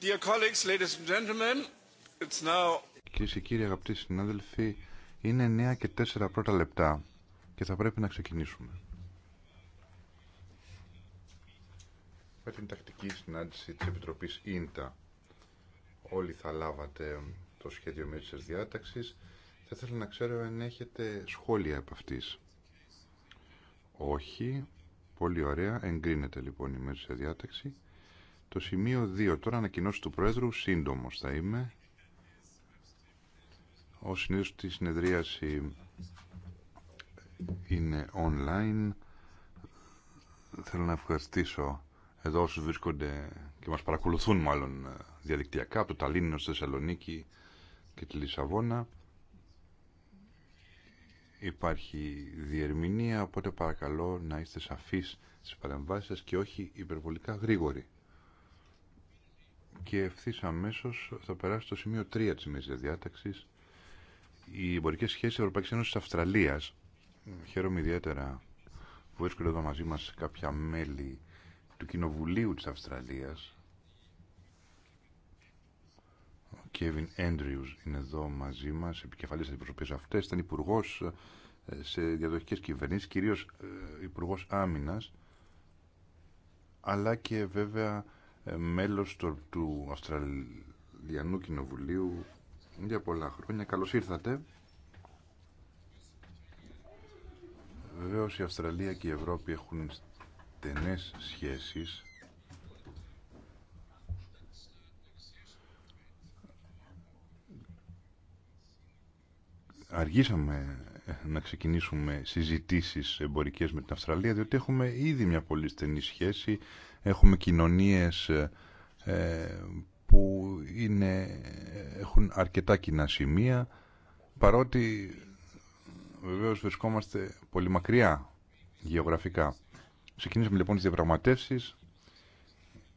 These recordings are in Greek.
Κυρίες και κύριοι αγαπητοί συνάδελφοι, είναι 9 και 4 πρώτα λεπτά και θα πρέπει να ξεκινήσουμε. Με την τακτική συνάντηση της Επιτροπής ΙΝΤΑ όλοι θα λάβατε το σχέδιο μέτρησης διάταξης. Θα ήθελα να ξέρω αν έχετε σχόλια από αυτής. Όχι. Πολύ ωραία. Εγκρίνεται λοιπόν η μέτρηση διάταξη. Το σημείο 2. Τώρα ανακοινώσει του Πρόεδρου. Σύντομο θα είμαι. Ο συνήθω τη συνεδρίαση είναι online. Θέλω να ευχαριστήσω εδώ όσου βρίσκονται και μας παρακολουθούν μάλλον διαδικτυακά από το Ταλίνινο στη Θεσσαλονίκη και τη Λισαβόνα. Υπάρχει διερμηνία, οπότε παρακαλώ να είστε σαφείς στις παρεμβάσεις και όχι υπερβολικά γρήγοροι και ευθύ αμέσω θα περάσει στο σημείο 3 τη ημερήσια διάταξη. Οι εμπορικέ σχέσει Ευρωπαϊκή Ένωση Αυστραλία. Χαίρομαι ιδιαίτερα που βρίσκονται εδώ μαζί μα κάποια μέλη του Κοινοβουλίου τη Αυστραλία. Ο Κέβιν Έντριου είναι εδώ μαζί μα, επικεφαλή αντιπροσωπεία αυτέ. Ήταν υπουργό ε, σε διαδοχικέ κυβερνήσει, κυρίω ε, υπουργό άμυνα αλλά και βέβαια ε, μέλος του Αυστραλιανού Κοινοβουλίου για πολλά χρόνια. Καλώς ήρθατε. Βεβαίω η Αυστραλία και η Ευρώπη έχουν στενές σχέσεις αργήσαμε ε, να ξεκινήσουμε συζητήσεις εμπορικές με την Αυστραλία διότι έχουμε ήδη μια πολύ στενή σχέση Έχουμε κοινωνίες ε, ε, που είναι, έχουν αρκετά κοινά σημεία, παρότι βεβαίως βρισκόμαστε πολύ μακριά γεωγραφικά. Ξεκινήσαμε λοιπόν τις διαπραγματεύσεις.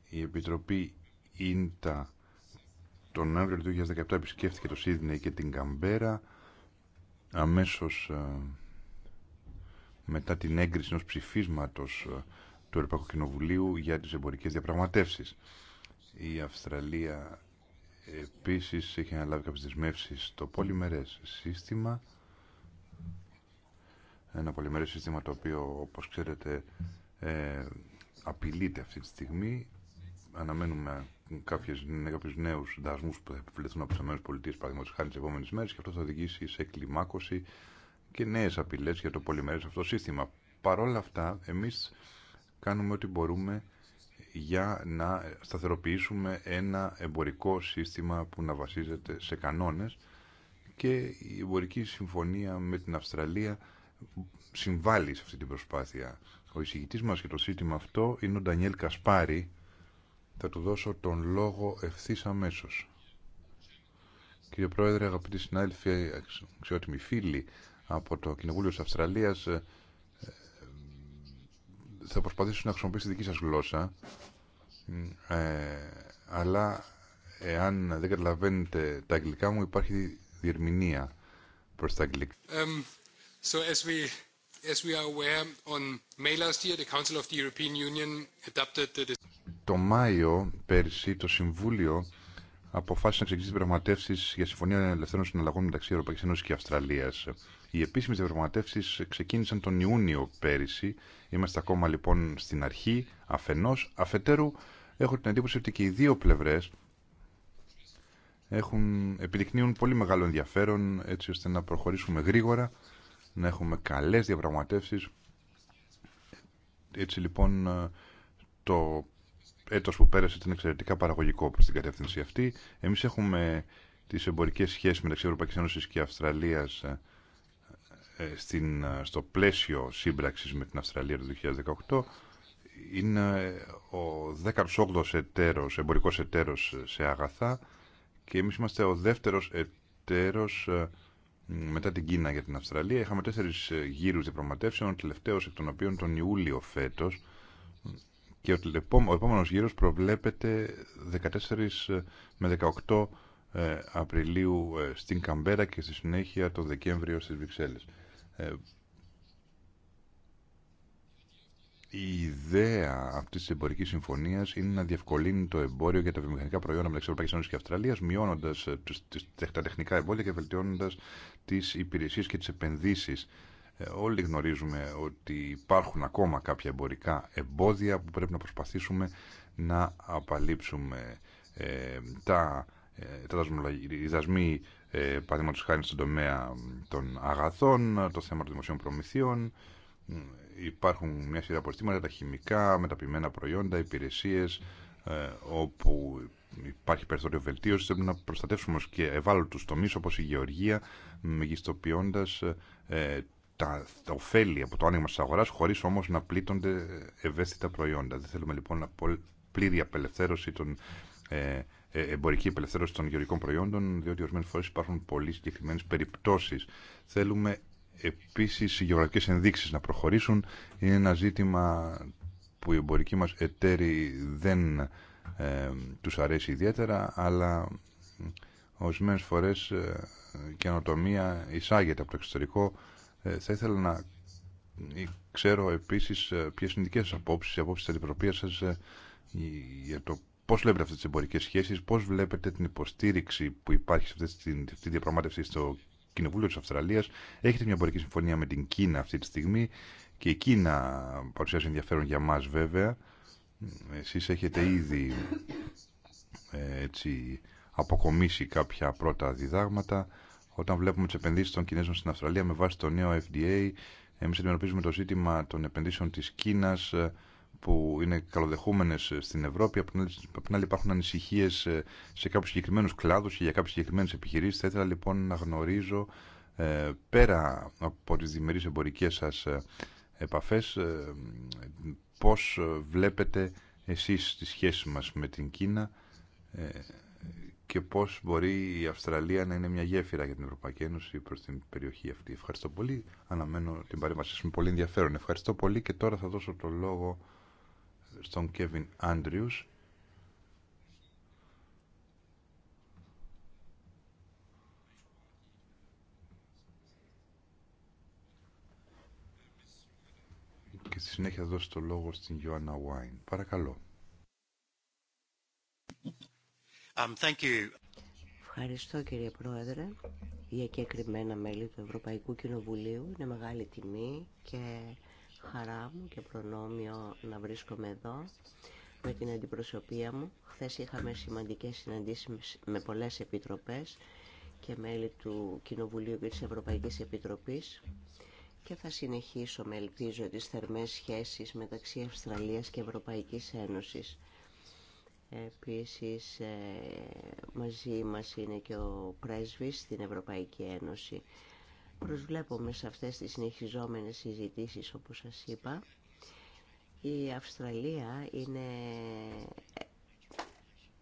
Η Επιτροπή ΙΝΤΑ τον Νοέμβριο του 2017 επισκέφθηκε το Σίδνεϊ και την Καμπέρα. Αμέσως ε, μετά την έγκριση ενός ψηφίσματος του Ευρωπαϊκού Κοινοβουλίου για τις εμπορικές διαπραγματεύσεις. Η Αυστραλία επίσης έχει αναλάβει κάποιες δεσμεύσεις στο πολυμερές σύστημα. Ένα πολυμερές σύστημα το οποίο, όπως ξέρετε, ε, απειλείται αυτή τη στιγμή. Αναμένουμε κάποιες, κάποιους νέους δασμούς που θα επιβληθούν από τις ΗΠΑ, παραδείγματος χάρη τις επόμενες μέρες και αυτό θα οδηγήσει σε κλιμάκωση και νέες απειλές για το πολυμερές αυτό σύστημα. Παρ' όλα αυτά, εμείς κάνουμε ό,τι μπορούμε για να σταθεροποιήσουμε ένα εμπορικό σύστημα που να βασίζεται σε κανόνες και η εμπορική συμφωνία με την Αυστραλία συμβάλλει σε αυτή την προσπάθεια. Ο εισηγητής μας για το σύστημα αυτό είναι ο Ντανιέλ Κασπάρη. Θα του δώσω τον λόγο ευθύ αμέσω. Κύριε Πρόεδρε, αγαπητοί συνάδελφοι, αξιότιμοι φίλοι από το Κοινοβούλιο της Αυστραλίας, θα προσπαθήσω να χρησιμοποιήσω τη δική σας γλώσσα, ε, αλλά εάν δεν καταλαβαίνετε τα αγγλικά μου υπάρχει διερμηνία προς τα αγγλικά. Το Μάιο πέρσι το Συμβούλιο αποφάσισε να ξεκινήσει τι πραγματεύσει για συμφωνία ελευθέρων συναλλαγών μεταξύ Ευρωπαϊκή Ένωση και Αυστραλία. Οι επίσημες διαπραγματεύσεις ξεκίνησαν τον Ιούνιο πέρυσι. Είμαστε ακόμα λοιπόν στην αρχή, αφενός. Αφετέρου, έχω την εντύπωση ότι και οι δύο πλευρές έχουν, επιδεικνύουν πολύ μεγάλο ενδιαφέρον έτσι ώστε να προχωρήσουμε γρήγορα, να έχουμε καλές διαπραγματεύσεις. Έτσι λοιπόν το έτος που πέρασε ήταν εξαιρετικά παραγωγικό προς την κατεύθυνση αυτή. Εμείς έχουμε τις εμπορικές σχέσεις μεταξύ Ευρωπαϊκής Ένωσης και Αυστραλίας ε, στην, ε, στο πλαίσιο σύμπραξης με την Αυστραλία το 2018 είναι ε, ο 18ος εταίρος, εμπορικός εταίρος σε αγαθά και εμείς είμαστε ο δεύτερος εταίρος μετά την Κίνα για την Αυστραλία. Είχαμε τέσσερις γύρους διαπραγματεύσεων, τελευταίο εκ των οποίων τον Ιούλιο φέτος και ο επόμενος γύρος προβλέπεται 14 με 18 Απριλίου στην Καμπέρα και στη συνέχεια το Δεκέμβριο στις Βρυξέλλες. Ε, η ιδέα αυτή τη εμπορική συμφωνία είναι να διευκολύνει το εμπόριο για τα βιομηχανικά προϊόντα μεταξύ Ευρωπαϊκή Ένωση και Αυστραλία, μειώνοντα ε, τα τεχνικά εμπόδια και βελτιώνοντα τι υπηρεσίε και τι επενδύσει. Ε, όλοι γνωρίζουμε ότι υπάρχουν ακόμα κάποια εμπορικά εμπόδια που πρέπει να προσπαθήσουμε να απαλείψουμε. τα, τα δασμοί ε, παραδείγματο χάρη στον τομέα των αγαθών, το θέμα των δημοσίων προμηθείων. Υπάρχουν μια σειρά αποστήματα, τα χημικά, μεταποιημένα προϊόντα, υπηρεσίε, ε, όπου υπάρχει περιθώριο βελτίωση. Θέλουμε να προστατεύσουμε και ευάλωτου τομεί όπω η γεωργία, μεγιστοποιώντα ε, τα, τα ωφέλη από το άνοιγμα τη αγορά, χωρί όμω να πλήττονται ευαίσθητα προϊόντα. Δεν θέλουμε λοιπόν να πλήρη απελευθέρωση των ε, ε, εμπορική απελευθέρωση των γεωργικών προϊόντων, διότι ορισμένε φορέ υπάρχουν πολύ συγκεκριμένε περιπτώσει. Θέλουμε επίση οι γεωγραφικέ ενδείξει να προχωρήσουν. Είναι ένα ζήτημα που οι εμπορικοί μα εταίροι δεν ε, του αρέσει ιδιαίτερα, αλλά ορισμένε φορέ ε, η καινοτομία εισάγεται από το εξωτερικό. Ε, θα ήθελα να ξέρω επίσης ε, ποιες είναι δικές σας απόψεις, οι απόψεις της για το Πώ βλέπετε αυτέ τι εμπορικέ σχέσει, πώ βλέπετε την υποστήριξη που υπάρχει σε αυτή τη διαπραγμάτευση στο Κοινοβούλιο τη Αυστραλία. Έχετε μια εμπορική συμφωνία με την Κίνα αυτή τη στιγμή και η Κίνα παρουσιάζει ενδιαφέρον για μας βέβαια. Εσεί έχετε ήδη ε, έτσι, αποκομίσει κάποια πρώτα διδάγματα. Όταν βλέπουμε τι επενδύσει των Κινέζων στην Αυστραλία με βάση το νέο FDA, εμεί αντιμετωπίζουμε το ζήτημα των επενδύσεων της Κίνα. Ε, που είναι καλοδεχούμενε ε, στην Ευρώπη, απ' την άλλη υπάρχουν ανησυχίε ε, σε κάποιου συγκεκριμένου κλάδους και για κάποιε συγκεκριμένε επιχειρήσει. Θα ήθελα λοιπόν να γνωρίζω ε, πέρα από τι διμερεί εμπορικέ σα επαφέ πώ βλέπετε εσεί τη σχέση μα με την Κίνα και πώ μπορεί η Αυστραλία να είναι μια γέφυρα για την Ευρωπαϊκή Ένωση προ την περιοχή αυτή. Ευχαριστώ πολύ. Αναμένω την παρέμβασή με πολύ ενδιαφέρον. Ευχαριστώ πολύ και τώρα θα δώσω το λόγο στον Κέβιν Άντριους. Και στη συνέχεια δώσει το λόγο στην Ιωάννα Βάιν. Παρακαλώ. Um, thank you. Ευχαριστώ κύριε Πρόεδρε για και μέλη του Ευρωπαϊκού Κοινοβουλίου. Είναι μεγάλη τιμή και χαρά μου και προνόμιο να βρίσκομαι εδώ με την αντιπροσωπεία μου. Χθε είχαμε σημαντικές συναντήσεις με πολλές επιτροπές και μέλη του Κοινοβουλίου και της Ευρωπαϊκής Επιτροπής και θα συνεχίσω με ελπίζω τις θερμές σχέσεις μεταξύ Αυστραλίας και Ευρωπαϊκής Ένωσης. Επίσης ε, μαζί μας είναι και ο πρέσβης στην Ευρωπαϊκή Ένωση Προσβλέπουμε σε αυτές τις συνεχιζόμενες συζητήσεις όπως σας είπα. Η Αυστραλία είναι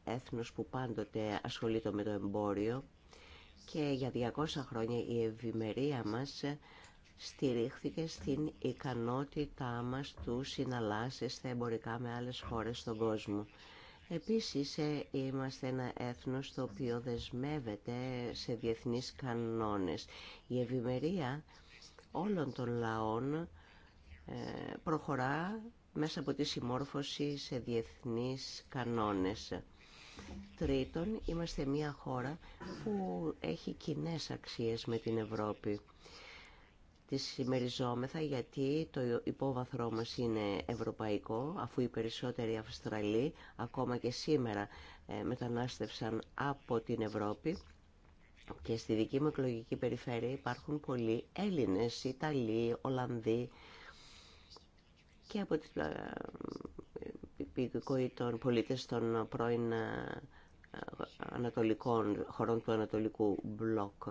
έθνος που πάντοτε ασχολείται με το εμπόριο και για 200 χρόνια η ευημερία μας στηρίχθηκε στην ικανότητά μας του συναλλάσσεις εμπορικά με άλλες χώρες στον κόσμο. Επίσης ε, είμαστε ένα έθνος το οποίο δεσμεύεται σε διεθνείς κανόνες. Η ευημερία όλων των λαών ε, προχωρά μέσα από τη συμμόρφωση σε διεθνείς κανόνες. Τρίτον, είμαστε μια χώρα που έχει κοινές αξίες με την Ευρώπη τις συμμεριζόμεθα γιατί το υπόβαθρό μας είναι ευρωπαϊκό αφού οι περισσότεροι Αυστραλοί ακόμα και σήμερα ε, μετανάστευσαν από την Ευρώπη και στη δική μου εκλογική περιφέρεια υπάρχουν πολλοί Έλληνες, Ιταλοί, Ολλανδοί και από ε, των πολίτες των πρώην ε, ανατολικών, χωρών του Ανατολικού Μπλοκ.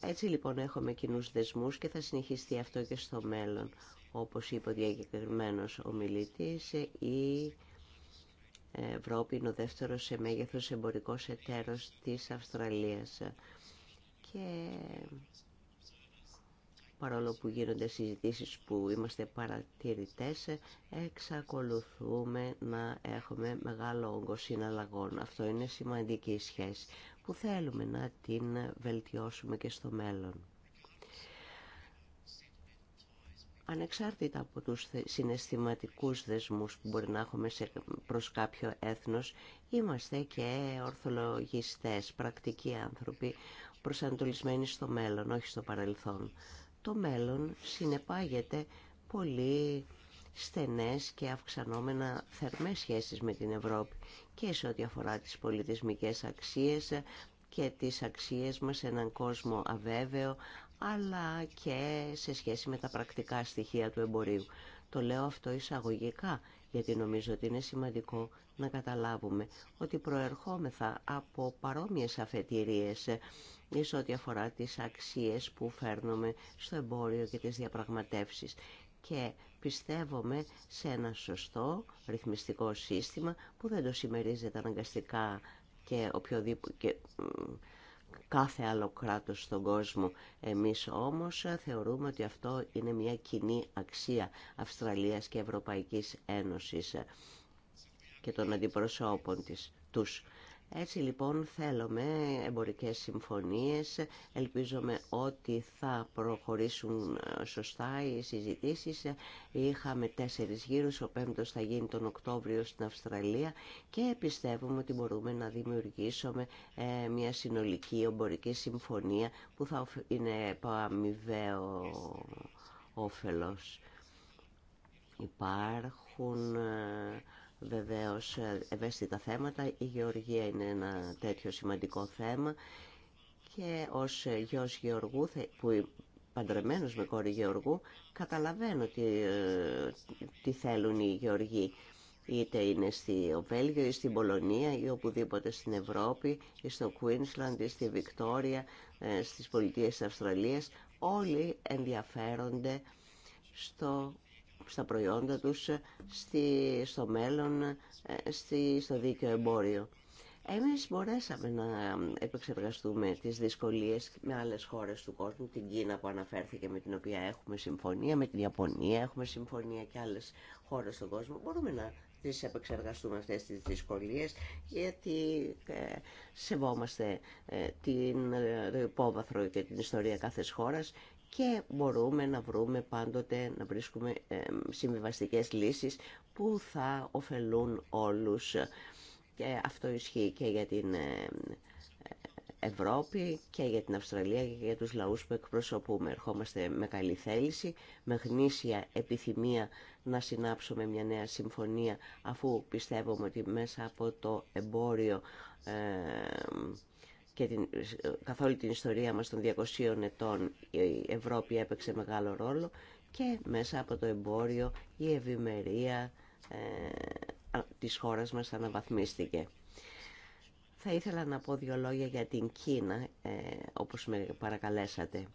Έτσι λοιπόν έχουμε κοινού δεσμούς και θα συνεχιστεί αυτό και στο μέλλον, όπως είπε ο διακεκριμένος ομιλητής, η Ευρώπη είναι ο δεύτερος σε μέγεθος εμπορικός εταίρος της Αυστραλίας. Και παρόλο που γίνονται συζητήσεις που είμαστε παρατηρητές, εξακολουθούμε να έχουμε μεγάλο όγκο συναλλαγών. Αυτό είναι σημαντική σχέση που θέλουμε να την βελτιώσουμε και στο μέλλον. Ανεξάρτητα από τους συναισθηματικούς δεσμούς που μπορεί να έχουμε προς κάποιο έθνος, είμαστε και ορθολογιστές, πρακτικοί άνθρωποι, προσανατολισμένοι στο μέλλον, όχι στο παρελθόν. Το μέλλον συνεπάγεται πολύ στενές και αυξανόμενα θερμές σχέσεις με την Ευρώπη και σε ό,τι αφορά τις πολιτισμικές αξίες και τις αξίες μας σε έναν κόσμο αβέβαιο αλλά και σε σχέση με τα πρακτικά στοιχεία του εμπορίου. Το λέω αυτό εισαγωγικά γιατί νομίζω ότι είναι σημαντικό να καταλάβουμε ότι προερχόμεθα από παρόμοιες αφετηρίες σε ό,τι αφορά τις αξίες που φέρνουμε στο εμπόριο και τις διαπραγματεύσεις και πιστεύουμε σε ένα σωστό ρυθμιστικό σύστημα που δεν το συμμερίζεται αναγκαστικά και, και κάθε άλλο κράτος στον κόσμο. Εμείς όμως θεωρούμε ότι αυτό είναι μια κοινή αξία Αυστραλίας και Ευρωπαϊκής Ένωσης και των αντιπροσώπων της, τους. Έτσι λοιπόν θέλουμε εμπορικές συμφωνίες, ελπίζουμε ότι θα προχωρήσουν ε, σωστά οι συζητήσεις. Είχαμε τέσσερις γύρους, ο πέμπτος θα γίνει τον Οκτώβριο στην Αυστραλία και πιστεύουμε ότι μπορούμε να δημιουργήσουμε ε, μια συνολική εμπορική συμφωνία που θα είναι αμοιβαίο όφελος. Υπάρχουν ε, βεβαίως ε, ευαίσθητα θέματα. Η γεωργία είναι ένα τέτοιο σημαντικό θέμα και ως γιος γεωργού, που παντρεμένος με κόρη γεωργού, καταλαβαίνω τι, ε, τι θέλουν οι γεωργοί. Είτε είναι στη Βέλγιο ή στην Πολωνία ή οπουδήποτε στην Ευρώπη ή στο Κουίνσλαντ ή στη Βικτόρια, ε, στις πολιτείες της Αυστραλίας. Όλοι ενδιαφέρονται στο στα προϊόντα τους, στη, στο μέλλον, στη, στο δίκαιο εμπόριο. Εμείς μπορέσαμε να επεξεργαστούμε τις δυσκολίες με άλλες χώρες του κόσμου, την Κίνα που αναφέρθηκε με την οποία έχουμε συμφωνία, με την Ιαπωνία έχουμε συμφωνία και άλλες χώρες στον κόσμο. Μπορούμε να τις επεξεργαστούμε αυτές τις δυσκολίες γιατί ε, σεβόμαστε ε, την, ε, το υπόβαθρο και την ιστορία κάθε χώρας και μπορούμε να βρούμε πάντοτε, να βρίσκουμε συμβιβαστικές λύσεις που θα ωφελούν όλους. Και αυτό ισχύει και για την Ευρώπη και για την Αυστραλία και για τους λαούς που εκπροσωπούμε. Ερχόμαστε με καλή θέληση, με γνήσια επιθυμία να συνάψουμε μια νέα συμφωνία αφού πιστεύουμε ότι μέσα από το εμπόριο και την, καθ' όλη την ιστορία μας των 200 ετών η Ευρώπη έπαιξε μεγάλο ρόλο και μέσα από το εμπόριο η ευημερία ε, της χώρας μας αναβαθμίστηκε. Θα ήθελα να πω δύο λόγια για την Κίνα, ε, όπως με παρακαλέσατε.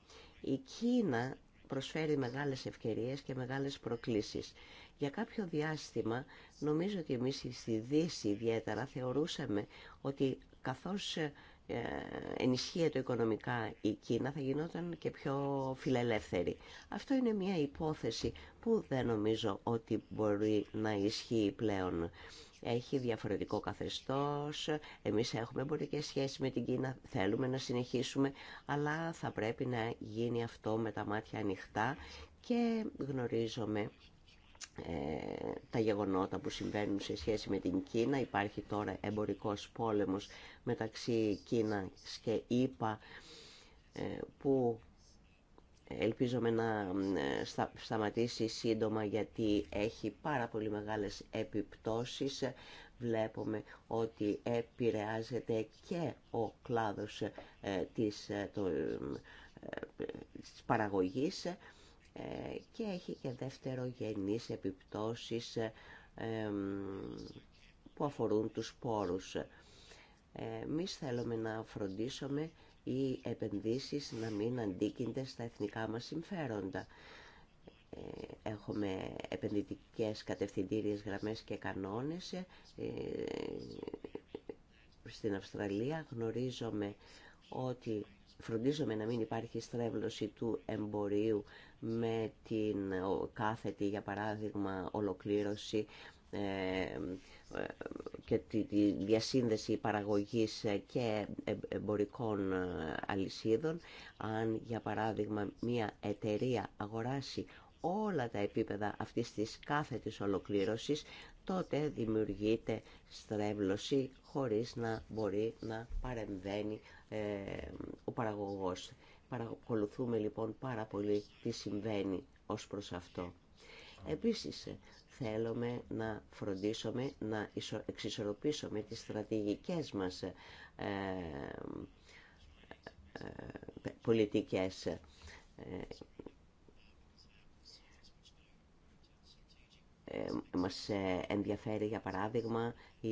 Η Κίνα προσφέρει μεγάλες ευκαιρίες και μεγάλες προκλήσεις. Για κάποιο διάστημα, νομίζω ότι εμείς στη Δύση ιδιαίτερα θεωρούσαμε ότι καθώς ε, ε, ενισχύεται οικονομικά η Κίνα θα γινόταν και πιο φιλελεύθερη. Αυτό είναι μια υπόθεση που δεν νομίζω ότι μπορεί να ισχύει πλέον. Έχει διαφορετικό καθεστώς, εμείς έχουμε εμπορικέ σχέσεις με την Κίνα, θέλουμε να συνεχίσουμε, αλλά θα πρέπει να γίνει αυτό με τα μάτια ανοιχτά και γνωρίζομαι ε, τα γεγονότα που συμβαίνουν σε σχέση με την Κίνα. Υπάρχει τώρα εμπορικός πόλεμος μεταξύ Κίνα και ΙΠΑ ε, που ελπίζομαι να ε, σταματήσει σύντομα γιατί έχει πάρα πολύ μεγάλες επιπτώσεις. Βλέπουμε ότι επηρεάζεται και ο κλάδος της, το, της παραγωγής ε, και έχει και δευτερογενείς επιπτώσεις ε, που αφορούν τους πόρους. Ε, Εμεί θέλουμε να φροντίσουμε οι επενδύσεις να μην αντίκυνται στα εθνικά μας συμφέροντα. Έχουμε επενδυτικές κατευθυντήριες γραμμές και κανόνες. Στην Αυστραλία γνωρίζομαι ότι φροντίζομαι να μην υπάρχει στρέβλωση του εμπορίου με την κάθετη, για παράδειγμα, ολοκλήρωση ε, ε, και τη διασύνδεση παραγωγής ε, και εμπορικών αλυσίδων. Αν, για παράδειγμα, μια εταιρεία αγοράσει όλα τα επίπεδα αυτής της κάθετης ολοκλήρωσης, τότε δημιουργείται στρέβλωση χωρίς να μπορεί να παρεμβαίνει ο παραγωγός. Παρακολουθούμε λοιπόν πάρα πολύ τι συμβαίνει ως προς αυτό. Επίσης, θέλουμε να φροντίσουμε, να εξισορροπήσουμε τις στρατηγικές μας ε, ε, πολιτικές. Ε, ε, μας ε, ενδιαφέρει, για παράδειγμα, η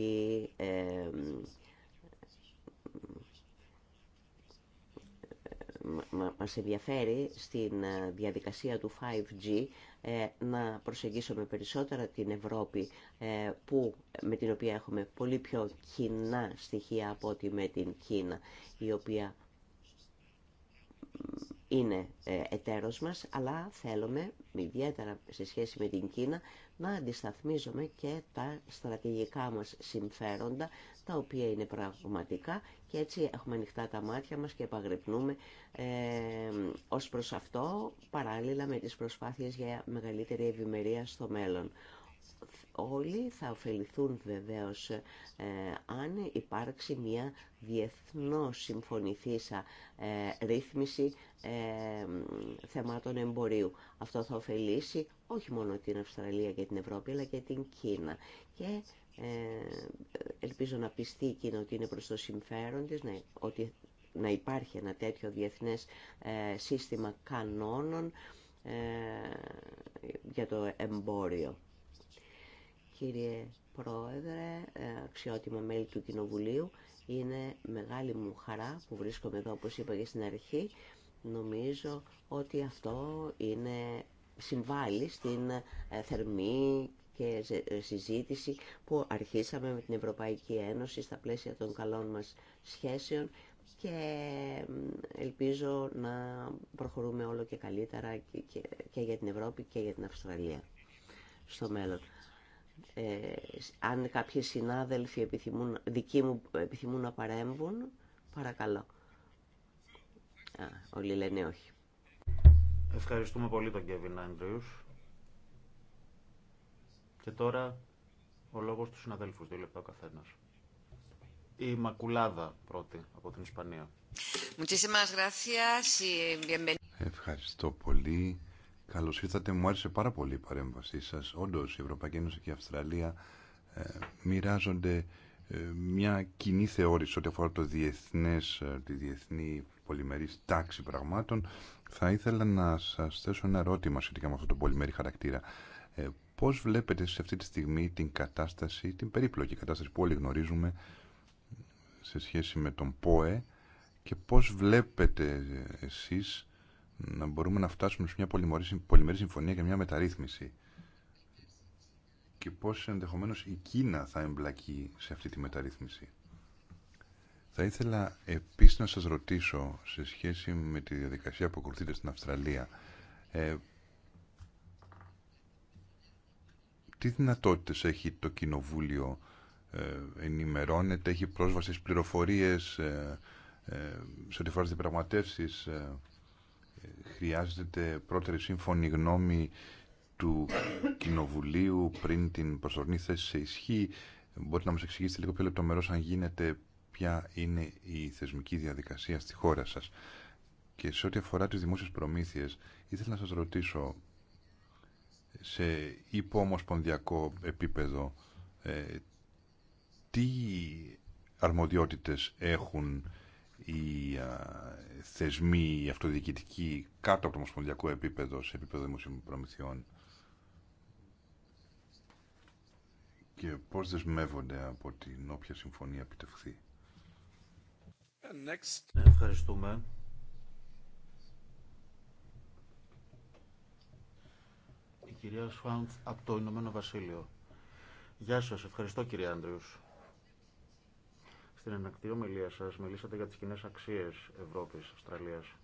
μας ενδιαφέρει στην ε, διαδικασία του 5G ε, να προσεγγίσουμε περισσότερα την Ευρώπη ε, που, με την οποία έχουμε πολύ πιο κοινά στοιχεία από ότι με την Κίνα η οποία είναι ε, εταίρος μας, αλλά θέλουμε, ιδιαίτερα σε σχέση με την Κίνα, να αντισταθμίζουμε και τα στρατηγικά μας συμφέροντα, τα οποία είναι πραγματικά και έτσι έχουμε ανοιχτά τα μάτια μας και επαγρυπνούμε ε, ως προς αυτό, παράλληλα με τις προσπάθειες για μεγαλύτερη ευημερία στο μέλλον όλοι θα ωφεληθούν βεβαίως ε, αν υπάρξει μια διεθνώς συμφωνηθήσα ε, ρύθμιση ε, θεμάτων εμπορίου. Αυτό θα ωφελήσει όχι μόνο την Αυστραλία και την Ευρώπη αλλά και την Κίνα. Και ε, ελπίζω να πιστεί η Κίνα ότι είναι προς το συμφέρον της, ότι να υπάρχει ένα τέτοιο διεθνές σύστημα κανόνων για το εμπόριο κύριε Πρόεδρε, ε, αξιότιμα μέλη του Κοινοβουλίου. Είναι μεγάλη μου χαρά που βρίσκομαι εδώ, όπως είπα και στην αρχή. Νομίζω ότι αυτό είναι, συμβάλλει στην ε, θερμή και ε, συζήτηση που αρχίσαμε με την Ευρωπαϊκή Ένωση στα πλαίσια των καλών μας σχέσεων και ελπίζω να προχωρούμε όλο και καλύτερα και για την Ευρώπη και για την Αυστραλία στο μέλλον. Ε, αν κάποιοι συνάδελφοι επιθυμούν, δικοί μου επιθυμούν να παρέμβουν, παρακαλώ. όλοι λένε όχι. Ευχαριστούμε πολύ τον Κέβιν Άντριους. Και τώρα ο λόγος του συναδέλφου δύο λεπτά ο καθένας. Η Μακουλάδα πρώτη από την Ισπανία. Ευχαριστώ πολύ. Καλώς ήρθατε, μου άρεσε πάρα πολύ η παρέμβασή σας. Όντως, η Ευρωπαϊκή Ένωση και η Αυστραλία ε, μοιράζονται ε, μια κοινή θεώρηση ό,τι αφορά το διεθνές, ε, τη διεθνή πολυμερή τάξη πραγμάτων. Θα ήθελα να σας θέσω ένα ερώτημα σχετικά με αυτό το πολυμερή χαρακτήρα. Ε, πώς βλέπετε σε αυτή τη στιγμή την κατάσταση, την περίπλοκη κατάσταση που όλοι γνωρίζουμε σε σχέση με τον ΠΟΕ και πώς βλέπετε ε, εσείς να μπορούμε να φτάσουμε σε μια πολυμερή συμφωνία και μια μεταρρύθμιση και πώς ενδεχομένως η Κίνα θα εμπλακεί σε αυτή τη μεταρρύθμιση. Θα ήθελα επίσης να σας ρωτήσω σε σχέση με τη διαδικασία που ακολουθείτε στην Αυστραλία ε, τι δυνατότητες έχει το Κοινοβούλιο ε, ενημερώνεται, έχει πρόσβαση στις πληροφορίες ε, ε σε ό,τι φορά τις χρειάζεται πρώτερη σύμφωνη γνώμη του Κοινοβουλίου πριν την προσωρινή θέση σε ισχύ. Μπορείτε να μας εξηγήσετε λίγο πιο λεπτομερώς αν γίνεται ποια είναι η θεσμική διαδικασία στη χώρα σας. Και σε ό,τι αφορά τις δημόσιες προμήθειες, ήθελα να σας ρωτήσω σε υπομοσπονδιακό επίπεδο ε, τι αρμοδιότητες έχουν οι θεσμοί, οι αυτοδιοικητικοί κάτω από το ομοσπονδιακό επίπεδο, σε επίπεδο δημοσίων προμηθειών και πώς δεσμεύονται από την όποια συμφωνία επιτευχθεί. Ναι, ευχαριστούμε. Η κυρία Σφάντ από το Ηνωμένο Βασίλειο. Γεια σας, ευχαριστώ κύριε Άντριος. Στην ενακτή ομιλία σα μιλήσατε για τις κοινέ αξίες Ευρώπης, Αυστραλίας.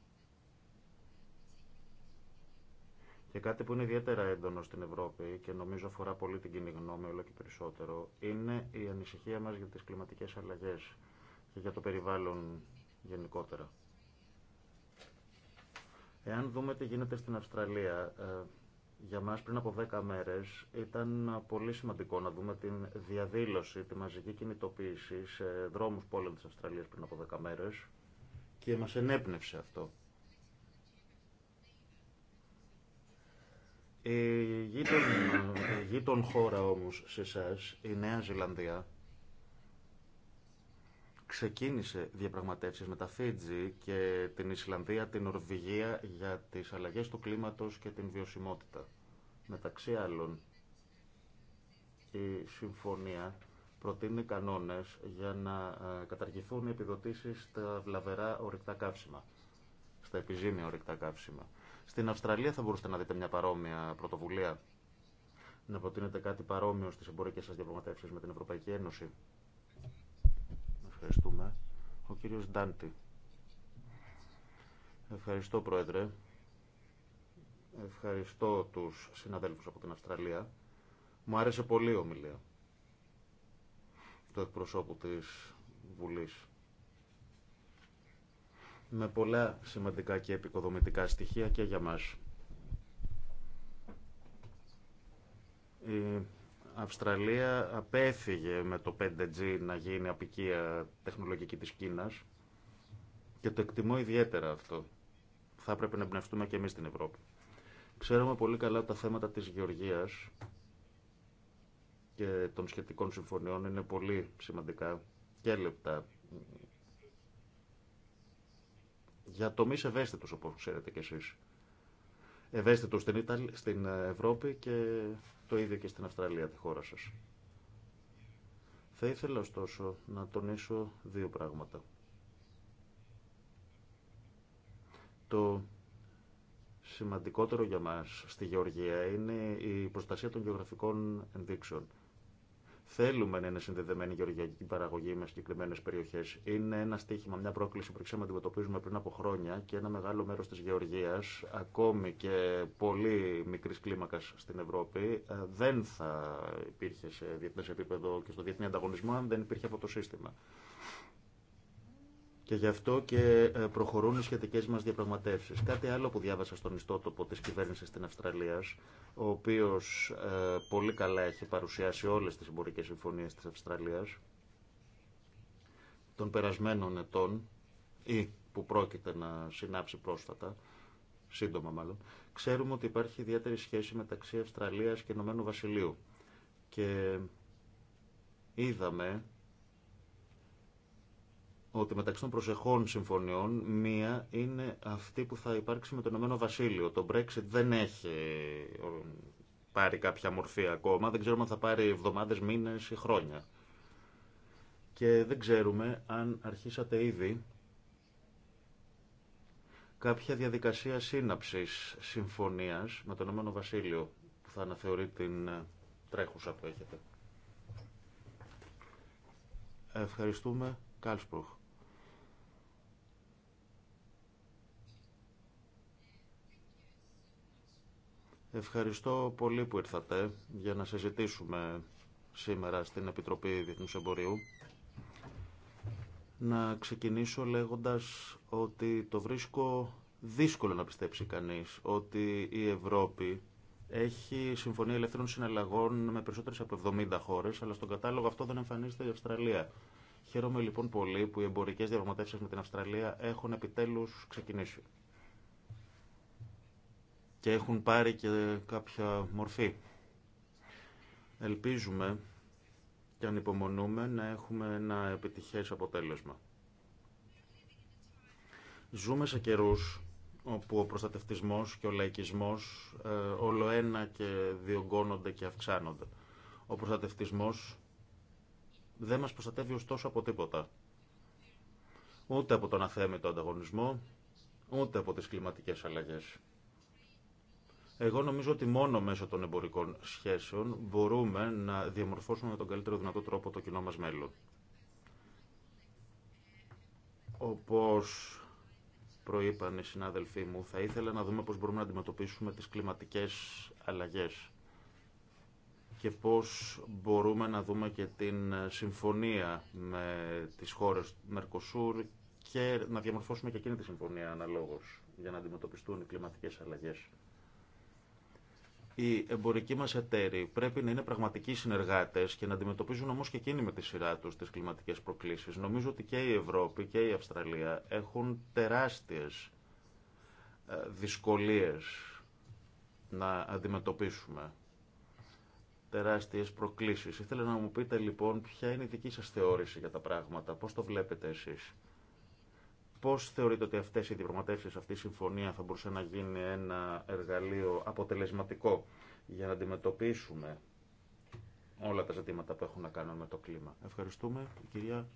Και κάτι που είναι ιδιαίτερα έντονο στην Ευρώπη και νομίζω αφορά πολύ την κοινή γνώμη όλο και περισσότερο, είναι η ανησυχία μας για τις κλιματικές αλλαγές και για το περιβάλλον γενικότερα. Εάν δούμε τι γίνεται στην Αυστραλία, ε, για μας πριν από 10 μέρες ήταν πολύ σημαντικό να δούμε την διαδήλωση, τη μαζική κινητοποίηση σε δρόμους πόλεων της Αυστραλίας πριν από 10 μέρες και μας ενέπνευσε αυτό. Η γείτον, χώρα όμως σε εσά, η Νέα Ζηλανδία, ξεκίνησε διαπραγματεύσεις με τα Φίτζη και την Ισλανδία, την Ορβηγία για τις αλλαγές του κλίματος και την βιωσιμότητα. Μεταξύ άλλων, η συμφωνία προτείνει κανόνες για να ε, καταργηθούν οι επιδοτήσεις στα βλαβερά ορυκτά καύσιμα, στα επιζήμια ορυκτά καύσιμα. Στην Αυστραλία θα μπορούσατε να δείτε μια παρόμοια πρωτοβουλία, να προτείνετε κάτι παρόμοιο στις εμπορικές σας διαπραγματεύσεις με την Ευρωπαϊκή Ένωση. Ευχαριστούμε. Ο κύριος Ντάντι. Ευχαριστώ, Πρόεδρε. Ευχαριστώ τους συναδέλφους από την Αυστραλία. Μου άρεσε πολύ η ομιλία του εκπροσώπου της Βουλής. Με πολλά σημαντικά και επικοδομητικά στοιχεία και για μας. Αυστραλία απέφυγε με το 5G να γίνει απικία τεχνολογική της Κίνας και το εκτιμώ ιδιαίτερα αυτό. Θα έπρεπε να εμπνευστούμε και εμείς στην Ευρώπη. Ξέρουμε πολύ καλά τα θέματα της γεωργίας και των σχετικών συμφωνιών είναι πολύ σημαντικά και λεπτά. Για τομείς τους, όπως ξέρετε κι εσείς. Ευαίσθητος στην Ευρώπη και το ίδιο και στην Αυστραλία, τη χώρα σας. Θα ήθελα ωστόσο να τονίσω δύο πράγματα. Το σημαντικότερο για μας στη Γεωργία είναι η προστασία των γεωγραφικών ενδείξεων. Θέλουμε να είναι συνδεδεμένη η γεωργιακή παραγωγή με συγκεκριμένε περιοχέ. Είναι ένα στίχημα, μια πρόκληση που ξέρουμε αντιμετωπίζουμε πριν από χρόνια και ένα μεγάλο μέρο τη γεωργία, ακόμη και πολύ μικρή κλίμακα στην Ευρώπη, ε, δεν θα υπήρχε σε διεθνέ επίπεδο και στο διεθνή ανταγωνισμό αν δεν υπήρχε αυτό το σύστημα. Και γι' αυτό και ε, προχωρούν οι σχετικέ μα διαπραγματεύσει. Κάτι άλλο που διάβασα στον ιστότοπο τη κυβέρνηση τη Αυστραλία, ο οποίο ε, πολύ καλά έχει παρουσιάσει όλε τι εμπορικέ συμφωνίε τη Αυστραλία των περασμένων ετών ή που πρόκειται να συνάψει πρόσφατα, σύντομα μάλλον, ξέρουμε ότι υπάρχει ιδιαίτερη σχέση μεταξύ Αυστραλίας και Ηνωμένου Βασιλείου. Και είδαμε ότι μεταξύ των προσεχών συμφωνιών μία είναι αυτή που θα υπάρξει με το Ηνωμένο Βασίλειο. Το Brexit δεν έχει ε, πάρει κάποια μορφή ακόμα. Δεν ξέρουμε αν θα πάρει εβδομάδες, μήνες ή χρόνια. Και δεν ξέρουμε αν αρχίσατε ήδη κάποια διαδικασία σύναψης συμφωνίας με το Ηνωμένο Βασίλειο που θα αναθεωρεί την ε, τρέχουσα που έχετε. Ευχαριστούμε. Κάλσπροχ. Ευχαριστώ πολύ που ήρθατε για να συζητήσουμε σήμερα στην Επιτροπή Διεθνούς Εμπορίου. Να ξεκινήσω λέγοντας ότι το βρίσκω δύσκολο να πιστέψει κανείς ότι η Ευρώπη έχει συμφωνία ελεύθερων συναλλαγών με περισσότερες από 70 χώρες, αλλά στον κατάλογο αυτό δεν εμφανίζεται η Αυστραλία. Χαίρομαι λοιπόν πολύ που οι εμπορικές διαπραγματεύσεις με την Αυστραλία έχουν επιτέλους ξεκινήσει και έχουν πάρει και κάποια μορφή. Ελπίζουμε και ανυπομονούμε να έχουμε ένα επιτυχές αποτέλεσμα. Ζούμε σε καιρούς όπου ο προστατευτισμός και ο λαϊκισμός ε, όλο ένα και διωγγώνονται και αυξάνονται. Ο προστατευτισμός δεν μας προστατεύει ωστόσο από τίποτα. Ούτε από τον αθέμητο ανταγωνισμό, ούτε από τις κλιματικές αλλαγές. Εγώ νομίζω ότι μόνο μέσω των εμπορικών σχέσεων μπορούμε να διαμορφώσουμε με τον καλύτερο δυνατό τρόπο το κοινό μας μέλλον. Όπως προείπαν οι συνάδελφοί μου, θα ήθελα να δούμε πώς μπορούμε να αντιμετωπίσουμε τις κλιματικές αλλαγές και πώς μπορούμε να δούμε και την συμφωνία με τις χώρες Μερκοσούρ και να διαμορφώσουμε και εκείνη τη συμφωνία αναλόγως για να αντιμετωπιστούν οι κλιματικές αλλαγές. Οι εμπορικοί μα εταίροι πρέπει να είναι πραγματικοί συνεργάτε και να αντιμετωπίζουν όμω και εκείνοι με τη σειρά του τι κλιματικέ προκλήσει. Νομίζω ότι και η Ευρώπη και η Αυστραλία έχουν τεράστιε δυσκολίε να αντιμετωπίσουμε τεράστιες προκλήσεις. Ήθελα να μου πείτε λοιπόν ποια είναι η δική σα θεώρηση για τα πράγματα, Πώ το βλέπετε εσεί, Πώ θεωρείτε ότι αυτέ οι διαπραγματεύσει, αυτή η συμφωνία θα μπορούσε να γίνει ένα εργαλείο αποτελεσματικό για να αντιμετωπίσουμε όλα τα ζητήματα που έχουν να κάνουν με το κλίμα. Ευχαριστούμε, κυρία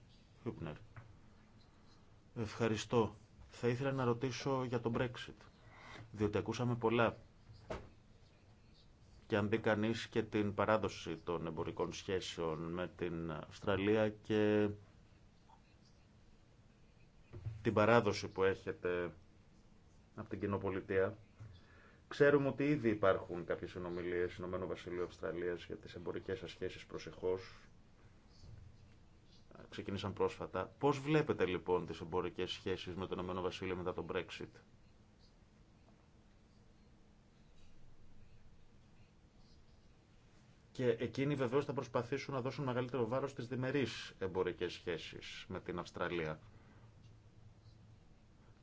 Χιούπνερ. Ευχαριστώ. Θα ήθελα να ρωτήσω για το Brexit, διότι ακούσαμε πολλά. Και αν δει κανεί και την παράδοση των εμπορικών σχέσεων με την Αυστραλία και την παράδοση που έχετε από την κοινοπολιτεία. Ξέρουμε ότι ήδη υπάρχουν κάποιε συνομιλίε Ηνωμένου Βασιλείο Αυστραλία για τι εμπορικέ σα σχέσει προσεχώ. Ξεκίνησαν πρόσφατα. Πώ βλέπετε λοιπόν τι εμπορικέ σχέσει με το Ηνωμένο Βασίλειο μετά τον Brexit, Και εκείνοι βεβαίω θα προσπαθήσουν να δώσουν μεγαλύτερο βάρο στι διμερεί εμπορικέ σχέσει με την Αυστραλία.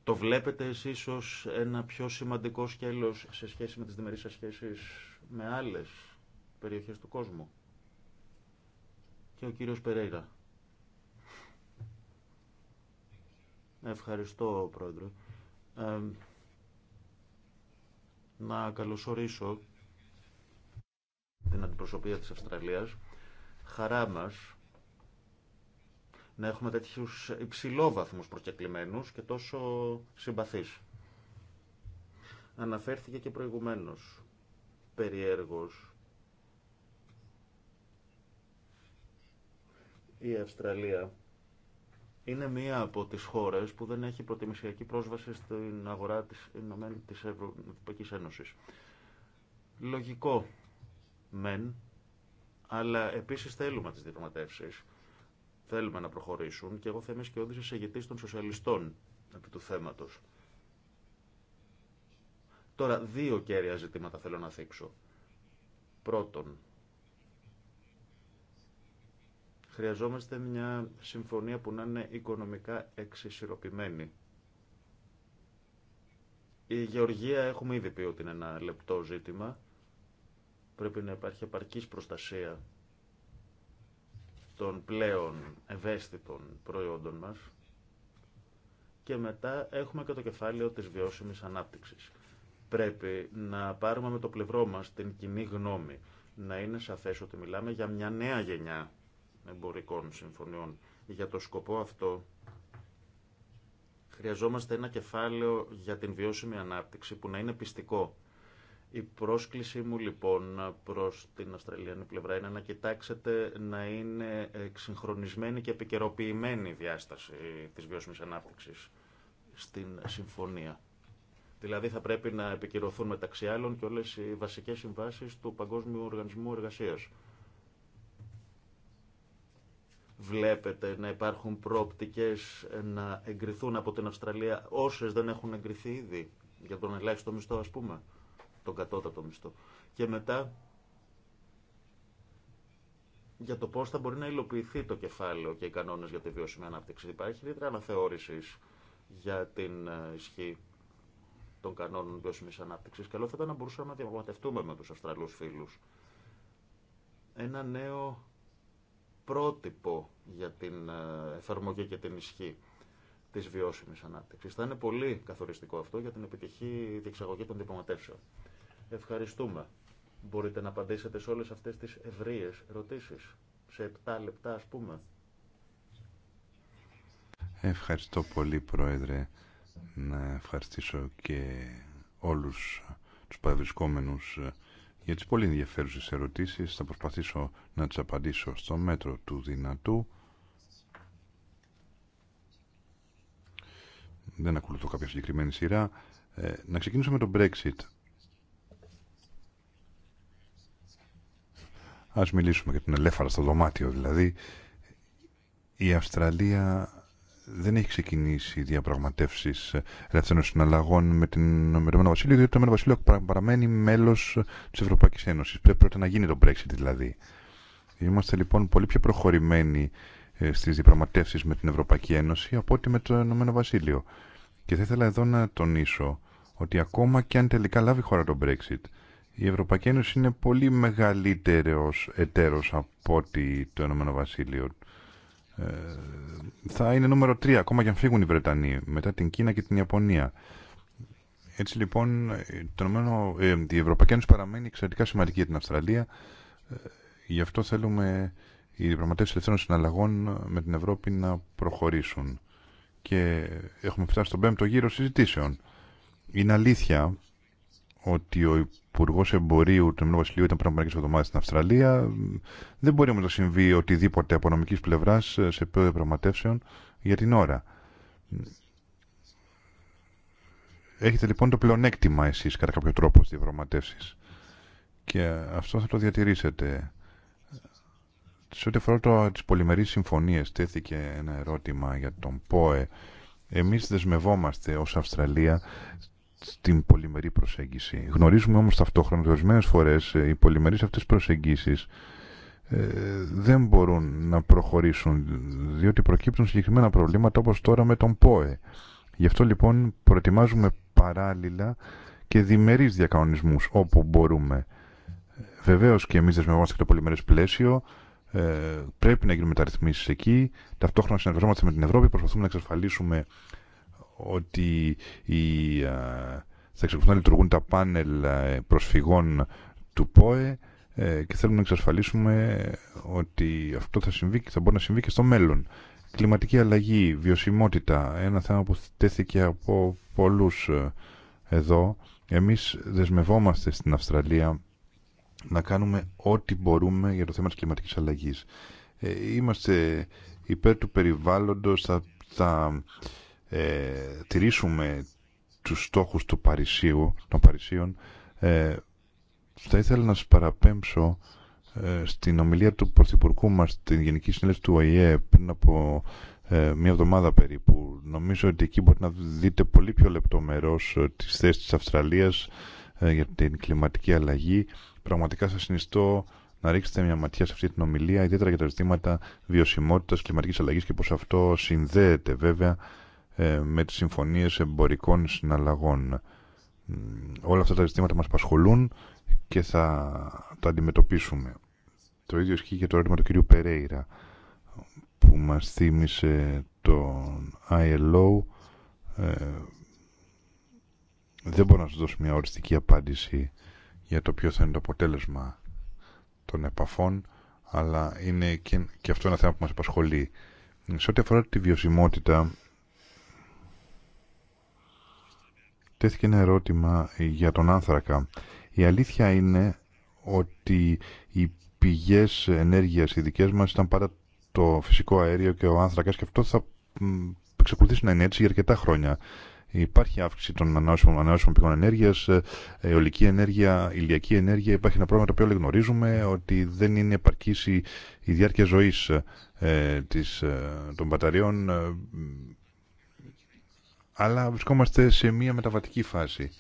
Το βλέπετε εσείς ως ένα πιο σημαντικό σκέλος σε σχέση με τις διμερείς σχέσεις με άλλες περιοχές του κόσμου. Και ο κύριος Περέιρα. Ευχαριστώ, Πρόεδρε. Ε, να καλωσορίσω την αντιπροσωπεία της Αυστραλίας. Χαρά μας να έχουμε τέτοιου υψηλόβαθμου προκεκλημένου και τόσο συμπαθεί. Αναφέρθηκε και προηγουμένως, περιέργως, η Αυστραλία είναι μία από τις χώρες που δεν έχει προτιμησιακή πρόσβαση στην αγορά της, της Ευρωπαϊκής Ένωσης. Λογικό, μεν, αλλά επίσης θέλουμε τις διαπραγματεύσεις θέλουμε να προχωρήσουν και εγώ θα είμαι σκιώδης εισαγητής των σοσιαλιστών επί του θέματος. Τώρα, δύο κέρια ζητήματα θέλω να θίξω. Πρώτον, χρειαζόμαστε μια συμφωνία που να είναι οικονομικά εξισυροπημένη. Η Γεωργία έχουμε ήδη πει ότι είναι ένα λεπτό ζήτημα. Πρέπει να υπάρχει επαρκής προστασία των πλέον ευαίσθητων προϊόντων μας και μετά έχουμε και το κεφάλαιο της βιώσιμης ανάπτυξης. Πρέπει να πάρουμε με το πλευρό μας την κοινή γνώμη, να είναι σαφές ότι μιλάμε για μια νέα γενιά εμπορικών συμφωνιών. Για το σκοπό αυτό χρειαζόμαστε ένα κεφάλαιο για την βιώσιμη ανάπτυξη που να είναι πιστικό η πρόσκλησή μου λοιπόν προς την Αυστραλιανή πλευρά είναι να κοιτάξετε να είναι εξυγχρονισμένη και επικαιροποιημένη η διάσταση της βιώσιμης ανάπτυξης στην συμφωνία. Δηλαδή θα πρέπει να επικυρωθούν μεταξύ άλλων και όλες οι βασικές συμβάσεις του Παγκόσμιου Οργανισμού Εργασίας. Βλέπετε να υπάρχουν πρόπτικες να εγκριθούν από την Αυστραλία όσες δεν έχουν εγκριθεί ήδη για τον ελάχιστο μισθό ας πούμε τον κατώτατο μισθό. Και μετά για το πώ θα μπορεί να υλοποιηθεί το κεφάλαιο και οι κανόνες για τη βιώσιμη ανάπτυξη. Υπάρχει ρήτρα αναθεώρηση για την ε, ισχύ των κανόνων βιώσιμη ανάπτυξη. Καλό θα ήταν να μπορούσαμε να διαπραγματευτούμε με του Αυστραλού φίλου ένα νέο πρότυπο για την ε, εφαρμογή και την ισχύ της βιώσιμης ανάπτυξης. Θα είναι πολύ καθοριστικό αυτό για την επιτυχή διεξαγωγή των Ευχαριστούμε. Μπορείτε να απαντήσετε σε όλες αυτές τις ευρείες ερωτήσεις. Σε 7 λεπτά ας πούμε. Ευχαριστώ πολύ Πρόεδρε. Να ευχαριστήσω και όλους τους παρευρισκόμενους για τις πολύ ενδιαφέρουσες ερωτήσεις. Θα προσπαθήσω να τις απαντήσω στο μέτρο του δυνατού. Δεν ακολουθώ κάποια συγκεκριμένη σειρά. Ε, να ξεκινήσω με το Brexit. Ας μιλήσουμε για την ελέφαρα στο δωμάτιο δηλαδή. Η Αυστραλία δεν έχει ξεκινήσει διαπραγματεύσει ελευθερών συναλλαγών με, την, με διότι το ΕΒ Βασίλειο παραμένει μέλο τη Ευρωπαϊκής Ένωσης. Πρέπει πρώτα να γίνει το Brexit δηλαδή. Είμαστε λοιπόν πολύ πιο προχωρημένοι ε, στις διαπραγματεύσει με την Ευρωπαϊκή Ένωση από ότι με το Ηνωμένο Βασίλειο. Και θα ήθελα εδώ να τονίσω ότι ακόμα και αν τελικά λάβει χώρα το Brexit, η Ευρωπαϊκή Ένωση είναι πολύ μεγαλύτερος εταίρος από ότι το Ηνωμένο Βασίλειο. Ε, θα είναι νούμερο 3, ακόμα και αν φύγουν οι Βρετανοί, μετά την Κίνα και την Ιαπωνία. Έτσι λοιπόν, το ε, η Ευρωπαϊκή Ένωση παραμένει εξαιρετικά σημαντική για την Αυστραλία. Ε, γι' αυτό θέλουμε οι διαπραγματεύσει ελευθερών συναλλαγών με την Ευρώπη να προχωρήσουν. Και έχουμε φτάσει στον πέμπτο γύρο συζητήσεων. Είναι αλήθεια ότι ο Υπουργό Εμπορίου του Ενωμένου Βασιλείου ήταν πριν από μερικέ εβδομάδε στην Αυστραλία. Δεν μπορεί όμω να συμβεί οτιδήποτε από νομική πλευρά σε επίπεδο διαπραγματεύσεων για την ώρα. Έχετε λοιπόν το πλεονέκτημα εσεί κατά κάποιο τρόπο στι διαπραγματεύσει. και αυτό θα το διατηρήσετε. Σε ό,τι αφορά τι τις πολυμερείς συμφωνίες τέθηκε ένα ερώτημα για τον ΠΟΕ. Εμείς δεσμευόμαστε ως Αυστραλία στην πολυμερή προσέγγιση. Γνωρίζουμε όμως ταυτόχρονα ότι ορισμένε φορές ε, οι πολυμερείς αυτές προσεγγίσεις ε, δεν μπορούν να προχωρήσουν διότι προκύπτουν συγκεκριμένα προβλήματα όπως τώρα με τον ΠΟΕ. Γι' αυτό λοιπόν προετοιμάζουμε παράλληλα και διμερείς διακανονισμούς όπου μπορούμε. Βεβαίως και εμείς δεσμευόμαστε και το πολυμερές πλαίσιο, ε, πρέπει να γίνουν μεταρρυθμίσεις εκεί, ταυτόχρονα συνεργαζόμαστε με την Ευρώπη, προσπαθούμε να εξασφαλίσουμε ότι θα εξακολουθούν να λειτουργούν τα πάνελ προσφυγών του ΠΟΕ ε, και θέλουμε να εξασφαλίσουμε ότι αυτό θα, συμβεί, θα μπορεί να συμβεί και στο μέλλον. Κλιματική αλλαγή, βιωσιμότητα, ένα θέμα που θέθηκε από πολλούς ε, εδώ. Εμείς δεσμευόμαστε στην Αυστραλία να κάνουμε ό,τι μπορούμε για το θέμα της κλιματικής αλλαγής. Ε, είμαστε υπέρ του περιβάλλοντος, θα, ε, τηρήσουμε τους στόχους του Παρισίου, των Παρισίων, ε, θα ήθελα να σας παραπέμψω ε, στην ομιλία του Πρωθυπουργού μας στην Γενική Συνέλευση του ΟΗΕ πριν από ε, μία εβδομάδα περίπου. Νομίζω ότι εκεί μπορείτε να δείτε πολύ πιο λεπτομερώς ε, τις θέσεις της Αυστραλίας ε, για την κλιματική αλλαγή. Πραγματικά σας συνιστώ να ρίξετε μια ματιά σε αυτή την ομιλία, ιδιαίτερα για τα ζητήματα βιωσιμότητας, κλιματικής αλλαγής και πώς αυτό συνδέεται βέβαια ε, με τις συμφωνίες εμπορικών συναλλαγών. Όλα αυτά τα ζητήματα μας πασχολούν και θα τα αντιμετωπίσουμε. Το ίδιο ισχύει και το ερώτημα του κυρίου Περέιρα που μας θύμισε τον ILO. Ε, δεν μπορώ να σας δώσω μια οριστική απάντηση για το ποιο θα είναι το αποτέλεσμα των επαφών, αλλά είναι και, αυτό ένα θέμα που μας απασχολεί. Σε ό,τι αφορά τη βιωσιμότητα, τέθηκε ένα ερώτημα για τον άνθρακα. Η αλήθεια είναι ότι οι πηγές ενέργειας οι δικές μας ήταν παρά το φυσικό αέριο και ο άνθρακας και αυτό θα εξακολουθήσει να είναι έτσι για αρκετά χρόνια. Υπάρχει αύξηση των ανανεώσιμων, πηγών ενέργεια, ε, αιωλική ενέργεια, ηλιακή ενέργεια. Υπάρχει ένα πρόβλημα το οποίο όλοι γνωρίζουμε ότι δεν είναι επαρκή η, η διάρκεια ζωή ε, ε, των μπαταριών αλλά βρισκόμαστε σε μια μεταβατική φάση.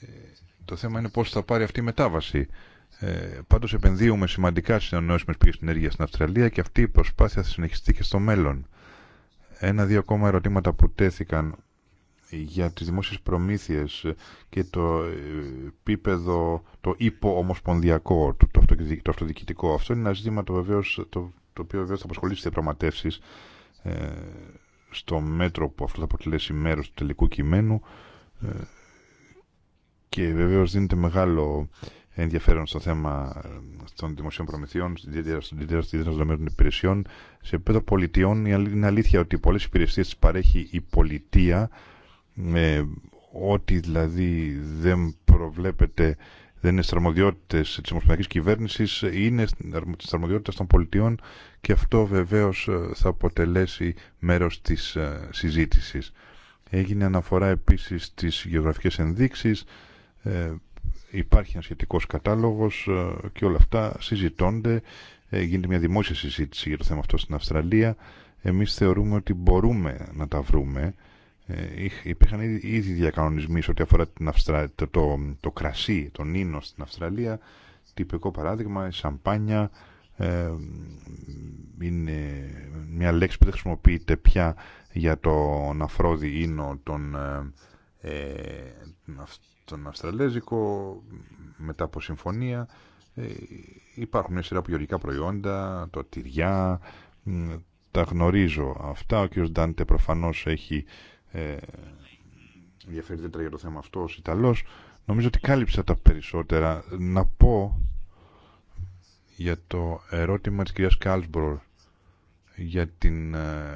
Ε, το θέμα είναι πώς θα πάρει αυτή η μετάβαση. Ε, Πάντω επενδύουμε σημαντικά στις ανανεώσιμε πηγές ενέργεια στην Αυστραλία και αυτή η προσπάθεια θα συνεχιστεί και στο μέλλον. Ένα-δύο ακόμα ερωτήματα που τέθηκαν για τις δημόσιες προμήθειες και το επίπεδο, το υποομοσπονδιακό, το, το, το αυτοδιοικητικό. Αυτό είναι ένα ζήτημα το, βεβαίως, το, το οποίο βεβαίως θα απασχολήσει τις διαπραγματεύσεις. Ε, στο μέτρο που αυτό θα αποτελέσει μέρος του τελικού κειμένου ε, και βεβαίως δίνεται μεγάλο ενδιαφέρον στο θέμα ε, των δημοσίων προμηθειών, ιδιαίτερα στον των υπηρεσιών. Σε επίπεδο πολιτιών είναι αλήθεια ότι πολλές υπηρεσίες τις παρέχει η πολιτεία, ό,τι δηλαδή δεν προβλέπεται δεν είναι στι αρμοδιότητε τη Ομοσπονδιακή Κυβέρνηση, είναι στι αρμοδιότητε των πολιτιών και αυτό βεβαίω ε, θα αποτελέσει μέρο τη ε, συζήτηση. Έγινε αναφορά επίση στι γεωγραφικέ ενδείξει. Ε, υπάρχει ένα σχετικό κατάλογο και όλα αυτά συζητώνται. γίνεται μια δημόσια συζήτηση για το θέμα αυτό στην Αυστραλία. Εμεί θεωρούμε ότι μπορούμε να τα βρούμε. Ε, υπήρχαν ήδη, διακανονισμοί σε ό,τι αφορά το, το, το, κρασί, τον ίνο στην Αυστραλία. Τυπικό παράδειγμα, η σαμπάνια ε, είναι μια λέξη που δεν χρησιμοποιείται πια για το αφρόδι ίνο τον, ε, ε τον Αυστραλέζικο μετά από συμφωνία. Ε, υπάρχουν μια σειρά από προϊόντα, το τυριά, τα γνωρίζω αυτά. Ο κ. Ντάντε προφανώς έχει ενδιαφέρει ενδιαφέρει για το θέμα αυτό ως Ιταλός. Νομίζω ότι κάλυψα τα περισσότερα. Να πω για το ερώτημα της κυρίας Κάλσμπρο για ε,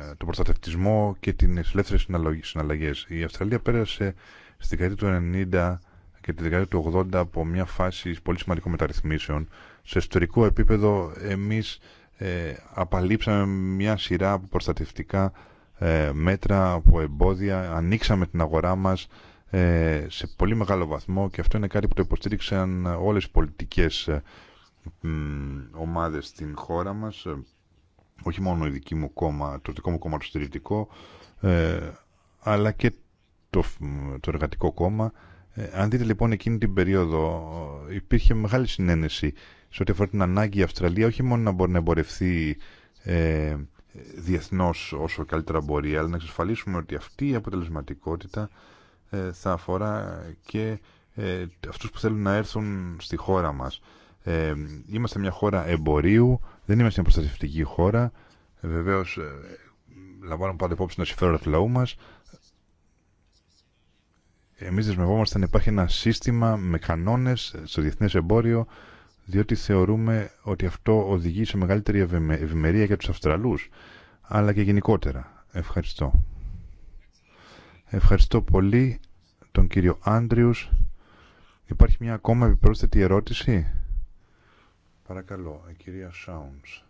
τον προστατευτισμό και την ελεύθερες συναλλαγές. Η Αυστραλία πέρασε στη δεκαετία του 90 και τη δεκαετία του 80 από μια φάση πολύ σημαντικών μεταρρυθμίσεων. Σε ιστορικό επίπεδο εμείς ε, απαλείψαμε μια σειρά από προστατευτικά ε, μέτρα, από εμπόδια. Ανοίξαμε την αγορά μας ε, σε πολύ μεγάλο βαθμό και αυτό είναι κάτι που το υποστήριξαν όλες οι πολιτικές ε, ομάδες στην χώρα μας. όχι μόνο η δική μου κόμμα, το δικό μου κόμμα το ε, αλλά και το, το εργατικό κόμμα. αν δείτε λοιπόν εκείνη την περίοδο υπήρχε μεγάλη συνένεση σε ό,τι αφορά την ανάγκη η Αυστραλία όχι μόνο να μπορεί να εμπορευθεί διεθνώς όσο καλύτερα μπορεί, αλλά να εξασφαλίσουμε ότι αυτή η αποτελεσματικότητα ε, θα αφορά και ε, αυτούς που θέλουν να έρθουν στη χώρα μας. Ε, είμαστε μια χώρα εμπορίου, δεν είμαστε μια προστατευτική χώρα. Βεβαίως, λαμβάνουμε πάντα υπόψη τα συμφέροντα του λαού μας. Εμείς δεσμευόμαστε να υπάρχει ένα σύστημα με κανόνε στο διεθνέ εμπόριο διότι θεωρούμε ότι αυτό οδηγεί σε μεγαλύτερη ευημερία για τους Αυστραλούς, αλλά και γενικότερα. Ευχαριστώ. Ευχαριστώ πολύ τον κύριο Άντριους. Υπάρχει μια ακόμα επιπρόσθετη ερώτηση. Παρακαλώ, η κυρία Σάουνς.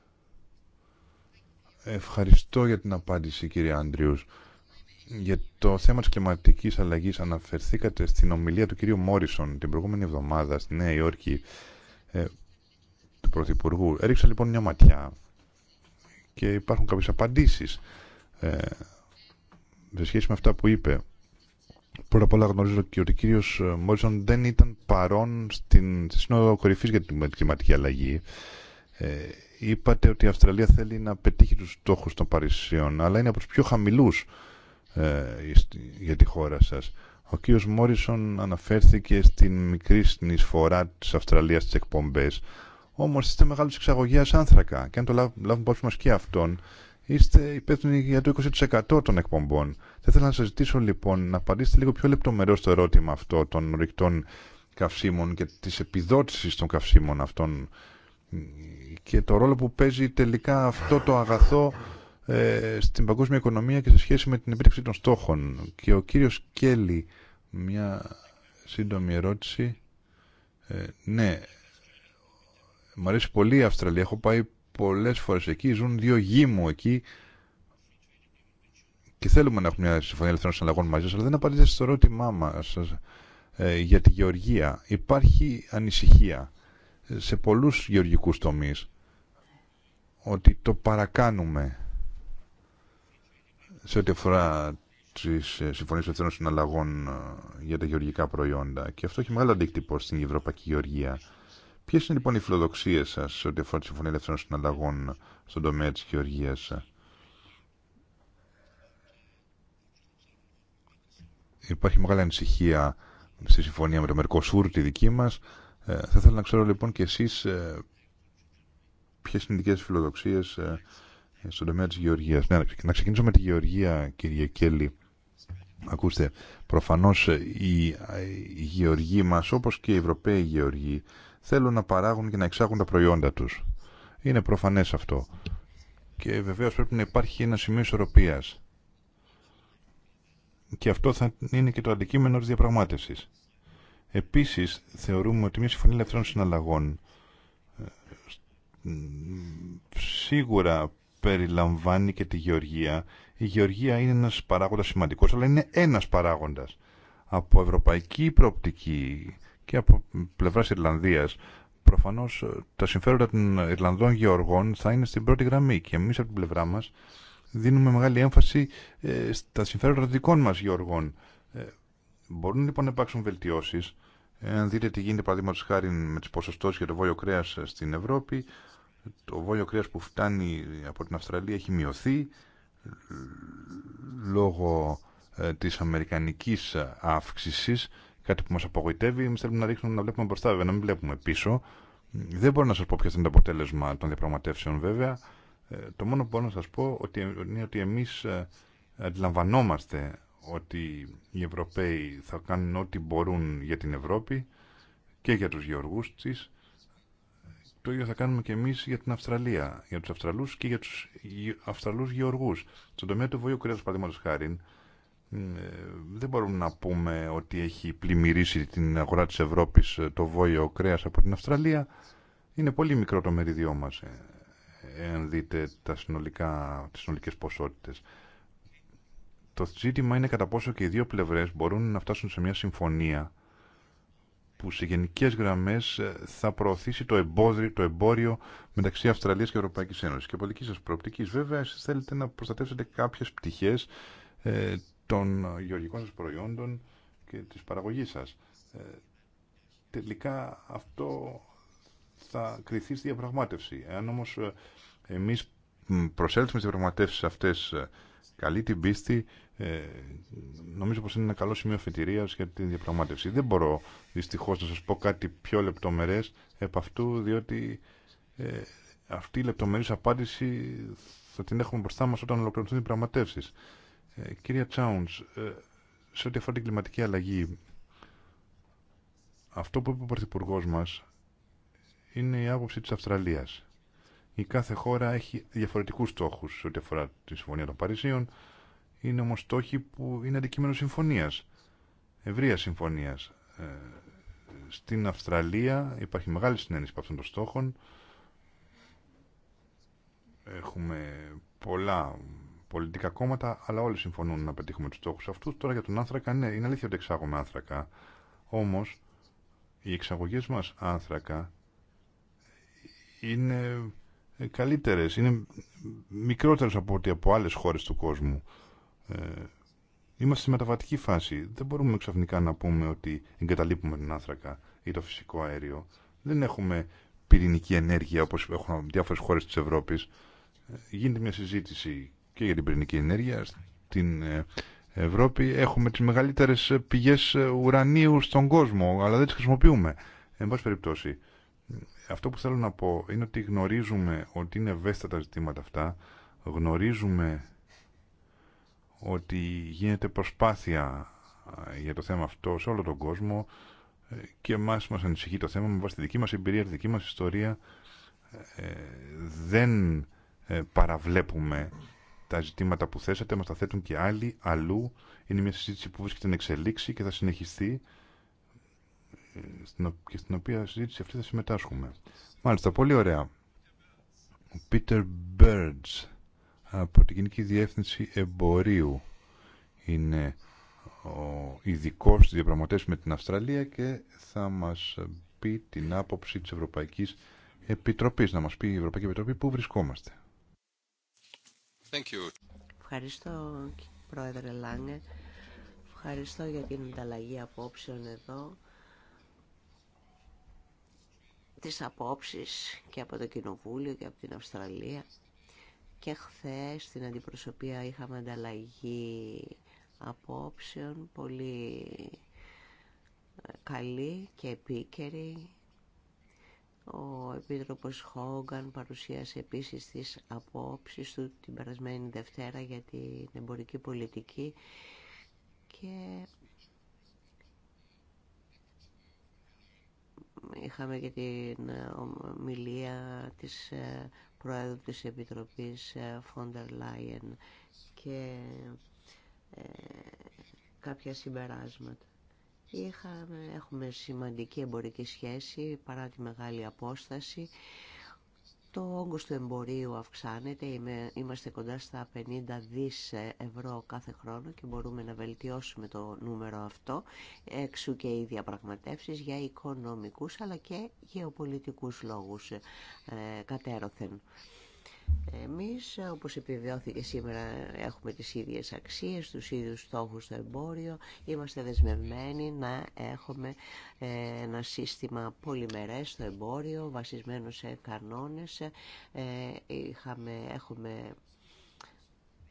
Ευχαριστώ για την απάντηση, κύριε Άντριους. Για το θέμα της κλιματικής αλλαγής αναφερθήκατε στην ομιλία του κύριου Μόρισον την προηγούμενη εβδομάδα στη Νέα Υόρκη ε, του Πρωθυπουργού. Έριξα λοιπόν μια ματιά και υπάρχουν κάποιες απαντήσεις ε, σε σχέση με αυτά που είπε. Πρώτα απ' όλα γνωρίζω και ότι ο κύριος ε, Μόρισον δεν ήταν παρόν στην Σύνοδο Κορυφής για την κλιματική αλλαγή. Ε, είπατε ότι η Αυστραλία θέλει να πετύχει τους στόχους των Παρισιών, αλλά είναι από τους πιο χαμηλούς ε, για τη χώρα σας. Ο κ. Μόρισον αναφέρθηκε στην μικρή συνεισφορά της Αυστραλίας στις εκπομπές. Όμως είστε μεγάλος εξαγωγέας άνθρακα και αν το λάβουμε υπόψη μας και αυτόν, είστε υπεύθυνοι για το 20% των εκπομπών. Θα ήθελα να σας ζητήσω λοιπόν να απαντήσετε λίγο πιο λεπτομερό στο ερώτημα αυτό των ρηκτών καυσίμων και της επιδότησης των καυσίμων αυτών και το ρόλο που παίζει τελικά αυτό το αγαθό ε, στην παγκόσμια οικονομία και σε σχέση με την επίτευξη των στόχων. Και ο κύριος Κέλλη, μια σύντομη ερώτηση. Ε, ναι, μου αρέσει πολύ η Αυστραλία. Έχω πάει πολλές φορές εκεί. Ζουν δύο γη μου εκεί. Και θέλουμε να έχουμε μια συμφωνία ελευθερών συναλλαγών μαζί σας, αλλά δεν απαντήσατε στο ερώτημά μας ε, για τη γεωργία. Υπάρχει ανησυχία ε, σε πολλούς γεωργικούς τομείς ότι το παρακάνουμε σε ό,τι αφορά τι ε, συμφωνίε ελευθερών συναλλαγών ε, για τα γεωργικά προϊόντα. Και αυτό έχει μεγάλο αντίκτυπο στην Ευρωπαϊκή Γεωργία. Ποιε είναι λοιπόν οι φιλοδοξίε σα σε ό,τι αφορά τη συμφωνία ελευθερών συναλλαγών στον τομέα τη γεωργία. Υπάρχει μεγάλη ανησυχία στη συμφωνία με το Μερκοσούρ, τη δική μα. Ε, θα ήθελα να ξέρω λοιπόν και εσεί ποιε είναι οι δικέ φιλοδοξίε ε, στον τομέα της γεωργίας. Ναι, να ξεκινήσω με τη γεωργία, κύριε Κέλλη. Ακούστε, προφανώς ε, οι, ε, οι γεωργοί μας, όπως και οι Ευρωπαίοι γεωργοί, θέλουν να παράγουν και να εξάγουν τα προϊόντα τους. Είναι προφανές αυτό. Και βεβαίως πρέπει να υπάρχει ένα σημείο ισορροπίας. Και αυτό θα είναι και το αντικείμενο της διαπραγμάτευσης. Επίσης, θεωρούμε ότι μια συμφωνία ελευθερών συναλλαγών σίγουρα περιλαμβάνει και τη γεωργία. Η γεωργία είναι ένας παράγοντας σημαντικός, αλλά είναι ένας παράγοντας. Από ευρωπαϊκή προοπτική και από πλευράς Ιρλανδίας, προφανώς ε, τα συμφέροντα των Ιρλανδών γεωργών θα είναι στην πρώτη γραμμή και εμείς από την πλευρά μας δίνουμε μεγάλη έμφαση ε, στα συμφέροντα των δικών μας γεωργών. Ε, μπορούν λοιπόν να υπάρξουν βελτιώσεις. Αν δείτε τι γίνεται παραδείγματο χάρη με τι ποσοστώσει για το βόλιο κρέα στην Ευρώπη, το βόλιο κρέας που φτάνει από την Αυστραλία έχει μειωθεί λόγω ε, της αμερικανικής αύξησης, κάτι που μας απογοητεύει. Εμείς θέλουμε να ρίξουμε να βλέπουμε μπροστά, βέβαια, να μην βλέπουμε πίσω. Δεν μπορώ να σας πω ποιο είναι το αποτέλεσμα των διαπραγματεύσεων, βέβαια. Ε, το μόνο που μπορώ να σας πω ότι, είναι ότι εμείς ε, αντιλαμβανόμαστε ότι οι Ευρωπαίοι θα κάνουν ό,τι μπορούν για την Ευρώπη και για τους γεωργούς της το ίδιο θα κάνουμε και εμείς για την Αυστραλία, για τους Αυστραλούς και για τους Αυστραλούς γεωργούς. Στον τομέα του Βόλου Κρέατος, παραδείγματο χάρη, ε, δεν μπορούμε να πούμε ότι έχει πλημμυρίσει την αγορά της Ευρώπης ε, το βόλιο κρέας από την Αυστραλία. Είναι πολύ μικρό το μεριδιό μας, ε, εάν δείτε τα συνολικά, τις συνολικές ποσότητες. Το ζήτημα είναι κατά πόσο και οι δύο πλευρές μπορούν να φτάσουν σε μια συμφωνία που σε γενικές γραμμές ε, θα προωθήσει το, εμπόδιο, το εμπόριο μεταξύ Αυστραλίας και Ευρωπαϊκής Ένωσης. Και από δική σας προοπτική, βέβαια εσείς θέλετε να προστατεύσετε κάποιες πτυχές ε, των γεωργικών σας προϊόντων και της παραγωγής σας. Ε, τελικά αυτό θα κριθεί στη διαπραγμάτευση. Εάν όμως ε, εμείς προσέλθουμε στις διαπραγματεύσει αυτές καλή την πίστη, ε, νομίζω πως είναι ένα καλό σημείο αφετηρίας για την διαπραγμάτευση. Δεν μπορώ δυστυχώς να σας πω κάτι πιο λεπτομερές επ' αυτού, διότι ε, αυτή η λεπτομερής απάντηση θα την έχουμε μπροστά μας όταν ολοκληρωθούν οι διαπραγματεύσεις. Ε, κυρία Τσάουνς, ε, σε ό,τι αφορά την κλιματική αλλαγή, αυτό που είπε ο Πρωθυπουργό μας είναι η άποψη της Αυστραλίας. Η κάθε χώρα έχει διαφορετικούς στόχους σε ό,τι αφορά τη Συμφωνία των Παρισίων, είναι όμως στόχοι που είναι αντικείμενο συμφωνίας, ευρεία συμφωνίας. Ε, στην Αυστραλία υπάρχει μεγάλη συνένεση από αυτών των στόχων. Έχουμε πολλά πολιτικά κόμματα, αλλά όλοι συμφωνούν να πετύχουμε τους στόχους αυτούς. Τώρα για τον άνθρακα, ναι, είναι αλήθεια ότι εξάγουμε άνθρακα. Όμως, οι εξαγωγές μας άνθρακα είναι ε, καλύτερες, είναι μικρότερες από ό,τι από άλλες χώρες του κόσμου. Ε, είμαστε στη μεταβατική φάση. Δεν μπορούμε ξαφνικά να πούμε ότι εγκαταλείπουμε τον άνθρακα ή το φυσικό αέριο. Δεν έχουμε πυρηνική ενέργεια όπως έχουν διάφορες χώρες της Ευρώπης. Ε, γίνεται μια συζήτηση και για την πυρηνική ενέργεια στην ε, Ευρώπη. Έχουμε τις μεγαλύτερες πηγές ουρανίου στον κόσμο, αλλά δεν τις χρησιμοποιούμε. Εν πάση περιπτώσει, αυτό που θέλω να πω είναι ότι γνωρίζουμε ότι είναι ευαίσθητα τα ζητήματα αυτά, γνωρίζουμε ότι γίνεται προσπάθεια ε, για το θέμα αυτό σε όλο τον κόσμο ε, και εμάς μας ανησυχεί το θέμα με βάση τη δική μας εμπειρία, τη δική μας ιστορία ε, δεν παραβλέπουμε τα ζητήματα που θέσατε, μας τα θέτουν και άλλοι αλλού. Είναι μια συζήτηση που βρίσκεται να εξελίξει και θα συνεχιστεί και στην οποία συζήτηση αυτή θα συμμετάσχουμε. Μάλιστα, πολύ ωραία. Ο Peter Birds από την Γενική Διεύθυνση Εμπορίου. Είναι ο ειδικό τη διαπραγματεύση με την Αυστραλία και θα μας πει την άποψη της Ευρωπαϊκής Επιτροπής. Να μας πει η Ευρωπαϊκή Επιτροπή πού βρισκόμαστε. Ευχαριστώ Πρόεδρε Λάγκε. Ευχαριστώ για την ανταλλαγή απόψεων εδώ. Τις απόψεις και από το Κοινοβούλιο και από την Αυστραλία. Και χθε στην αντιπροσωπεία είχαμε ανταλλαγή απόψεων πολύ ε, καλή και επίκαιρη. Ο Επίτροπος Χόγκαν παρουσίασε επίσης τις απόψεις του την περασμένη Δευτέρα για την εμπορική πολιτική και είχαμε και την ομιλία της ε, Πρόεδρο της Επιτροπής Φόντερ Λάιεν και ε, κάποια συμπεράσματα. Είχαμε, έχουμε σημαντική εμπορική σχέση παρά τη μεγάλη απόσταση. Το όγκος του εμπορίου αυξάνεται, είμαστε κοντά στα 50 δις ευρώ κάθε χρόνο και μπορούμε να βελτιώσουμε το νούμερο αυτό, έξω και οι διαπραγματεύσεις για οικονομικούς αλλά και γεωπολιτικούς λόγους ε, κατέρωθεν. Εμείς, όπως επιβεβαιώθηκε σήμερα, έχουμε τις ίδιες αξίες, τους ίδιους στόχους στο εμπόριο. Είμαστε δεσμευμένοι να έχουμε ε, ένα σύστημα πολυμερές στο εμπόριο, βασισμένο σε κανόνες. Ε, είχαμε, έχουμε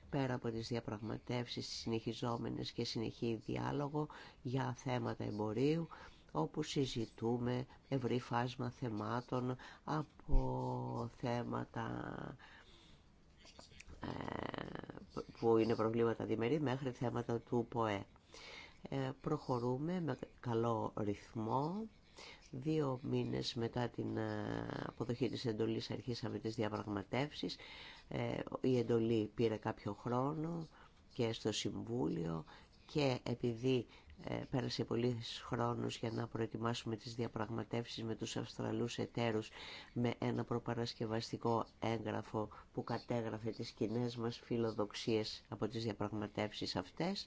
πέρα από τις διαπραγματεύσεις συνεχιζόμενες και συνεχή διάλογο για θέματα εμπορίου όπου συζητούμε ευρύ φάσμα θεμάτων από θέματα ε, που είναι προβλήματα διμερή μέχρι θέματα του ΠΟΕ. Ε, προχωρούμε με καλό ρυθμό. Δύο μήνες μετά την ε, αποδοχή της εντολής αρχίσαμε τις διαπραγματεύσεις. Η εντολή πήρε κάποιο χρόνο και στο Συμβούλιο και επειδή ε, πέρασε πολύ χρόνος για να προετοιμάσουμε τις διαπραγματεύσεις με τους Αυστραλούς εταίρους με ένα προπαρασκευαστικό έγγραφο που κατέγραφε τις κοινέ μας φιλοδοξίες από τις διαπραγματεύσεις αυτές.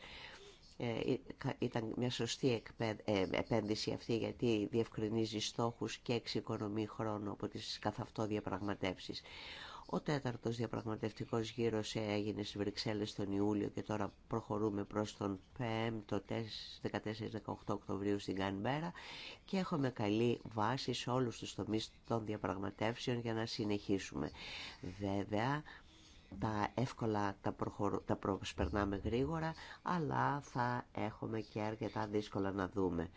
Ε, ήταν μια σωστή ε, επένδυση αυτή γιατί διευκρινίζει στόχους και εξοικονομεί χρόνο από τις καθ' αυτό διαπραγματεύσεις. Ο τέταρτος διαπραγματευτικός γύρος έγινε στις Βρυξέλλες τον Ιούλιο και τώρα προχωρούμε προς τον το 14 14-18 Οκτωβρίου στην Κανμπέρα και έχουμε καλή βάση σε όλους τους τομείς των διαπραγματεύσεων για να συνεχίσουμε. Βέβαια, τα εύκολα τα, προχωρού, τα προσπερνάμε γρήγορα, αλλά θα έχουμε και αρκετά δύσκολα να δούμε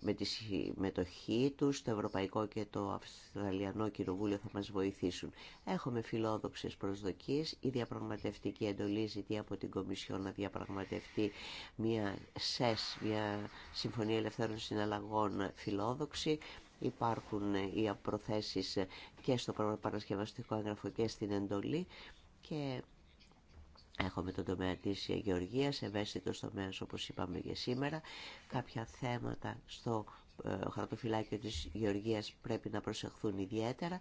με τη συμμετοχή του το Ευρωπαϊκό και το Αυστραλιανό Κοινοβούλιο θα μας βοηθήσουν. Έχουμε φιλόδοξες προσδοκίες. Η διαπραγματευτική εντολή ζητεί από την Κομισιόν να διαπραγματευτεί μια ΣΕΣ, μια Συμφωνία Ελευθέρων Συναλλαγών φιλόδοξη. Υπάρχουν οι προθέσεις και στο παρασκευαστικό έγγραφο και στην εντολή και Έχουμε τον τομέα της γεωργίας, ευαίσθητος τομέας όπως είπαμε και σήμερα. Κάποια θέματα στο ε, χαρτοφυλάκιο της γεωργίας πρέπει να προσεχθούν ιδιαίτερα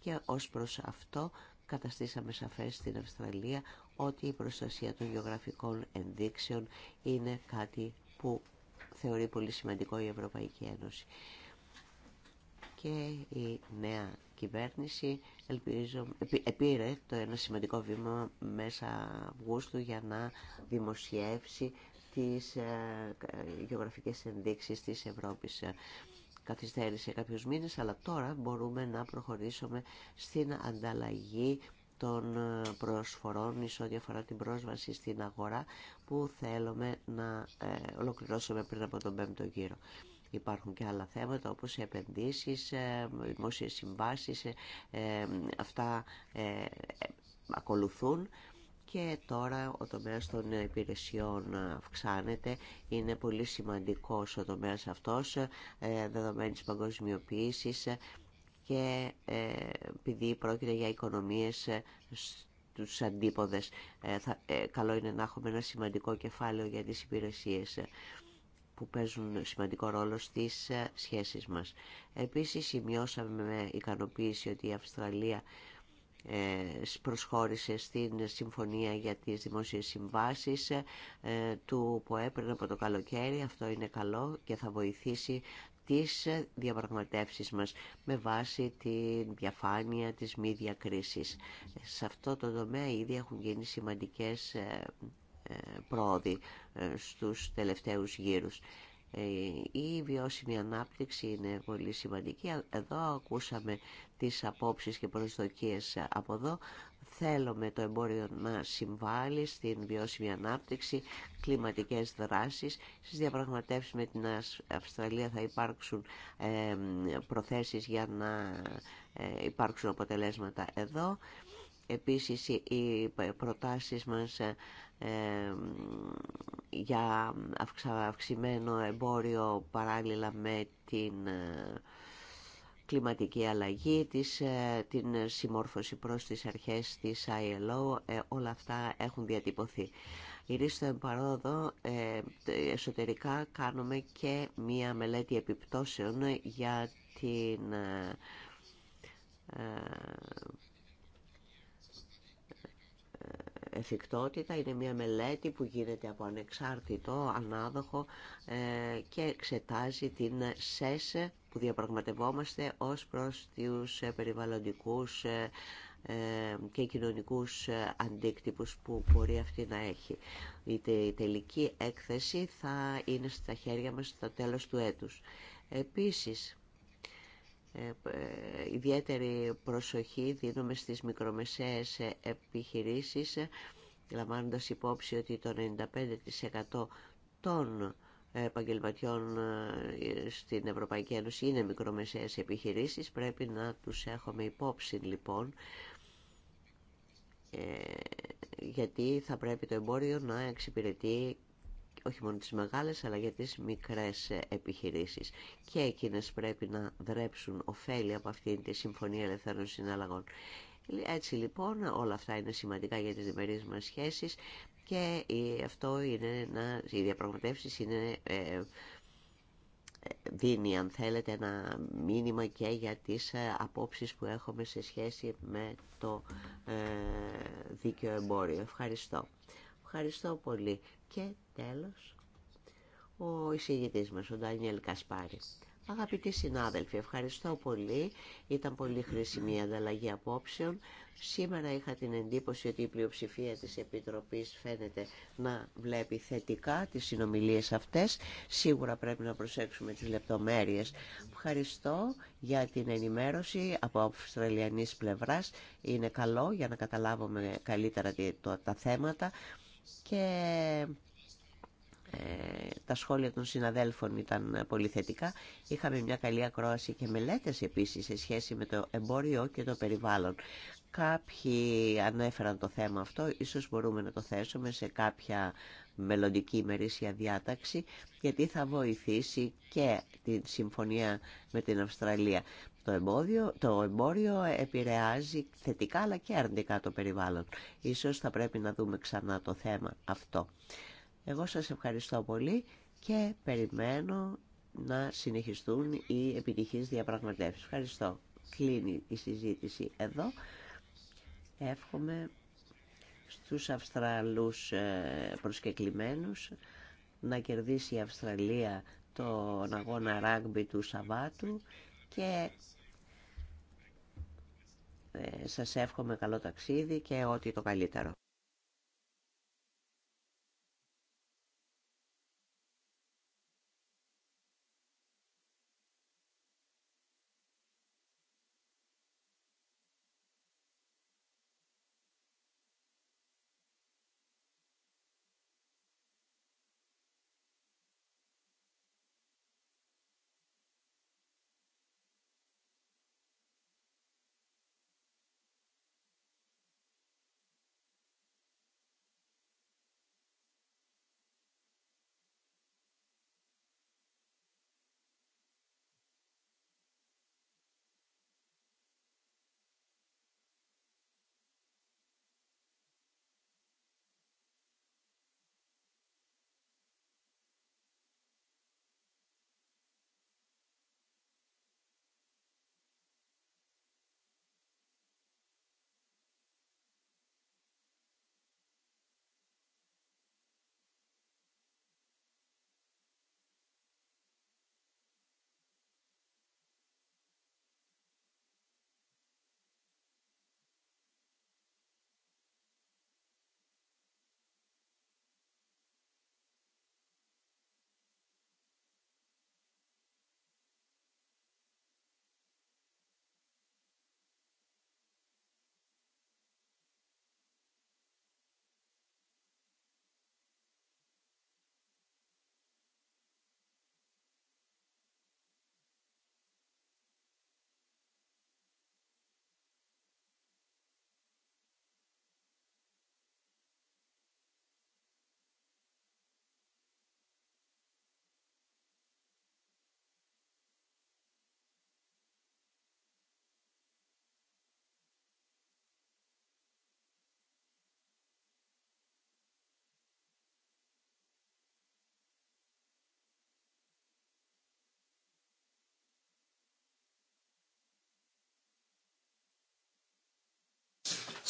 και ως προς αυτό καταστήσαμε σαφές στην Αυστραλία ότι η προστασία των γεωγραφικών ενδείξεων είναι κάτι που θεωρεί πολύ σημαντικό η Ευρωπαϊκή Ένωση. Και η νέα κυβέρνηση ελπίζω, επήρε το ένα σημαντικό βήμα μέσα Αυγούστου για να δημοσιεύσει τις ε, γεωγραφικές ενδείξεις της Ευρώπης. Ε, καθυστέρησε κάποιους μήνες, αλλά τώρα μπορούμε να προχωρήσουμε στην ανταλλαγή των ε, προσφορών εις ό,τι αφορά την πρόσβαση στην αγορά που θέλουμε να ολοκληρώσουμε πριν από τον πέμπτο γύρο. Υπάρχουν και άλλα θέματα όπως επενδύσεις, ε, δημόσιες συμβάσεις, ε, ε, αυτά ακολουθούν και τώρα ο τομέας των υπηρεσιών αυξάνεται. Είναι πολύ σημαντικός ο τομέας αυτός, δεδομένης παγκοσμιοποίησης και επειδή πρόκειται για οικονομίες τους αντίποδες, καλό είναι να έχουμε ένα σημαντικό κεφάλαιο για τις υπηρεσίες που παίζουν σημαντικό ρόλο στις ε, σχέσεις μας. Επίσης σημειώσαμε με ικανοποίηση ότι η Αυστραλία ε, προσχώρησε στην Συμφωνία για τις Δημόσιες Συμβάσεις ε, του ΠΟΕ πριν από το καλοκαίρι. Αυτό είναι καλό και θα βοηθήσει τις διαπραγματεύσεις μας με βάση τη διαφάνεια της μη διακρίσης. Σε αυτό το τομέα ήδη έχουν γίνει σημαντικές ε, πρόοδοι ε, στους τελευταίους γύρους. Ε, η βιώσιμη ανάπτυξη είναι πολύ σημαντική. Εδώ ακούσαμε τις απόψεις και προσδοκίες από εδώ. Θέλουμε το εμπόριο να συμβάλλει στην βιώσιμη ανάπτυξη, κλιματικές δράσεις. Στις διαπραγματεύσεις με την Αυστραλία θα υπάρξουν προθέσεις για να υπάρξουν αποτελέσματα εδώ. Επίσης οι προτάσεις μας για αυξημένο εμπόριο παράλληλα με την ε, κλιματική αλλαγή, της, ε, την συμμόρφωση προς τις αρχές της ILO, ε, όλα αυτά έχουν διατυπωθεί. Ηρίστο εμπαρόδο, εσωτερικά κάνουμε και μία μελέτη επιπτώσεων για την εφικτότητα είναι μια μελέτη που γίνεται από ανεξάρτητο ανάδοχο ε, και εξετάζει την ΣΕΣΕ που διαπραγματευόμαστε ως προς τους ε, περιβαλλοντικούς ε, και κοινωνικούς αντίκτυπους που μπορεί αυτή να έχει. Η τελική έκθεση θα είναι στα χέρια μας στο τέλος του έτους. Επίσης, ε, ε, ιδιαίτερη προσοχή δίνουμε στις μικρομεσαίες ε, επιχειρήσεις λαμβάνοντας υπόψη ότι το 95% των επαγγελματιών στην Ευρωπαϊκή Ένωση είναι μικρομεσαίες επιχειρήσεις πρέπει να τους έχουμε υπόψη λοιπόν γιατί θα πρέπει το εμπόριο να εξυπηρετεί όχι μόνο τις μεγάλες αλλά για τις μικρές επιχειρήσεις και εκείνες πρέπει να δρέψουν ωφέλη από αυτήν τη Συμφωνία Ελευθέρων Συναλλαγών. Έτσι λοιπόν όλα αυτά είναι σημαντικά για τις διμερείς μας σχέσεις και αυτό είναι να, οι διαπραγματεύσεις είναι, ε, δίνει αν θέλετε ένα μήνυμα και για τις ε, απόψεις που έχουμε σε σχέση με το ε, δίκαιο εμπόριο. Ευχαριστώ. Ευχαριστώ πολύ. Και τέλος, ο εισηγητής μας, ο Ντανιέλ Κασπάρη. Αγαπητοί συνάδελφοι, ευχαριστώ πολύ. Ήταν πολύ χρήσιμη η ανταλλαγή απόψεων. Σήμερα είχα την εντύπωση ότι η πλειοψηφία της Επιτροπής φαίνεται να βλέπει θετικά τις συνομιλίες αυτές. Σίγουρα πρέπει να προσέξουμε τις λεπτομέρειες. Ευχαριστώ για την ενημέρωση από Αυστραλιανής πλευράς. Είναι καλό για να καταλάβουμε καλύτερα τα θέματα και ε, τα σχόλια των συναδέλφων ήταν πολύ θετικά. Είχαμε μια καλή ακρόαση και μελέτες επίσης σε σχέση με το εμπόριο και το περιβάλλον. Κάποιοι ανέφεραν το θέμα αυτό, ίσως μπορούμε να το θέσουμε σε κάποια μελλοντική ημερήσια διάταξη, γιατί θα βοηθήσει και τη συμφωνία με την Αυστραλία. Το, εμπόδιο, το εμπόριο επηρεάζει θετικά αλλά και αρνητικά το περιβάλλον. Ίσως θα πρέπει να δούμε ξανά το θέμα αυτό. Εγώ σας ευχαριστώ πολύ και περιμένω να συνεχιστούν οι επιτυχείς διαπραγματεύσεις. Ευχαριστώ. Κλείνει η συζήτηση εδώ. Εύχομαι στους Αυστραλούς ε, προσκεκλημένους να κερδίσει η Αυστραλία τον αγώνα ράγμπι του Σαββάτου και ε, σας εύχομαι καλό ταξίδι και ό,τι το καλύτερο.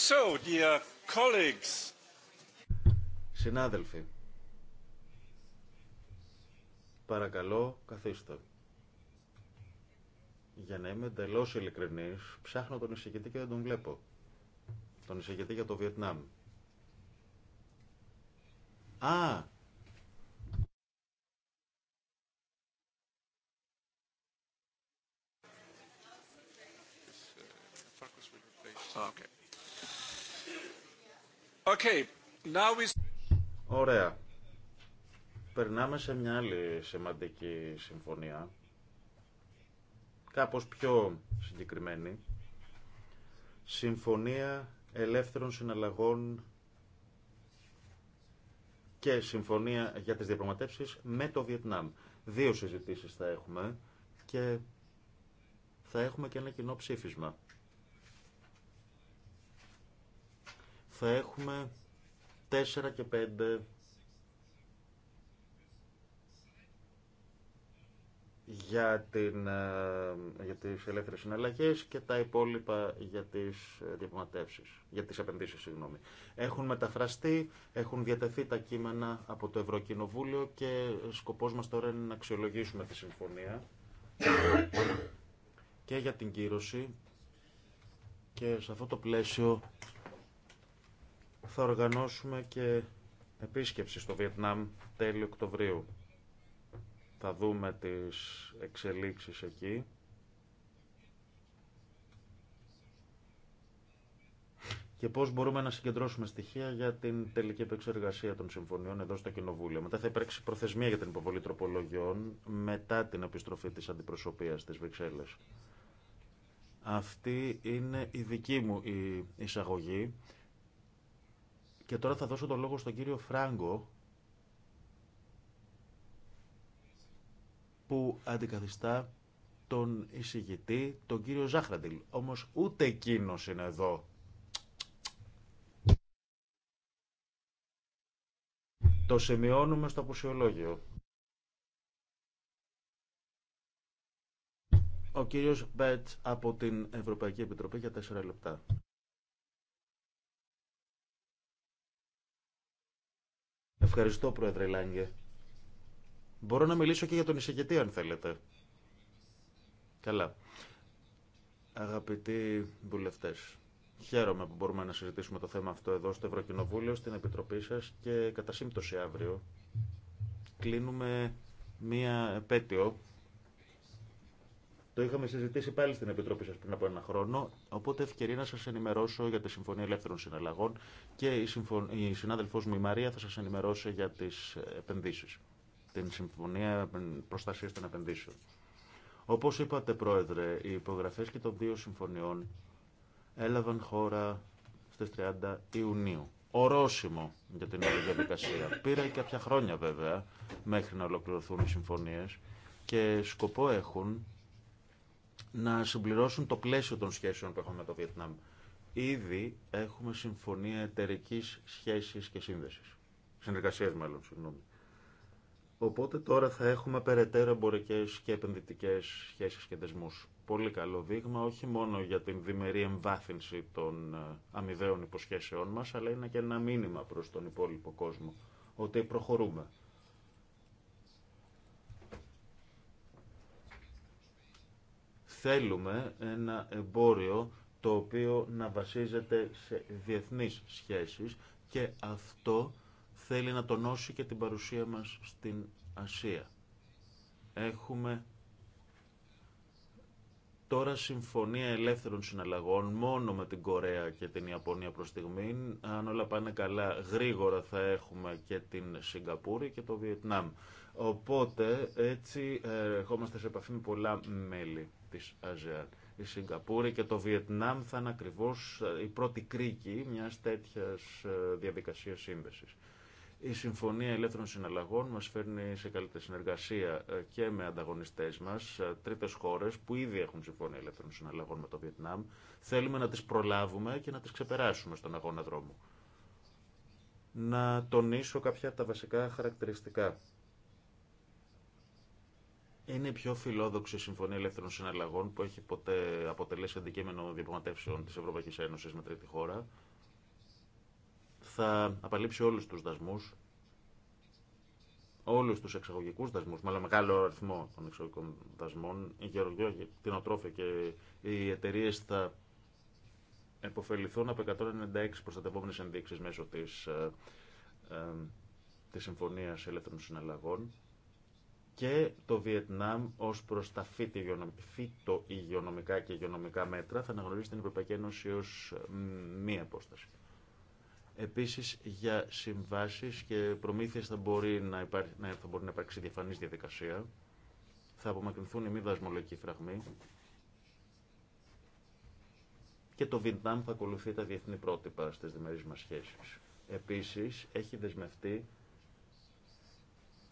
So, Συνάδελφοι, παρακαλώ καθίστε. Για να είμαι εντελώ ειλικρινή, ψάχνω τον εισηγητή και δεν τον βλέπω. Τον εισηγητή για το Βιετνάμ. Α, Okay. Okay. Now we... Ωραία. Περνάμε σε μια άλλη σημαντική συμφωνία, κάπως πιο συγκεκριμένη. Συμφωνία ελεύθερων συναλλαγών και συμφωνία για τις διαπραγματεύσεις με το Βιετνάμ. Δύο συζητήσεις θα έχουμε και θα έχουμε και ένα κοινό ψήφισμα. θα έχουμε 4 και 5 για, την, ε, για τις ελεύθερες συναλλαγές και τα υπόλοιπα για τις ε, διαπραγματεύσεις, για τις επενδύσεις, συγγνώμη. Έχουν μεταφραστεί, έχουν διατεθεί τα κείμενα από το Ευρωκοινοβούλιο και σκοπός μας τώρα είναι να αξιολογήσουμε τη συμφωνία και για την κύρωση και σε αυτό το πλαίσιο θα οργανώσουμε και επίσκεψη στο Βιετνάμ τέλη Οκτωβρίου. Θα δούμε τις εξελίξεις εκεί. και πώς μπορούμε να συγκεντρώσουμε στοιχεία για την τελική επεξεργασία των συμφωνιών εδώ στο Κοινοβούλιο. Μετά θα υπάρξει προθεσμία για την υποβολή τροπολογιών μετά την επιστροφή της αντιπροσωπείας της Βρυξέλλες. Αυτή είναι η δική μου η εισαγωγή. Και τώρα θα δώσω τον λόγο στον κύριο Φράγκο, που αντικαθιστά τον εισηγητή, τον κύριο Ζάχραντιλ. Όμως ούτε εκείνο είναι εδώ. Το σημειώνουμε στο αποσιολόγιο. Ο κύριος Μπέτς από την Ευρωπαϊκή Επιτροπή για τέσσερα λεπτά. Ευχαριστώ, Πρόεδρε Λάγκε. Μπορώ να μιλήσω και για τον εισηγητή, αν θέλετε. Καλά. Αγαπητοί βουλευτέ, χαίρομαι που μπορούμε να συζητήσουμε το θέμα αυτό εδώ στο Ευρωκοινοβούλιο, στην Επιτροπή σα και κατά σύμπτωση αύριο κλείνουμε μία επέτειο το είχαμε συζητήσει πάλι στην Επιτροπή σα πριν από ένα χρόνο, οπότε ευκαιρία να σα ενημερώσω για τη Συμφωνία Ελεύθερων Συναλλαγών και η, συμφων... η συνάδελφό μου η Μαρία θα σα ενημερώσει για τι επενδύσει. Την Συμφωνία Προστασία των Επενδύσεων. Όπω είπατε, Πρόεδρε, οι υπογραφέ και των δύο συμφωνιών έλαβαν χώρα στι 30 Ιουνίου. Ορόσημο για την όλη διαδικασία. Πήρα και κάποια χρόνια βέβαια μέχρι να ολοκληρωθούν οι συμφωνίε και σκοπό έχουν να συμπληρώσουν το πλαίσιο των σχέσεων που έχουμε με το Βιετνάμ. Ήδη έχουμε συμφωνία εταιρική σχέση και σύνδεση. Συνεργασία, μάλλον, συγγνώμη. Οπότε τώρα θα έχουμε περαιτέρω εμπορικέ και επενδυτικέ σχέσει και δεσμού. Πολύ καλό δείγμα, όχι μόνο για την διμερή εμβάθυνση των ε, αμοιβαίων υποσχέσεών μα, αλλά είναι και ένα μήνυμα προ τον υπόλοιπο κόσμο ότι προχωρούμε. Θέλουμε ένα εμπόριο το οποίο να βασίζεται σε διεθνείς σχέσεις και αυτό θέλει να τονώσει και την παρουσία μας στην Ασία. Έχουμε τώρα συμφωνία ελεύθερων συναλλαγών μόνο με την Κορέα και την Ιαπωνία προς στιγμή. Αν όλα πάνε καλά, γρήγορα θα έχουμε και την Σιγκαπούρη και το Βιετνάμ. Οπότε έτσι ε, ερχόμαστε σε επαφή με πολλά μέλη της ΑΖΕΑΝ. Η Σιγκαπούρη και το Βιετνάμ θα είναι ακριβώς ε, η πρώτη κρίκη μια τέτοιας ε, διαδικασίας σύνδεση. Η Συμφωνία Ελεύθερων Συναλλαγών μας φέρνει σε καλύτερη συνεργασία ε, και με ανταγωνιστές μας, τρίτες χώρες που ήδη έχουν Συμφωνία Ελεύθερων Συναλλαγών με το Βιετνάμ. Θέλουμε να τις προλάβουμε και να τις ξεπεράσουμε στον αγώνα δρόμου. Να τονίσω κάποια τα βασικά χαρακτηριστικά είναι η πιο φιλόδοξη συμφωνία ελεύθερων συναλλαγών που έχει ποτέ αποτελέσει αντικείμενο διαπραγματεύσεων τη Ευρωπαϊκή Ένωση με τρίτη χώρα. Θα απαλείψει όλου του δασμού, όλου του εξαγωγικού δασμού, μάλλον μεγάλο αριθμό των εξαγωγικών δασμών. Η γεωργία, κτηνοτρόφια και οι εταιρείε θα εποφεληθούν από 196 προστατευόμενε ενδείξει μέσω τη ε, ε, συμφωνία ελεύθερων συναλλαγών και το Βιετνάμ ω προ τα φυτο-υγειονομικά και υγειονομικά μέτρα θα αναγνωρίσει την Ευρωπαϊκή Ένωση ω μία απόσταση. Επίση, για συμβάσει και προμήθειε θα μπορεί να υπάρξει, διαφανή διαδικασία. Θα απομακρυνθούν οι μη δασμολογικοί φραγμοί. Και το Βιετνάμ θα ακολουθεί τα διεθνή πρότυπα στι διμερεί μα σχέσει. Επίση, έχει δεσμευτεί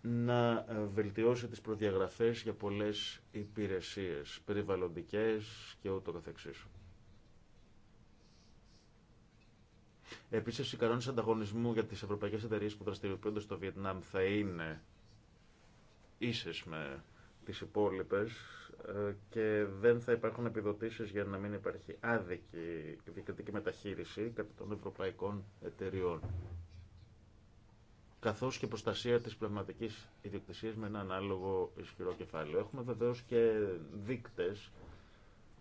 να βελτιώσει τις προδιαγραφές για πολλές υπηρεσίες, περιβαλλοντικές και ούτω καθεξής. Επίσης, οι κανόνες ανταγωνισμού για τις ευρωπαϊκές εταιρείες που δραστηριοποιούνται στο Βιετνάμ θα είναι ίσες με τις υπόλοιπες ε, και δεν θα υπάρχουν επιδοτήσεις για να μην υπάρχει άδικη διοικητική μεταχείριση κατά των ευρωπαϊκών εταιριών καθώς και προστασία της πνευματική ιδιοκτησίας με ένα ανάλογο ισχυρό κεφάλαιο. Έχουμε βεβαίως και δείκτες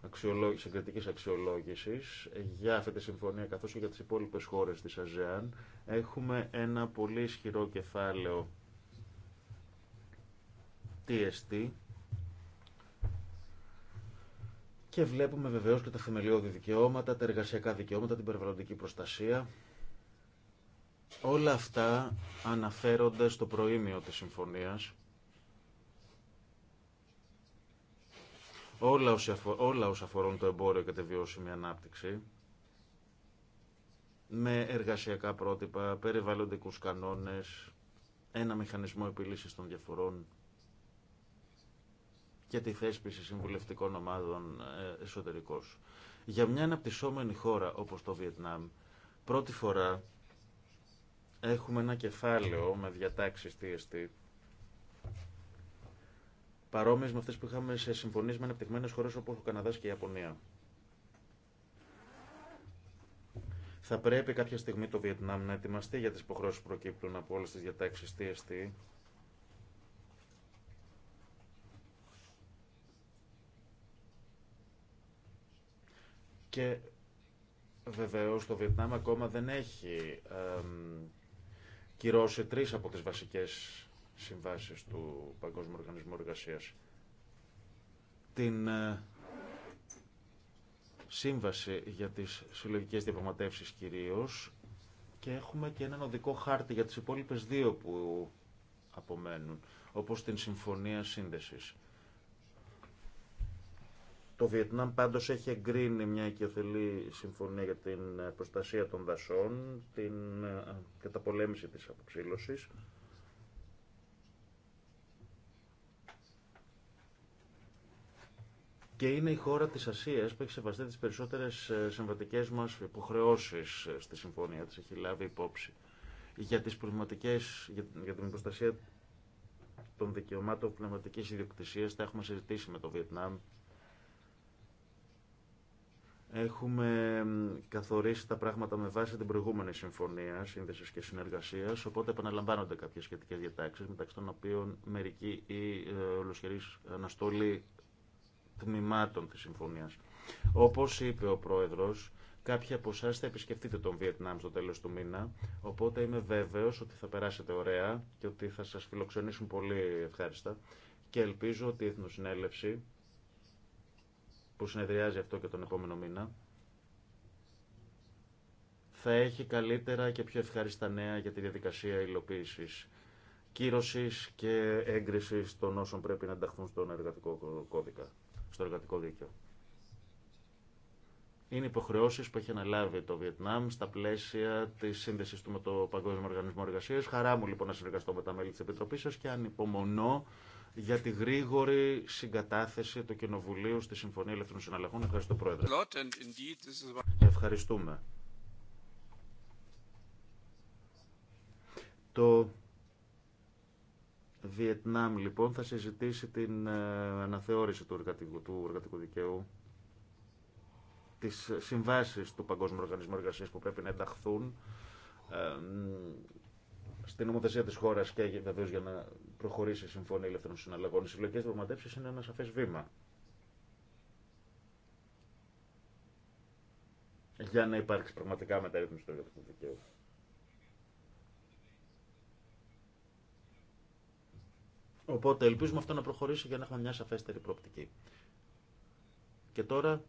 αξιολόγηση, συγκριτικής για αυτή τη συμφωνία καθώς και για τις υπόλοιπες χώρες της ΑΖΕΑΝ. Έχουμε ένα πολύ ισχυρό κεφάλαιο TST και βλέπουμε βεβαίως και τα θεμελιώδη δικαιώματα, τα εργασιακά δικαιώματα, την περιβαλλοντική προστασία Όλα αυτά αναφέρονται στο προήμιο της συμφωνίας. Όλα όσα, όλα όσα αφορούν το εμπόριο και τη βιώσιμη ανάπτυξη, με εργασιακά πρότυπα, περιβαλλοντικούς κανόνες, ένα μηχανισμό επιλύσης των διαφορών και τη θέσπιση συμβουλευτικών ομάδων ε, εσωτερικώς. Για μια αναπτυσσόμενη χώρα όπως το Βιετνάμ, πρώτη φορά Έχουμε ένα κεφάλαιο με διατάξεις TST παρόμοιες με αυτές που είχαμε σε συμφωνίες με ανεπτυγμένες χώρες όπως ο Καναδάς και η Ιαπωνία. Θα πρέπει κάποια στιγμή το Βιετνάμ να ετοιμαστεί για τις υποχρεώσεις που προκύπτουν από όλες τις διατάξεις TST και βεβαίως το Βιετνάμ ακόμα δεν έχει κυρώσει τρεις από τις βασικές συμβάσεις του Παγκόσμιου Οργανισμού εργασία, Την ε, σύμβαση για τις συλλογικές διαπραγματεύσεις κυρίως και έχουμε και έναν οδικό χάρτη για τις υπόλοιπες δύο που απομένουν, όπως την Συμφωνία Σύνδεσης. Το Βιετνάμ πάντως έχει εγκρίνει μια οικειοθελή συμφωνία για την ε, προστασία των δασών, την ε, καταπολέμηση της αποξύλωσης. Και είναι η χώρα της Ασίας που έχει σεβαστεί τις περισσότερες ε, συμβατικές μας υποχρεώσεις στη συμφωνία της, έχει λάβει υπόψη. Για, τις για, για την προστασία των δικαιωμάτων πνευματικής ιδιοκτησίας τα έχουμε συζητήσει με το Βιετνάμ Έχουμε καθορίσει τα πράγματα με βάση την προηγούμενη συμφωνία σύνδεση και συνεργασία, οπότε επαναλαμβάνονται κάποιε σχετικέ διατάξει, μεταξύ των οποίων μερική ή ε, ολοσχερή αναστολή τμήματων τη συμφωνία. Όπω είπε ο πρόεδρο, κάποιοι από εσά θα επισκεφτείτε τον Βιετνάμ στο τέλο του μήνα, οπότε είμαι βέβαιο ότι θα περάσετε ωραία και ότι θα σα φιλοξενήσουν πολύ ευχάριστα και ελπίζω ότι η Εθνοσυνέλευση που συνεδριάζει αυτό και τον επόμενο μήνα, θα έχει καλύτερα και πιο ευχάριστα νέα για τη διαδικασία υλοποίηση κύρωση και έγκριση των όσων πρέπει να ενταχθούν στον εργατικό κώδικα, στο εργατικό δίκαιο. Είναι υποχρεώσει που έχει αναλάβει το Βιετνάμ στα πλαίσια τη σύνδεση του με το Παγκόσμιο Οργανισμό Εργασία. Χαρά μου λοιπόν να συνεργαστώ με τα μέλη τη Επιτροπή σα και ανυπομονώ για τη γρήγορη συγκατάθεση του Κοινοβουλίου στη Συμφωνία Ελεύθερων Συναλλαγών. Ευχαριστώ, Πρόεδρε. Ευχαριστούμε. Το Βιετνάμ, λοιπόν, θα συζητήσει την ε, αναθεώρηση του εργατικού, του εργατικού δικαίου τις συμβάσεις του Παγκόσμιου Οργανισμού Εργασίας που πρέπει να ενταχθούν ε, στην ομοθεσία της χώρας και βεβαίως για να προχωρήσει η Συμφωνία Ελεύθερων Συναλλαγών. Οι συλλογικέ διαπραγματεύσει είναι ένα σαφέ βήμα. Για να υπάρξει πραγματικά μεταρρύθμιση του εργατικού δικαίου. Οπότε ελπίζουμε αυτό να προχωρήσει για να έχουμε μια σαφέστερη προοπτική. Και τώρα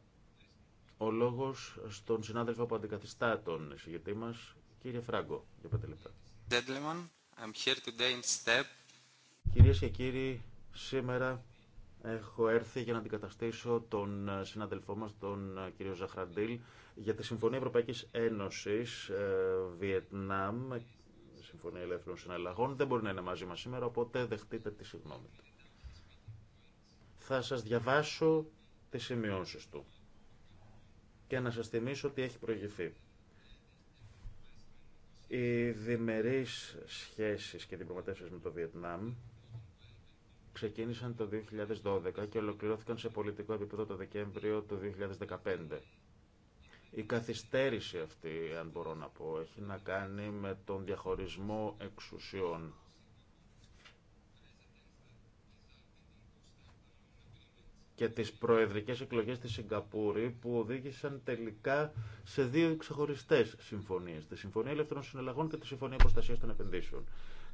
ο λόγος στον συνάδελφο που αντικαθιστά τον εισηγητή μας, κύριε Φράγκο, για πέντε λεπτά. Gentlemen, I'm here today in step Κυρίες και κύριοι, σήμερα έχω έρθει για να αντικαταστήσω τον ε, συναδελφό μας, τον ε, κύριο Ζαχραντήλ, για τη Συμφωνία Ευρωπαϊκής Ένωσης ε, Βιετνάμ, Συμφωνία Ελεύθερων Συναλλαγών. Δεν μπορεί να είναι μαζί μας σήμερα, οπότε δεχτείτε τη συγγνώμη του. Θα σας διαβάσω τις σημειώσεις του και να σας θυμίσω ότι έχει προηγηθεί. Οι διμερείς σχέσεις και διπλωματεύσεις με το Βιετνάμ ξεκίνησαν το 2012 και ολοκληρώθηκαν σε πολιτικό επίπεδο το Δεκέμβριο του 2015. Η καθυστέρηση αυτή, αν μπορώ να πω, έχει να κάνει με τον διαχωρισμό εξουσιών. και τις προεδρικές εκλογές στη Σιγκαπούρη που οδήγησαν τελικά σε δύο ξεχωριστές συμφωνίες. Τη Συμφωνία Ελεύθερων Συναλλαγών και τη Συμφωνία Προστασίας των Επενδύσεων.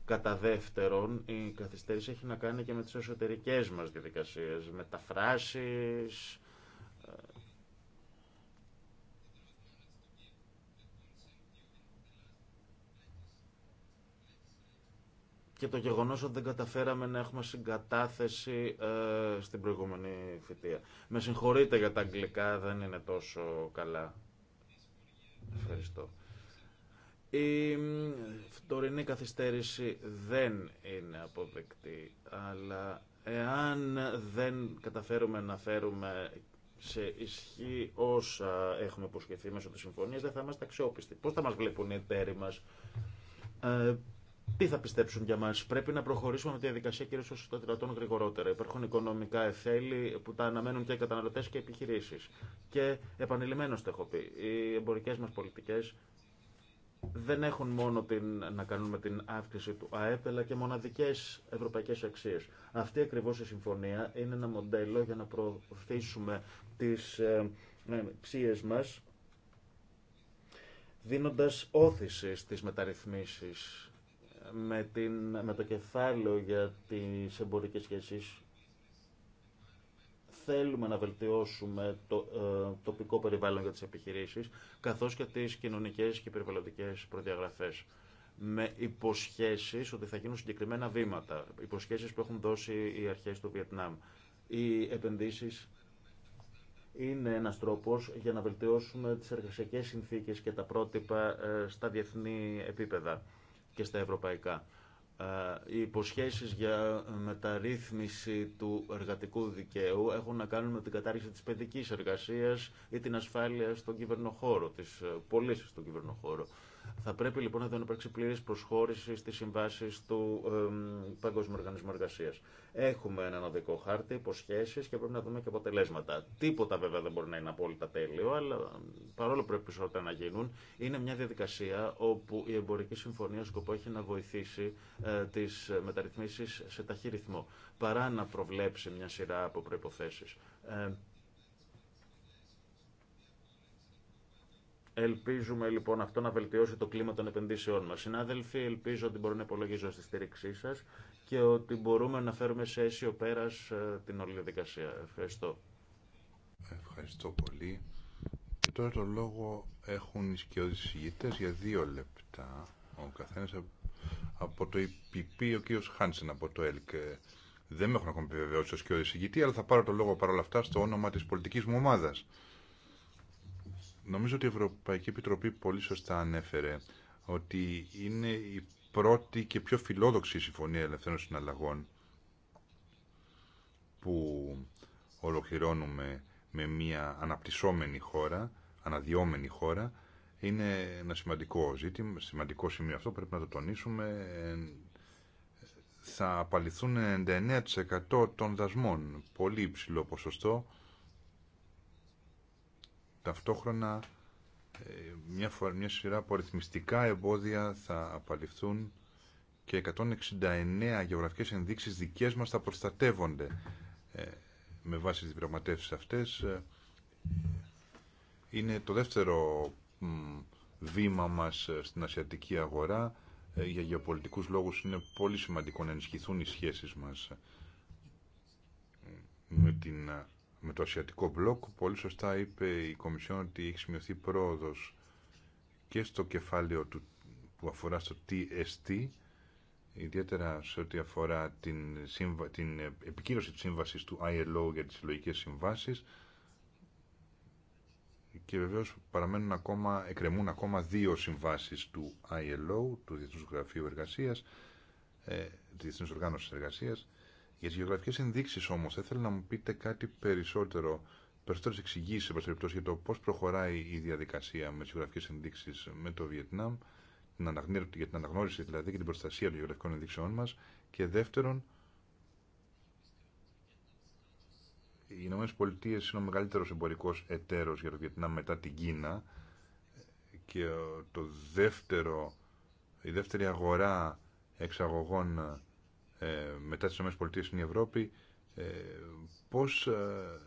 Κατά δεύτερον, η καθυστέρηση έχει να κάνει και με τις εσωτερικές μας διαδικασίες, μεταφράσεις, ε, και το γεγονός ότι δεν καταφέραμε να έχουμε συγκατάθεση ε, στην προηγούμενη φοιτεία. Με συγχωρείτε για τα αγγλικά, δεν είναι τόσο καλά. Ευχαριστώ. Η φτωρινή καθυστέρηση δεν είναι αποδεκτή, αλλά εάν δεν καταφέρουμε να φέρουμε σε ισχύ όσα έχουμε υποσχεθεί μέσω της συμφωνίας, δεν θα είμαστε αξιόπιστοι. Πώς θα μας βλέπουν οι εταίροι μας, ε, τι θα πιστέψουν για μας. Πρέπει να προχωρήσουμε με τη διαδικασία κυρίως όσο το δυνατόν γρηγορότερα. Υπάρχουν οικονομικά εφέλη που τα αναμένουν και οι καταναλωτές και οι επιχειρήσεις. Και επανειλημμένως το έχω πει, οι εμπορικές μας πολιτικές δεν έχουν μόνο την, να κάνουν με την αύξηση του ΑΕΠ, αλλά και μοναδικές ευρωπαϊκές αξίες. Αυτή ακριβώς η συμφωνία είναι ένα μοντέλο για να προωθήσουμε τις ε, ε μας, δίνοντας όθηση στις μεταρρυθμίσεις με, την, με το κεφάλαιο για τις εμπορικές σχέσεις θέλουμε να βελτιώσουμε το ε, τοπικό περιβάλλον για τις επιχειρήσεις, καθώς και τις κοινωνικές και περιβαλλοντικές προδιαγραφές. Με υποσχέσεις ότι θα γίνουν συγκεκριμένα βήματα, υποσχέσεις που έχουν δώσει οι αρχές του Βιετνάμ. Οι επενδύσεις είναι ένας τρόπος για να βελτιώσουμε τις εργασιακές συνθήκες και τα πρότυπα ε, στα διεθνή επίπεδα και στα ευρωπαϊκά. Ε, οι υποσχέσεις για μεταρρύθμιση του εργατικού δικαίου έχουν να κάνουν με την κατάργηση της παιδικής εργασίας ή την ασφάλεια στον κυβερνοχώρο, της ε, πωλήσης στον κυβερνοχώρο. Θα πρέπει λοιπόν εδώ να υπάρξει πλήρη προσχώρηση στι συμβάσει του ε, Παγκόσμιου Οργανισμού Εργασία. Έχουμε έναν οδικό χάρτη, υποσχέσει και πρέπει να δούμε και αποτελέσματα. Τίποτα βέβαια δεν μπορεί να είναι απόλυτα τέλειο, αλλά παρόλο που πρέπει περισσότερα να γίνουν, είναι μια διαδικασία όπου η εμπορική συμφωνία σκοπό έχει να βοηθήσει ε, τι μεταρρυθμίσει σε ταχύ ρυθμό, παρά να προβλέψει μια σειρά από προποθέσει. Ε, Ελπίζουμε λοιπόν αυτό να βελτιώσει το κλίμα των επενδύσεών μα. Συνάδελφοι, ελπίζω ότι μπορώ να υπολογίζω στη στήριξή σα και ότι μπορούμε να φέρουμε σε αίσιο πέρα ε, την όλη διαδικασία. Ευχαριστώ. Ευχαριστώ πολύ. Και τώρα το λόγο έχουν οι σκιώδει συγγητέ για δύο λεπτά. Ο καθένα από το ΕΠΠ, ο κ. Χάνσεν από το ΕΛΚ. Δεν με έχουν ακόμη επιβεβαιώσει ο σκιώδη συγγητή, αλλά θα πάρω το λόγο παρόλα αυτά στο όνομα τη πολιτική μου ομάδα. Νομίζω ότι η Ευρωπαϊκή Επιτροπή πολύ σωστά ανέφερε ότι είναι η πρώτη και πιο φιλόδοξη συμφωνία ελευθέρων συναλλαγών που ολοκληρώνουμε με μια αναπτυσσόμενη χώρα, αναδιόμενη χώρα, είναι ένα σημαντικό ζήτημα, σημαντικό σημείο αυτό, πρέπει να το τονίσουμε. Ε, θα απαλληθούν 99% των δασμών, πολύ υψηλό ποσοστό. Ταυτόχρονα ε, μια, φορά, μια σειρά από αριθμιστικά εμπόδια θα απαλληφθούν και 169 γεωγραφικές ενδείξεις δικές μας θα προστατεύονται ε, με βάση τις διπραγματεύσεις αυτές. Ε, είναι το δεύτερο βήμα μας στην ασιατική αγορά. Για γεωπολιτικούς λόγους είναι πολύ σημαντικό να ενισχυθούν οι σχέσεις μας με την με το ασιατικό μπλοκ. Πολύ σωστά είπε η Κομισιόν ότι έχει σημειωθεί πρόοδος και στο κεφάλαιο του, που αφορά στο TST, ιδιαίτερα σε ό,τι αφορά την, την επικύρωση της σύμβασης του ILO για τις συλλογικέ συμβάσεις και βεβαίως παραμένουν ακόμα, εκκρεμούν ακόμα δύο συμβάσεις του ILO, του Διεθνούς Γραφείου Εργασίας, ε, της Διεθνούς Οργάνωσης Εργασίας, για τι γεωγραφικέ ενδείξει όμω θα ήθελα να μου πείτε κάτι περισσότερο, περισσότερες εξηγήσεις περιπτώσει, για το πώ προχωράει η διαδικασία με τι γεωγραφικέ ενδείξει με το Βιετνάμ, για την αναγνώριση δηλαδή και την προστασία των γεωγραφικών ενδείξεών μα και δεύτερον, οι ΗΠΑ είναι ο μεγαλύτερο εμπορικό εταίρο για το Βιετνάμ μετά την Κίνα και το δεύτερο, η δεύτερη αγορά εξαγωγών ε, μετά τις ΗΠΑ στην Ευρώπη ε, πώς ε,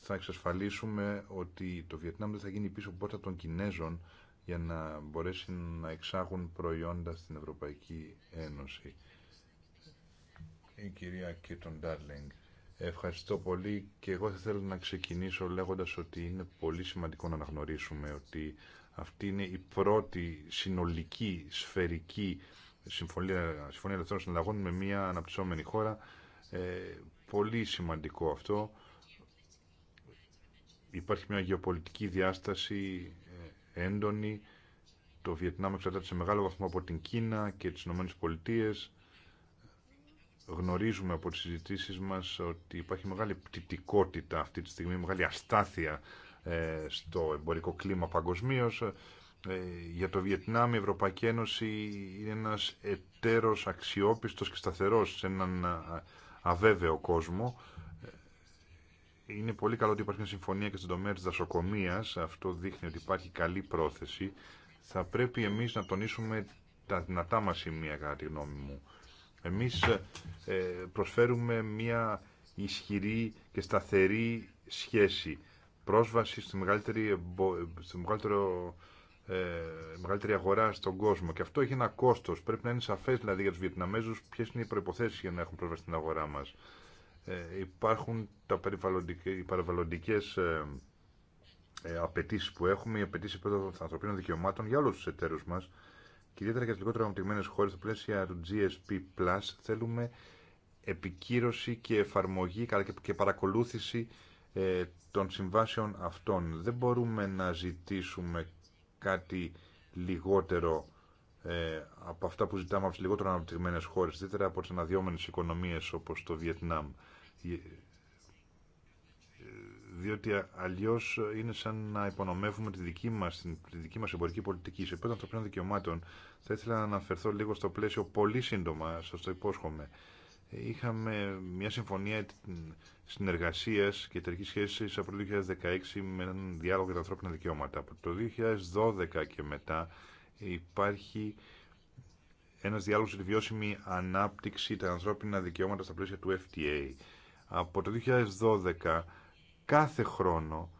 θα εξασφαλίσουμε ότι το Βιετνάμ δεν θα γίνει πίσω πόρτα των Κινέζων για να μπορέσει να εξάγουν προϊόντα στην Ευρωπαϊκή Ένωση. Η κυρία Κίρτον Ντάρλινγκ. Ευχαριστώ πολύ και εγώ θα θέλω να ξεκινήσω λέγοντας ότι είναι πολύ σημαντικό να αναγνωρίσουμε ότι αυτή είναι η πρώτη συνολική σφαιρική συμφωνία, συμφωνία ελευθερών συναλλαγών με μια αναπτυσσόμενη χώρα. Ε, πολύ σημαντικό αυτό. Υπάρχει μια γεωπολιτική διάσταση ε, έντονη. Το Βιετνάμ εξαρτάται σε μεγάλο βαθμό από την Κίνα και τις Ηνωμένες Πολιτείες. Γνωρίζουμε από τις συζητήσεις μας ότι υπάρχει μεγάλη πτυτικότητα αυτή τη στιγμή, μεγάλη αστάθεια ε, στο εμπορικό κλίμα παγκοσμίω. Ε, για το Βιετνάμ η Ευρωπαϊκή Ένωση είναι ένας εταίρος αξιόπιστος και σταθερός σε έναν αβέβαιο κόσμο. Ε, είναι πολύ καλό ότι υπάρχει μια συμφωνία και στον τομέα της δασοκομείας. Αυτό δείχνει ότι υπάρχει καλή πρόθεση. Θα πρέπει εμείς να τονίσουμε τα δυνατά μας σημεία κατά τη γνώμη μου. Εμείς ε, προσφέρουμε μια ισχυρή και σταθερή σχέση. Πρόσβαση στη μεγαλύτερη, στο μεγαλύτερο ε, μεγαλύτερη αγορά στον κόσμο. Και αυτό έχει ένα κόστο. Πρέπει να είναι σαφέ δηλαδή για του Βιετναμέζου ποιε είναι οι προποθέσει για να έχουν πρόσβαση στην αγορά μα. Ε, υπάρχουν τα οι παραβαλλοντικέ ε, ε απαιτήσει που έχουμε, οι απαιτήσει των ανθρωπίνων δικαιωμάτων για όλου του εταίρου μα και ιδιαίτερα για τι λιγότερο αναπτυγμένε χώρε στα πλαίσια του GSP, θέλουμε επικύρωση και εφαρμογή και παρακολούθηση ε, των συμβάσεων αυτών. Δεν μπορούμε να ζητήσουμε κάτι λιγότερο ε, από αυτά που ζητάμε από τις λιγότερο αναπτυγμένες χώρες, ιδιαίτερα από τις αναδυόμενες οικονομίες όπως το Βιετνάμ. Ε, διότι αλλιώς είναι σαν να υπονομεύουμε τη δική μας, τη δική μας εμπορική πολιτική. Σε επίπεδο ανθρωπίνων δικαιωμάτων θα ήθελα να αναφερθώ λίγο στο πλαίσιο πολύ σύντομα, σας το υπόσχομαι. Είχαμε μια συμφωνία συνεργασία και εταιρική σχέση από το 2016 με έναν διάλογο για τα ανθρώπινα δικαιώματα. Από το 2012 και μετά υπάρχει ένας διάλογος για τη βιώσιμη ανάπτυξη τα ανθρώπινα δικαιώματα στα πλαίσια του FTA. Από το 2012 κάθε χρόνο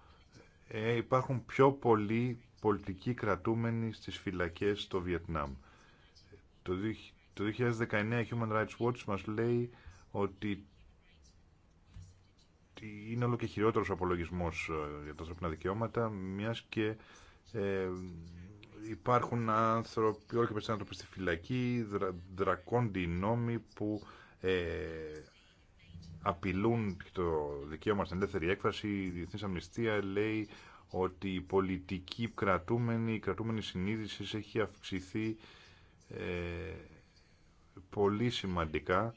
ε, υπάρχουν πιο πολλοί πολιτικοί κρατούμενοι στις φυλακές στο Βιετνάμ. Το το 2019 Human Rights Watch μας λέει ότι είναι όλο και χειρότερος ο απολογισμός ε, για τα ανθρώπινα δικαιώματα, μιας και ε, υπάρχουν άνθρωποι, όλο και περισσότεροι άνθρωποι στη φυλακή, δρα, δρακόντιοι νόμοι που ε, απειλούν το δικαίωμα στην ελεύθερη έκφραση. Η Διεθνής Αμνηστία λέει ότι η πολιτική κρατούμενη, η κρατούμενη συνείδηση έχει αυξηθεί πολύ σημαντικά.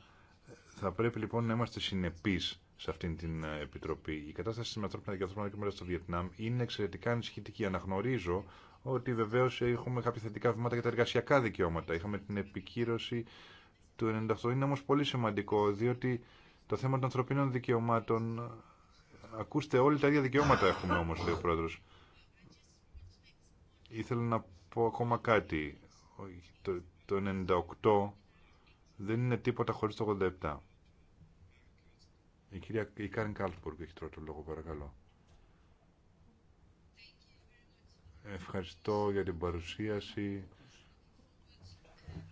Θα πρέπει λοιπόν να είμαστε συνεπείς σε αυτήν την ε, επιτροπή. Η κατάσταση με ανθρώπινα δικαιωμάτων στο Βιετνάμ είναι εξαιρετικά ανησυχητική. Αναγνωρίζω ότι βεβαίω έχουμε κάποια θετικά βήματα για τα εργασιακά δικαιώματα. Είχαμε την επικύρωση του 1998. Είναι όμω πολύ σημαντικό, διότι το θέμα των ανθρωπίνων δικαιωμάτων. Ακούστε, όλοι τα ίδια δικαιώματα έχουμε όμω, λέει ο πρόεδρο. Ήθελα να πω ακόμα κάτι. Το, το δεν είναι τίποτα χωρίς το 87. Η κυρία η Κάριν έχει τώρα το λόγο, παρακαλώ. Ευχαριστώ για την παρουσίαση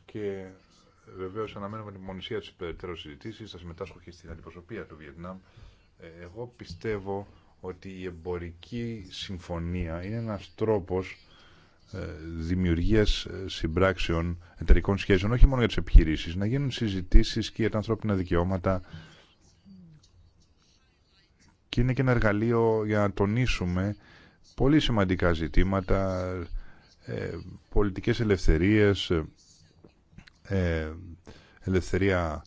και βεβαίω αναμένουμε την μονησία τη περαιτέρω συζητήση. Θα συμμετάσχω και στην αντιπροσωπεία του Βιετνάμ. Ε, εγώ πιστεύω ότι η εμπορική συμφωνία είναι ένας τρόπος ε, δημιουργίας ε, συμπράξεων, εταιρικών σχέσεων, όχι μόνο για τις επιχειρήσεις, να γίνουν συζητήσεις και για τα ανθρώπινα δικαιώματα και είναι και ένα εργαλείο για να τονίσουμε πολύ σημαντικά ζητήματα, ε, πολιτικές ελευθερίες, ε, ε ελευθερία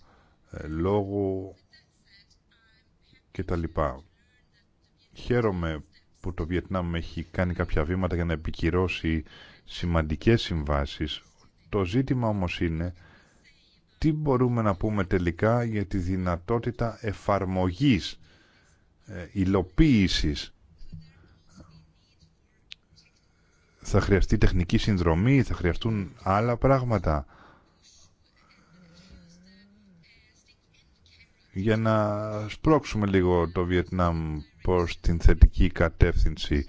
λόγου και τα λοιπά. Χαίρομαι που το Βιετνάμ έχει κάνει κάποια βήματα για να επικυρώσει σημαντικές συμβάσεις. Το ζήτημα όμως είναι τι μπορούμε να πούμε τελικά για τη δυνατότητα εφαρμογής, ε, υλοποίησης. Θα χρειαστεί τεχνική συνδρομή, θα χρειαστούν άλλα πράγματα για να σπρώξουμε λίγο το Βιετνάμ προς την θετική κατεύθυνση.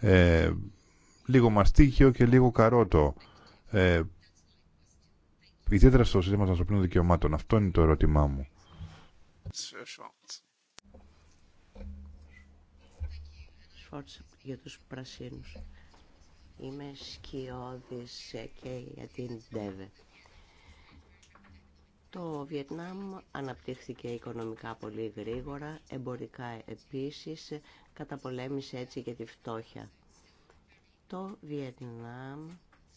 Ε, λίγο μαστίχιο και λίγο καρότο. Ε, ιδιαίτερα στο σύστημα των ανθρωπίνων δικαιωμάτων. Αυτό είναι το ερώτημά μου. Σφόρτσα για τους πρασίνους. Είμαι σκιώδης ε, και για την ΔΕΒΕ. Το Βιετνάμ αναπτύχθηκε οικονομικά πολύ γρήγορα, εμπορικά επίσης, καταπολέμησε έτσι και τη φτώχεια. Το Βιετνάμ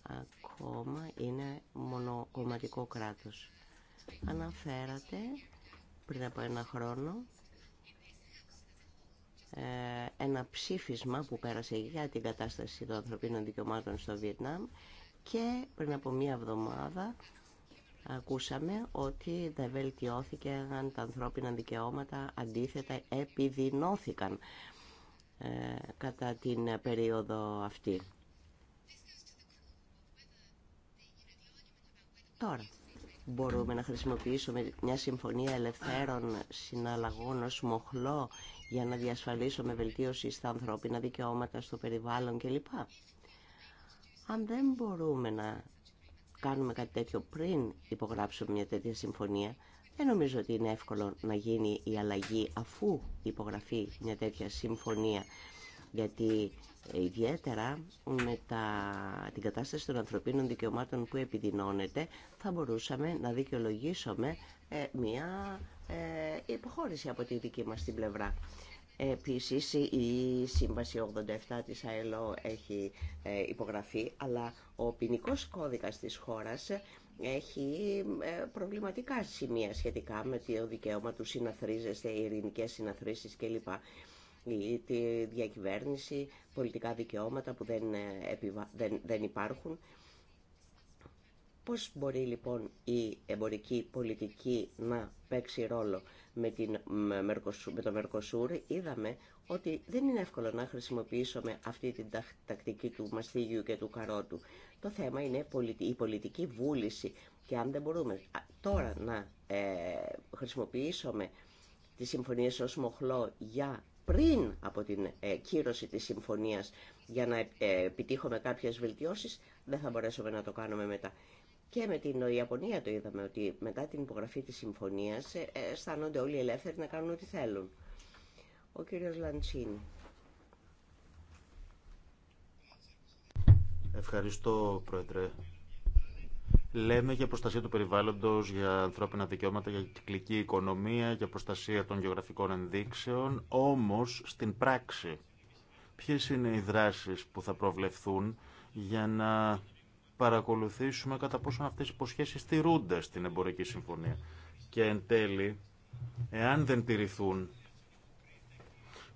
ακόμα είναι μονοκομματικό κράτος. Αναφέρατε πριν από ένα χρόνο ε, ένα ψήφισμα που πέρασε για την κατάσταση των ανθρωπίνων δικαιωμάτων στο Βιετνάμ και πριν από μία εβδομάδα ακούσαμε ότι δεν βελτιώθηκαν τα ανθρώπινα δικαιώματα, αντίθετα επιδεινώθηκαν ε, κατά την περίοδο αυτή. Τώρα, μπορούμε να χρησιμοποιήσουμε μια συμφωνία ελευθέρων συναλλαγών ως μοχλό για να διασφαλίσουμε βελτίωση στα ανθρώπινα δικαιώματα, στο περιβάλλον κλπ. Αν δεν μπορούμε να κάνουμε κάτι τέτοιο πριν υπογράψουμε μια τέτοια συμφωνία, δεν νομίζω ότι είναι εύκολο να γίνει η αλλαγή αφού υπογραφεί μια τέτοια συμφωνία. Γιατί ιδιαίτερα με τα, την κατάσταση των ανθρωπίνων δικαιωμάτων που επιδεινώνεται θα μπορούσαμε να δικαιολογήσουμε ε, μια ε, υποχώρηση από τη δική μας την πλευρά. Επίση, η Σύμβαση 87 της ΑΕΛΟ έχει ε, υπογραφεί, αλλά ο ποινικό κώδικας της χώρας έχει ε, προβληματικά σημεία σχετικά με το δικαίωμα του συναθρίζεστε, ειρηνικές συναθρήσεις κλπ ή τη διακυβέρνηση, πολιτικά δικαιώματα που δεν, ε, δεν, δεν υπάρχουν. Πώς μπορεί λοιπόν η εμπορική πολιτική να παίξει ρόλο με, την, με το Μερκοσούρ είδαμε ότι δεν είναι εύκολο να χρησιμοποιήσουμε αυτή την τακτική του μαστίγιου και του καρότου. Το θέμα είναι η πολιτική βούληση και αν δεν μπορούμε τώρα να ε, χρησιμοποιήσουμε τις συμφωνίες ως μοχλό για πριν από την ε, κύρωση της συμφωνίας για να ε, επιτύχουμε κάποιες βελτιώσεις, δεν θα μπορέσουμε να το κάνουμε μετά. Και με την Ιαπωνία το είδαμε ότι μετά την υπογραφή της συμφωνίας ε, ε, αισθάνονται όλοι ελεύθεροι να κάνουν ό,τι θέλουν. Ο κύριος Λαντσίνη. Ευχαριστώ, Πρόεδρε. Λέμε για προστασία του περιβάλλοντος, για ανθρώπινα δικαιώματα, για κυκλική οικονομία, για προστασία των γεωγραφικών ενδείξεων, όμως στην πράξη. Ποιες είναι οι δράσεις που θα προβλεφθούν για να παρακολουθήσουμε κατά πόσο αυτές οι υποσχέσεις τηρούνται στην εμπορική συμφωνία. Και εν τέλει, εάν δεν τηρηθούν,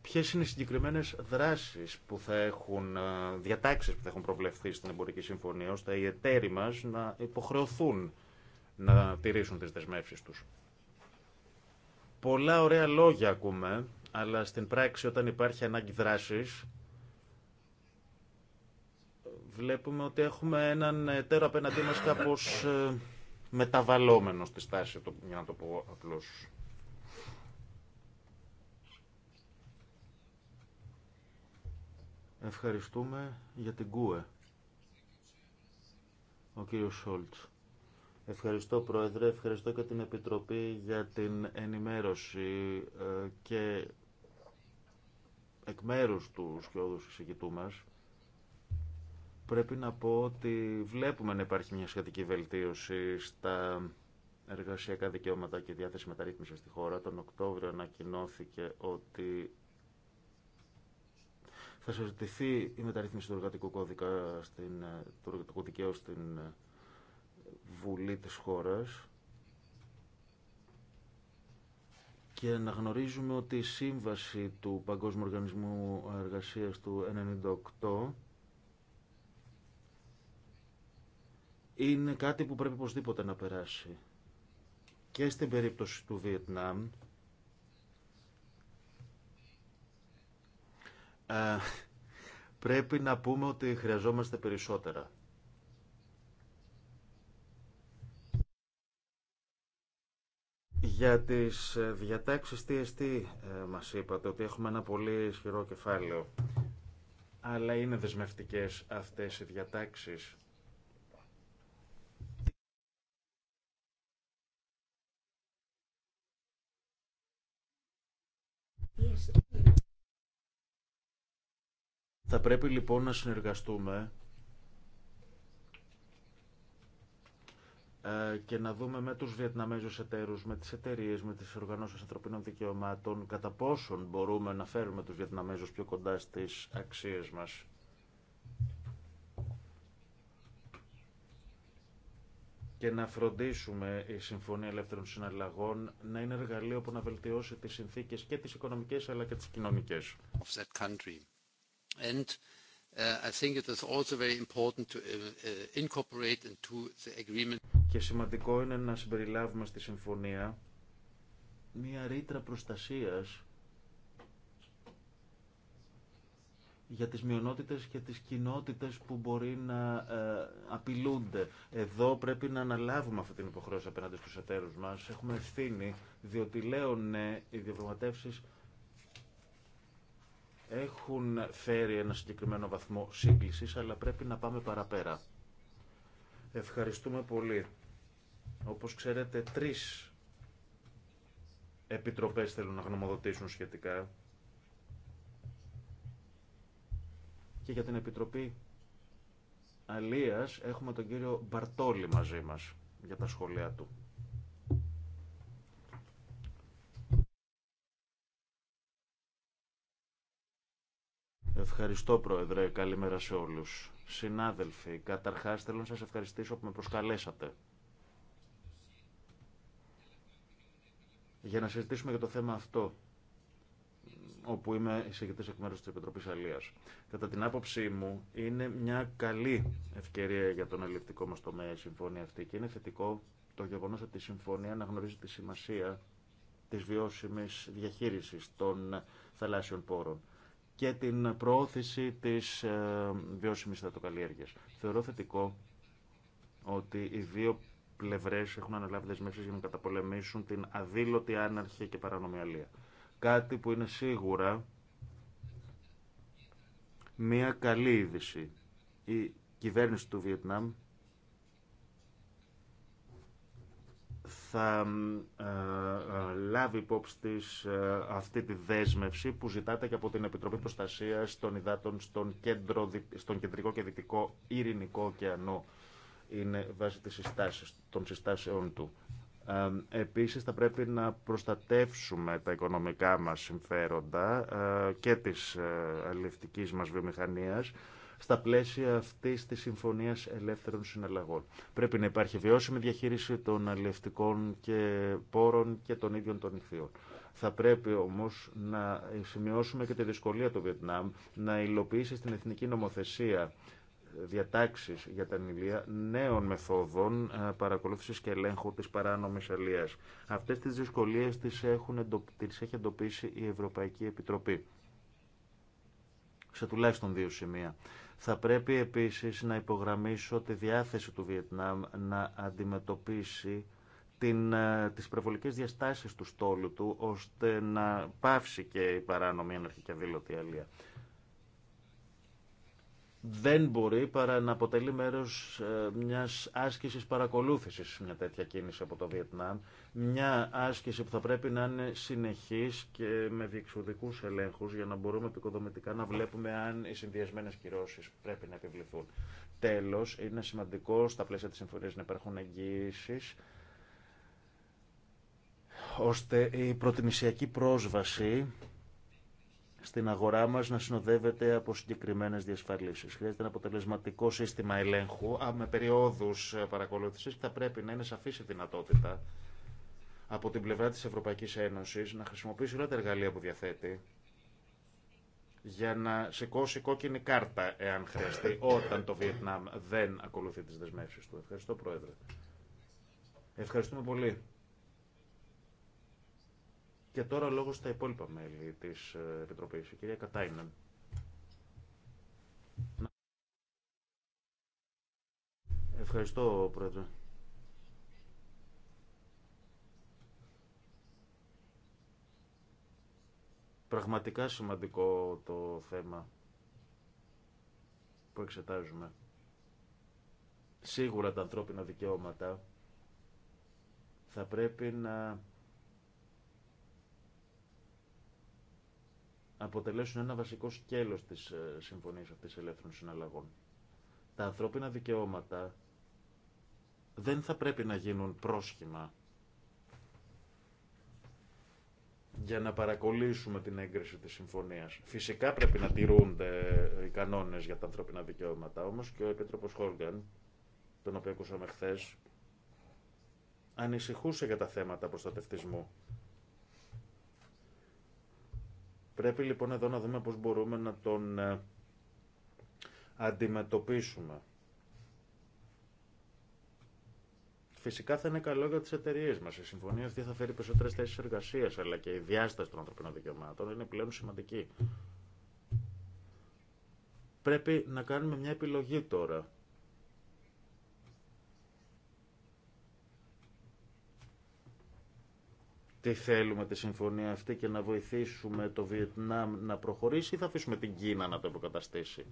ποιες είναι οι συγκεκριμένες δράσεις που θα έχουν, ε, διατάξεις που θα έχουν προβλεφθεί στην εμπορική συμφωνία, ώστε οι εταίροι μας να υποχρεωθούν να τηρήσουν τις δεσμεύσεις τους. Πολλά ωραία λόγια ακούμε, αλλά στην πράξη όταν υπάρχει ανάγκη δράσης, βλέπουμε ότι έχουμε έναν τέρο απέναντί μας κάπως ε, μεταβαλλόμενο στη στάση, για να το πω απλώς. Ευχαριστούμε για την ΚΟΕ. Ο κύριος Σόλτ. Ευχαριστώ Πρόεδρε, ευχαριστώ και την Επιτροπή για την ενημέρωση ε, και εκ μέρους του σκιώδους εισηγητού μας. Πρέπει να πω ότι βλέπουμε να υπάρχει μια σχετική βελτίωση στα εργασιακά δικαιώματα και διάθεση μεταρρύθμισης στη χώρα. Τον Οκτώβριο ανακοινώθηκε ότι θα συζητηθεί η μεταρρύθμιση του εργατικού κώδικα, στην, του εργατικού δικαίου στην Βουλή της χώρας και να γνωρίζουμε ότι η σύμβαση του Παγκόσμιου Οργανισμού Εργασίας του 1998 είναι κάτι που πρέπει οπωσδήποτε να περάσει. Και στην περίπτωση του Βιετνάμ, ε, πρέπει να πούμε ότι χρειαζόμαστε περισσότερα. Για τις ε, διατάξεις TST ε, μας είπατε ότι έχουμε ένα πολύ ισχυρό κεφάλαιο. Αλλά είναι δεσμευτικές αυτές οι διατάξεις Θα πρέπει λοιπόν να συνεργαστούμε ε, και να δούμε με τους Βιετναμέζους εταίρους, με τις εταιρείες, με τις οργανώσεις ανθρωπίνων δικαιωμάτων, κατά πόσον μπορούμε να φέρουμε τους Βιετναμέζους πιο κοντά στις αξίες μας. και να φροντίσουμε η Συμφωνία Ελεύθερων Συναλλαγών να είναι εργαλείο που να βελτιώσει τις συνθήκες και τις οικονομικές αλλά και τις κοινωνικές. Και σημαντικό είναι να συμπεριλάβουμε στη συμφωνία μια ρήτρα προστασίας για τις μειονότητες και τις κοινότητες που μπορεί να ε, απειλούνται. Εδώ πρέπει να αναλάβουμε αυτή την υποχρέωση απέναντι στους εταίρους μας. Έχουμε ευθύνη, διότι λέω ναι, οι διαπραγματεύσεις έχουν φέρει ένα συγκεκριμένο βαθμό σύγκλησης, αλλά πρέπει να πάμε παραπέρα. Ευχαριστούμε πολύ. Όπως ξέρετε, τρεις επιτροπές θέλουν να γνωμοδοτήσουν σχετικά. Και για την Επιτροπή Αλίας έχουμε τον κύριο Μπαρτόλη μαζί μας για τα σχόλιά του. Ευχαριστώ, Πρόεδρε. Καλημέρα σε όλους. Συνάδελφοι, καταρχάς θέλω να σας ευχαριστήσω που με προσκαλέσατε. Για να συζητήσουμε για το θέμα αυτό όπου είμαι εισηγητή εκ μέρου τη Επιτροπή Αλία. Κατά την άποψή μου, είναι μια καλή ευκαιρία για τον αλληλευτικό μα τομέα η συμφωνία αυτή και είναι θετικό το γεγονό ότι η συμφωνία αναγνωρίζει τη σημασία τη βιώσιμη διαχείριση των θαλάσσιων πόρων και την προώθηση της ε, βιώσιμη θετοκαλλιέργειας. Θεωρώ θετικό ότι οι δύο πλευρές έχουν αναλάβει δεσμεύσεις για να καταπολεμήσουν την αδήλωτη, άναρχη και παρανομιαλία κάτι που είναι σίγουρα μία καλή είδηση. Η κυβέρνηση του Βιετνάμ θα ε, ε, λάβει υπόψη της ε, αυτή τη δέσμευση που ζητάται και από την Επιτροπή Προστασίας των Ιδάτων στον, κεντρικό και δυτικό ειρηνικό ωκεανό. Είναι βάσει της συστάσεις, των συστάσεών του. Επίσης θα πρέπει να προστατεύσουμε τα οικονομικά μας συμφέροντα ε, και της ε, αλληλευτικής μας βιομηχανίας στα πλαίσια αυτής της Συμφωνίας Ελεύθερων Συναλλαγών. Πρέπει να υπάρχει βιώσιμη διαχείριση των αλληλευτικών και πόρων και των ίδιων των νυχθείων. Θα πρέπει όμως να σημειώσουμε και τη δυσκολία του Βιετνάμ να υλοποιήσει στην εθνική νομοθεσία διατάξεις για τα ανηλία νέων μεθόδων ε, παρακολούθησης και ελέγχου της παράνομης αλίας. Αυτές τις δυσκολίες τις, έχουν, έχει εντοπίσει η Ευρωπαϊκή Επιτροπή σε τουλάχιστον δύο σημεία. Θα πρέπει επίσης να υπογραμμίσω τη διάθεση του Βιετνάμ να αντιμετωπίσει την, ε, τις διαστάσει διαστάσεις του στόλου του, ώστε να πάυσει και η παράνομη αναρχική αδήλωτη αλία δεν μπορεί παρά να αποτελεί μέρος ε, μιας άσκησης παρακολούθησης μια τέτοια κίνηση από το Βιετνάμ. Μια άσκηση που θα πρέπει να είναι συνεχής και με διεξοδικούς ελέγχους για να μπορούμε επικοδομητικά να βλέπουμε αν οι συνδυασμένε κυρώσεις πρέπει να επιβληθούν. Τέλος, είναι σημαντικό στα πλαίσια της συμφωνίας να υπάρχουν εγγύησεις ώστε η προτιμησιακή πρόσβαση στην αγορά μας να συνοδεύεται από συγκεκριμένες διασφαλίσεις. Χρειάζεται ένα αποτελεσματικό σύστημα ελέγχου με περιόδους ε, παρακολούθησης. Θα πρέπει να είναι σαφή η δυνατότητα από την πλευρά της Ευρωπαϊκής Ένωση να χρησιμοποιήσει όλα τα εργαλεία που διαθέτει για να σηκώσει κόκκινη κάρτα εάν χρειαστεί όταν το Βιετνάμ δεν ακολουθεί τι δεσμεύσει του. Ευχαριστώ Πρόεδρε. Ευχαριστούμε πολύ. Και τώρα λόγο στα υπόλοιπα μέλη τη ε, επιτροπή Η κυρία Κατάιναν. Ευχαριστώ, Πρόεδρε. Πραγματικά σημαντικό το θέμα που εξετάζουμε. Σίγουρα τα ανθρώπινα δικαιώματα θα πρέπει να αποτελέσουν ένα βασικό σκέλος της ε, συμφωνίας αυτής ελεύθερων συναλλαγών. Τα ανθρώπινα δικαιώματα δεν θα πρέπει να γίνουν πρόσχημα για να παρακολύσουμε την έγκριση της συμφωνίας. Φυσικά πρέπει να τηρούνται ε, οι κανόνες για τα ανθρώπινα δικαιώματα, όμως και ο Επίτροπος Χόργαν, τον οποίο ακούσαμε χθε, ανησυχούσε για τα θέματα προστατευτισμού Πρέπει λοιπόν εδώ να δούμε πώς μπορούμε να τον ε, αντιμετωπίσουμε. Φυσικά θα είναι καλό για τι εταιρείε μα. Η συμφωνία αυτή θα φέρει περισσότερε θέσει εργασία, αλλά και η διάσταση των ανθρωπίνων δικαιωμάτων είναι πλέον σημαντική. Πρέπει να κάνουμε μια επιλογή τώρα. τι θέλουμε τη συμφωνία αυτή και να βοηθήσουμε το Βιετνάμ να προχωρήσει ή θα αφήσουμε την Κίνα να το υποκαταστήσει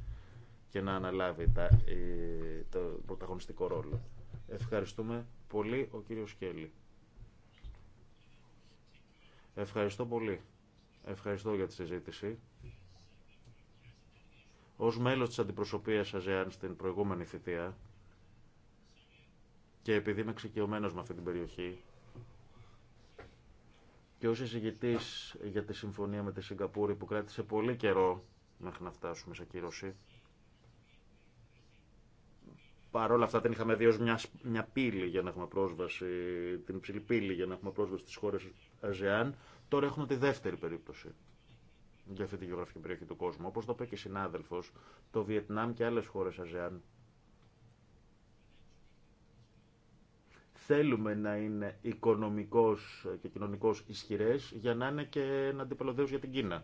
και να αναλάβει τα, το πρωταγωνιστικό ρόλο. Ευχαριστούμε πολύ ο κύριος Κέλλη. Ευχαριστώ πολύ. Ευχαριστώ για τη συζήτηση. Ως μέλος της αντιπροσωπείας ΑΖΕΑΝ στην προηγούμενη θητεία και επειδή είμαι εξοικειωμένος με αυτή την περιοχή, και ως εισηγητής για τη συμφωνία με τη Σιγκαπούρη που κράτησε πολύ καιρό μέχρι να φτάσουμε σε ακύρωση, παρόλα αυτά την είχαμε δει ως μια, μια πύλη για να έχουμε πρόσβαση, την υψηλή πύλη για να έχουμε πρόσβαση στις χώρες ΑΖΕΑΝ, τώρα έχουμε τη δεύτερη περίπτωση για αυτή τη γεωγραφική περιοχή του κόσμου. Όπως το είπε και η συνάδελφος, το Βιετνάμ και άλλες χώρες ΑΖΕΑΝ θέλουμε να είναι οικονομικός και κοινωνικός ισχυρές για να είναι και ένα αντιπελωδέως για την Κίνα.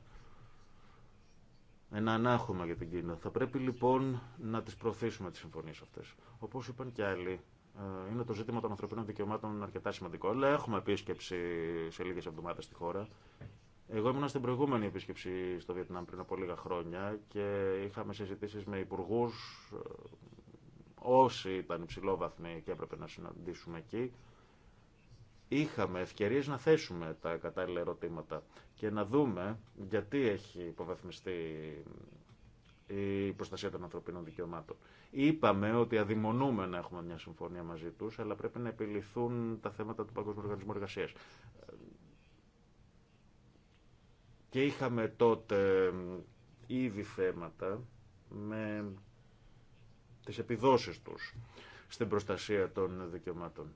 Ένα ανάχωμα για την Κίνα. Θα πρέπει λοιπόν να τις προωθήσουμε τις συμφωνίες αυτές. Όπως είπαν και άλλοι, ε, είναι το ζήτημα των ανθρωπίνων δικαιωμάτων αρκετά σημαντικό. Αλλά έχουμε επίσκεψη σε λίγε εβδομάδε στη χώρα. Εγώ ήμουν στην προηγούμενη επίσκεψη στο Βιετνάμ πριν από λίγα χρόνια και είχαμε συζητήσει με υπουργού ε, όσοι ήταν υψηλόβαθμοι και έπρεπε να συναντήσουμε εκεί, είχαμε ευκαιρίες να θέσουμε τα κατάλληλα ερωτήματα και να δούμε γιατί έχει υποβαθμιστεί η προστασία των ανθρωπίνων δικαιωμάτων. Είπαμε ότι αδειμονούμε να έχουμε μια συμφωνία μαζί τους, αλλά πρέπει να επιληθούν τα θέματα του Παγκόσμιου Οργανισμού Εργασίας. Και είχαμε τότε ήδη θέματα με τις επιδόσεις τους στην προστασία των δικαιωμάτων.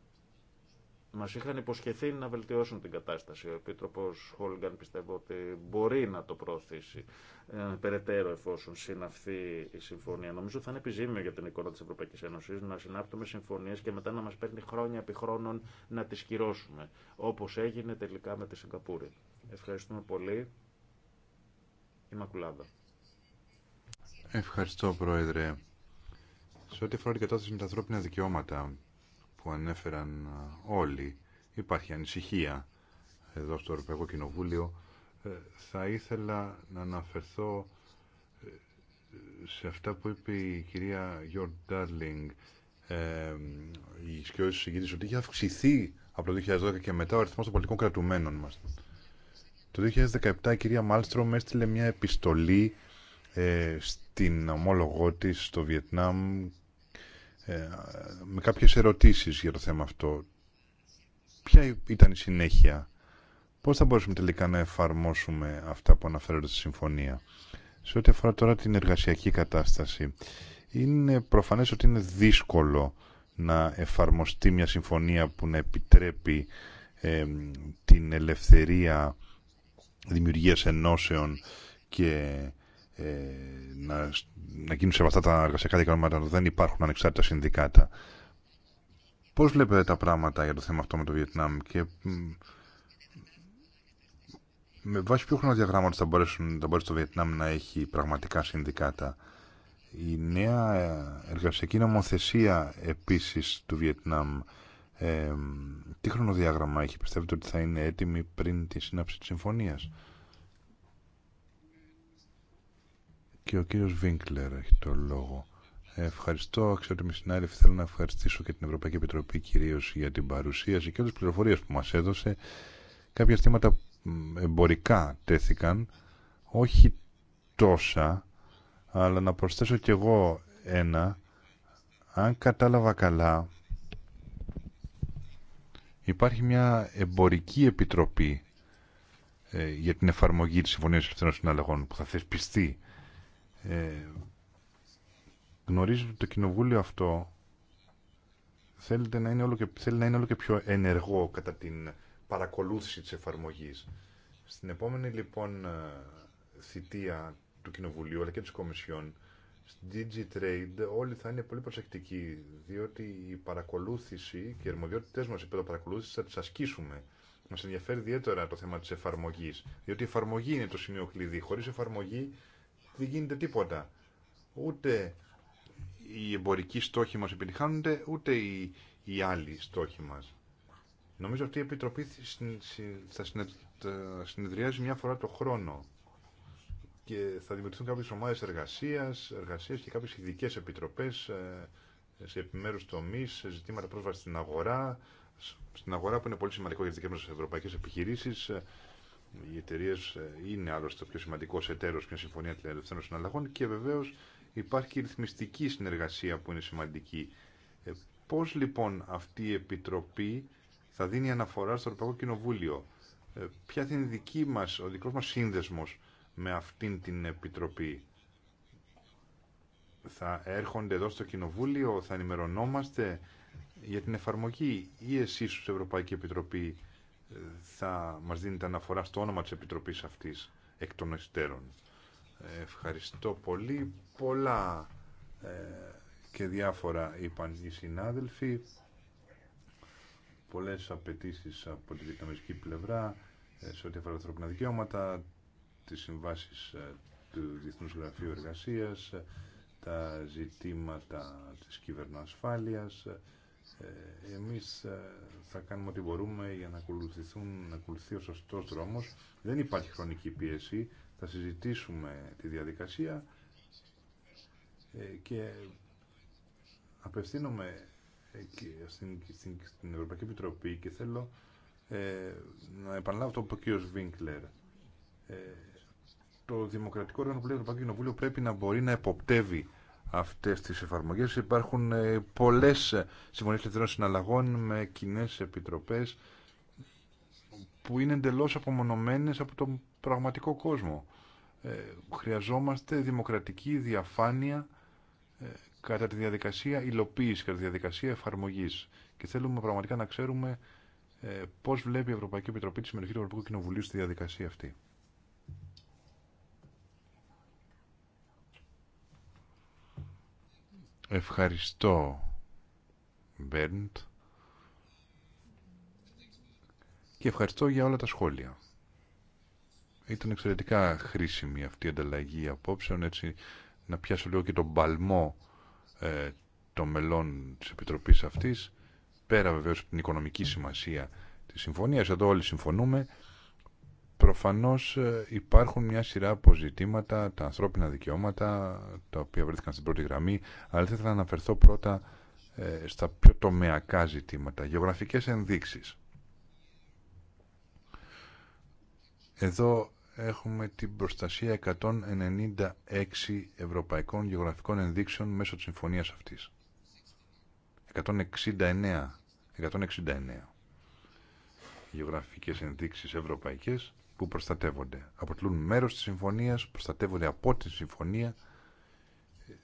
Μα είχαν υποσχεθεί να βελτιώσουν την κατάσταση. Ο Επίτροπο Χόλγκαν πιστεύω ότι μπορεί να το προωθήσει ε, περαιτέρω εφόσον συναυθεί η συμφωνία. Νομίζω θα είναι επιζήμιο για την εικόνα τη Ευρωπαϊκή Ένωση να συνάπτουμε συμφωνίε και μετά να μα παίρνει χρόνια επί χρόνων να τι κυρώσουμε. Όπω έγινε τελικά με τη Σιγκαπούρη. Ευχαριστούμε πολύ. Η Μακουλάδα. Ευχαριστώ, Πρόεδρε. Σε ό,τι αφορά την κατάσταση με τα ανθρώπινα δικαιώματα που ανέφεραν όλοι, υπάρχει ανησυχία εδώ στο Ευρωπαϊκό Κοινοβούλιο. Ε, θα ήθελα να αναφερθώ ε, σε αυτά που είπε η κυρία Γιόρντ Ντάρλινγκ, ε, η σκιώδη συγκίτρια, ότι είχε αυξηθεί από το 2012 και μετά ο αριθμός των πολιτικών κρατουμένων μας. Το 2017 η κυρία Μάλστρομ έστειλε μια επιστολή ε, στην ομόλογό της στο Βιετνάμ ε, με κάποιες ερωτήσεις για το θέμα αυτό. Ποια ήταν η συνέχεια, πώς θα μπορούσαμε τελικά να εφαρμόσουμε αυτά που αναφέρονται στη συμφωνία. Σε ό,τι αφορά τώρα την εργασιακή κατάσταση, είναι προφανές ότι είναι δύσκολο να εφαρμοστεί μια συμφωνία που να επιτρέπει την ελευθερία δημιουργίας ενώσεων και ε, να, να γίνουν αυτά τα εργασιακά δικαιώματα δεν υπάρχουν ανεξάρτητα συνδικάτα. Πώς βλέπετε τα πράγματα για το θέμα αυτό με το Βιετνάμ και με βάση ποιο χρονοδιαγράμμα θα, θα μπορέσει το Βιετνάμ να έχει πραγματικά συνδικάτα. Η νέα ε, εργασιακή νομοθεσία επίσης του Βιετνάμ ε, τι χρονοδιάγραμμα έχει, πιστεύετε ότι θα είναι έτοιμη πριν τη σύναψη της συμφωνίας. και ο κύριος Βίνκλερ έχει το λόγο. Ευχαριστώ, αξιότιμη συνάδελφοι. Θέλω να ευχαριστήσω και την Ευρωπαϊκή Επιτροπή κυρίω για την παρουσίαση και όλε τι πληροφορίε που μα έδωσε. Κάποια θέματα εμπορικά τέθηκαν, όχι τόσα, αλλά να προσθέσω κι εγώ ένα. Αν κατάλαβα καλά, υπάρχει μια εμπορική επιτροπή ε, για την εφαρμογή της Συμφωνίας Ελευθερών Συναλλαγών που θα θεσπιστεί ε, γνωρίζετε ότι το κοινοβούλιο αυτό να είναι όλο και, θέλει να είναι όλο και πιο ενεργό κατά την παρακολούθηση της εφαρμογής. Στην επόμενη λοιπόν ε, θητεία του Κοινοβουλίου αλλά και της Κομισιόν στην DigiTrade όλοι θα είναι πολύ προσεκτικοί διότι η παρακολούθηση και οι αρμοδιότητες μας επί παρακολούθηση θα τις ασκήσουμε. Μας ενδιαφέρει ιδιαίτερα το θέμα της εφαρμογής διότι η εφαρμογή είναι το σημείο κλειδί. Χωρίς εφαρμογή δεν γίνεται τίποτα. Ούτε οι εμπορικοί στόχοι μας επιτυχάνονται, ούτε οι, άλλοι στόχοι μας. Νομίζω αυτή η Επιτροπή θα συνεδριάζει μια φορά το χρόνο και θα δημιουργηθούν κάποιες ομάδες εργασίας, εργασίες και κάποιες ειδικέ επιτροπές ε, σε επιμέρους τομείς, σε ζητήματα πρόσβαση στην αγορά, στην αγορά που είναι πολύ σημαντικό για τις δικές μας ευρωπαϊκές επιχειρήσεις, ε, οι εταιρείε ε, είναι άλλωστε ο πιο σημαντικό εταίρο μια συμφωνία ελευθέρων συναλλαγών και βεβαίω υπάρχει και η ρυθμιστική συνεργασία που είναι σημαντική. Ε, Πώ λοιπόν αυτή η επιτροπή θα δίνει αναφορά στο Ευρωπαϊκό Κοινοβούλιο, ε, ποια θα είναι δική μας, ο δικό μα σύνδεσμο με αυτήν την επιτροπή. Θα έρχονται εδώ στο Κοινοβούλιο, θα ενημερωνόμαστε για την εφαρμογή ή εσεί ω Ευρωπαϊκή Επιτροπή θα μας δίνετε αναφορά στο όνομα της Επιτροπής αυτής εκ των Ευχαριστώ πολύ. Πολλά ε, και διάφορα είπαν οι συνάδελφοι. Πολλές απαιτήσει από τη βιετναμική πλευρά ε, σε ό,τι αφορά ανθρώπινα δικαιώματα, τις συμβάσεις ε, του Διεθνούς Γραφείου Εργασίας, τα ζητήματα της κυβερνοασφάλειας, ε, εμείς ε, θα κάνουμε ό,τι μπορούμε για να, ακολουθηθούν, να ακολουθεί ο σωστός δρόμος. Δεν υπάρχει χρονική πίεση, θα συζητήσουμε τη διαδικασία ε, και απευθύνομαι στην, στην, στην Ευρωπαϊκή Επιτροπή και θέλω ε, να επαναλάβω το ο κ. Βίνκλερ. το Δημοκρατικό Όργανο του Ευρωπαϊκού πρέπει να μπορεί να εποπτεύει αυτές τις εφαρμογές. Υπάρχουν ε, πολλές συμφωνίες ελευθερών συναλλαγών με κοινέ επιτροπές που είναι εντελώς απομονωμένες από τον πραγματικό κόσμο. Ε, χρειαζόμαστε δημοκρατική διαφάνεια ε, κατά τη διαδικασία υλοποίηση, κατά τη διαδικασία εφαρμογής. Και θέλουμε πραγματικά να ξέρουμε πώς βλέπει η Ευρωπαϊκή Επιτροπή τη συμμετοχή του Ευρωπαϊκού Κοινοβουλίου στη διαδικασία αυτή. Ευχαριστώ, Μπέρντ. Και ευχαριστώ για όλα τα σχόλια. Ήταν εξαιρετικά χρήσιμη αυτή η ανταλλαγή απόψεων, έτσι να πιάσω λίγο και τον παλμό ε, των μελών της Επιτροπής αυτής, πέρα βεβαίως από την οικονομική σημασία της συμφωνίας, εδώ όλοι συμφωνούμε, Προφανώς ε, υπάρχουν μια σειρά από ζητήματα, τα ανθρώπινα δικαιώματα, τα οποία βρέθηκαν στην πρώτη γραμμή, αλλά θα ήθελα να αναφερθώ πρώτα ε, στα πιο τομεακά ζητήματα, γεωγραφικές ενδείξεις. Εδώ έχουμε την προστασία 196 ευρωπαϊκών γεωγραφικών ενδείξεων μέσω της συμφωνίας αυτής. 169, 169 γεωγραφικές ενδείξεις ευρωπαϊκές που προστατεύονται. Αποτελούν μέρος της συμφωνίας, προστατεύονται από τη συμφωνία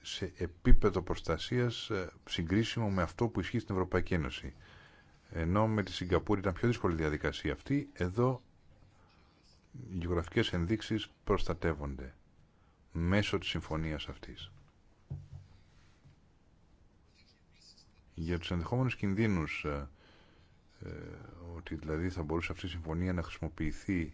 σε επίπεδο προστασίας ε, συγκρίσιμο με αυτό που ισχύει στην Ευρωπαϊκή Ένωση. Ενώ με τη Σιγκαπούρη ήταν πιο δύσκολη διαδικασία αυτή, εδώ οι γεωγραφικές ενδείξεις προστατεύονται μέσω της συμφωνίας αυτής. Για τους ενδεχόμενους κινδύνους ε, ε, ότι δηλαδή θα μπορούσε αυτή η συμφωνία να χρησιμοποιηθεί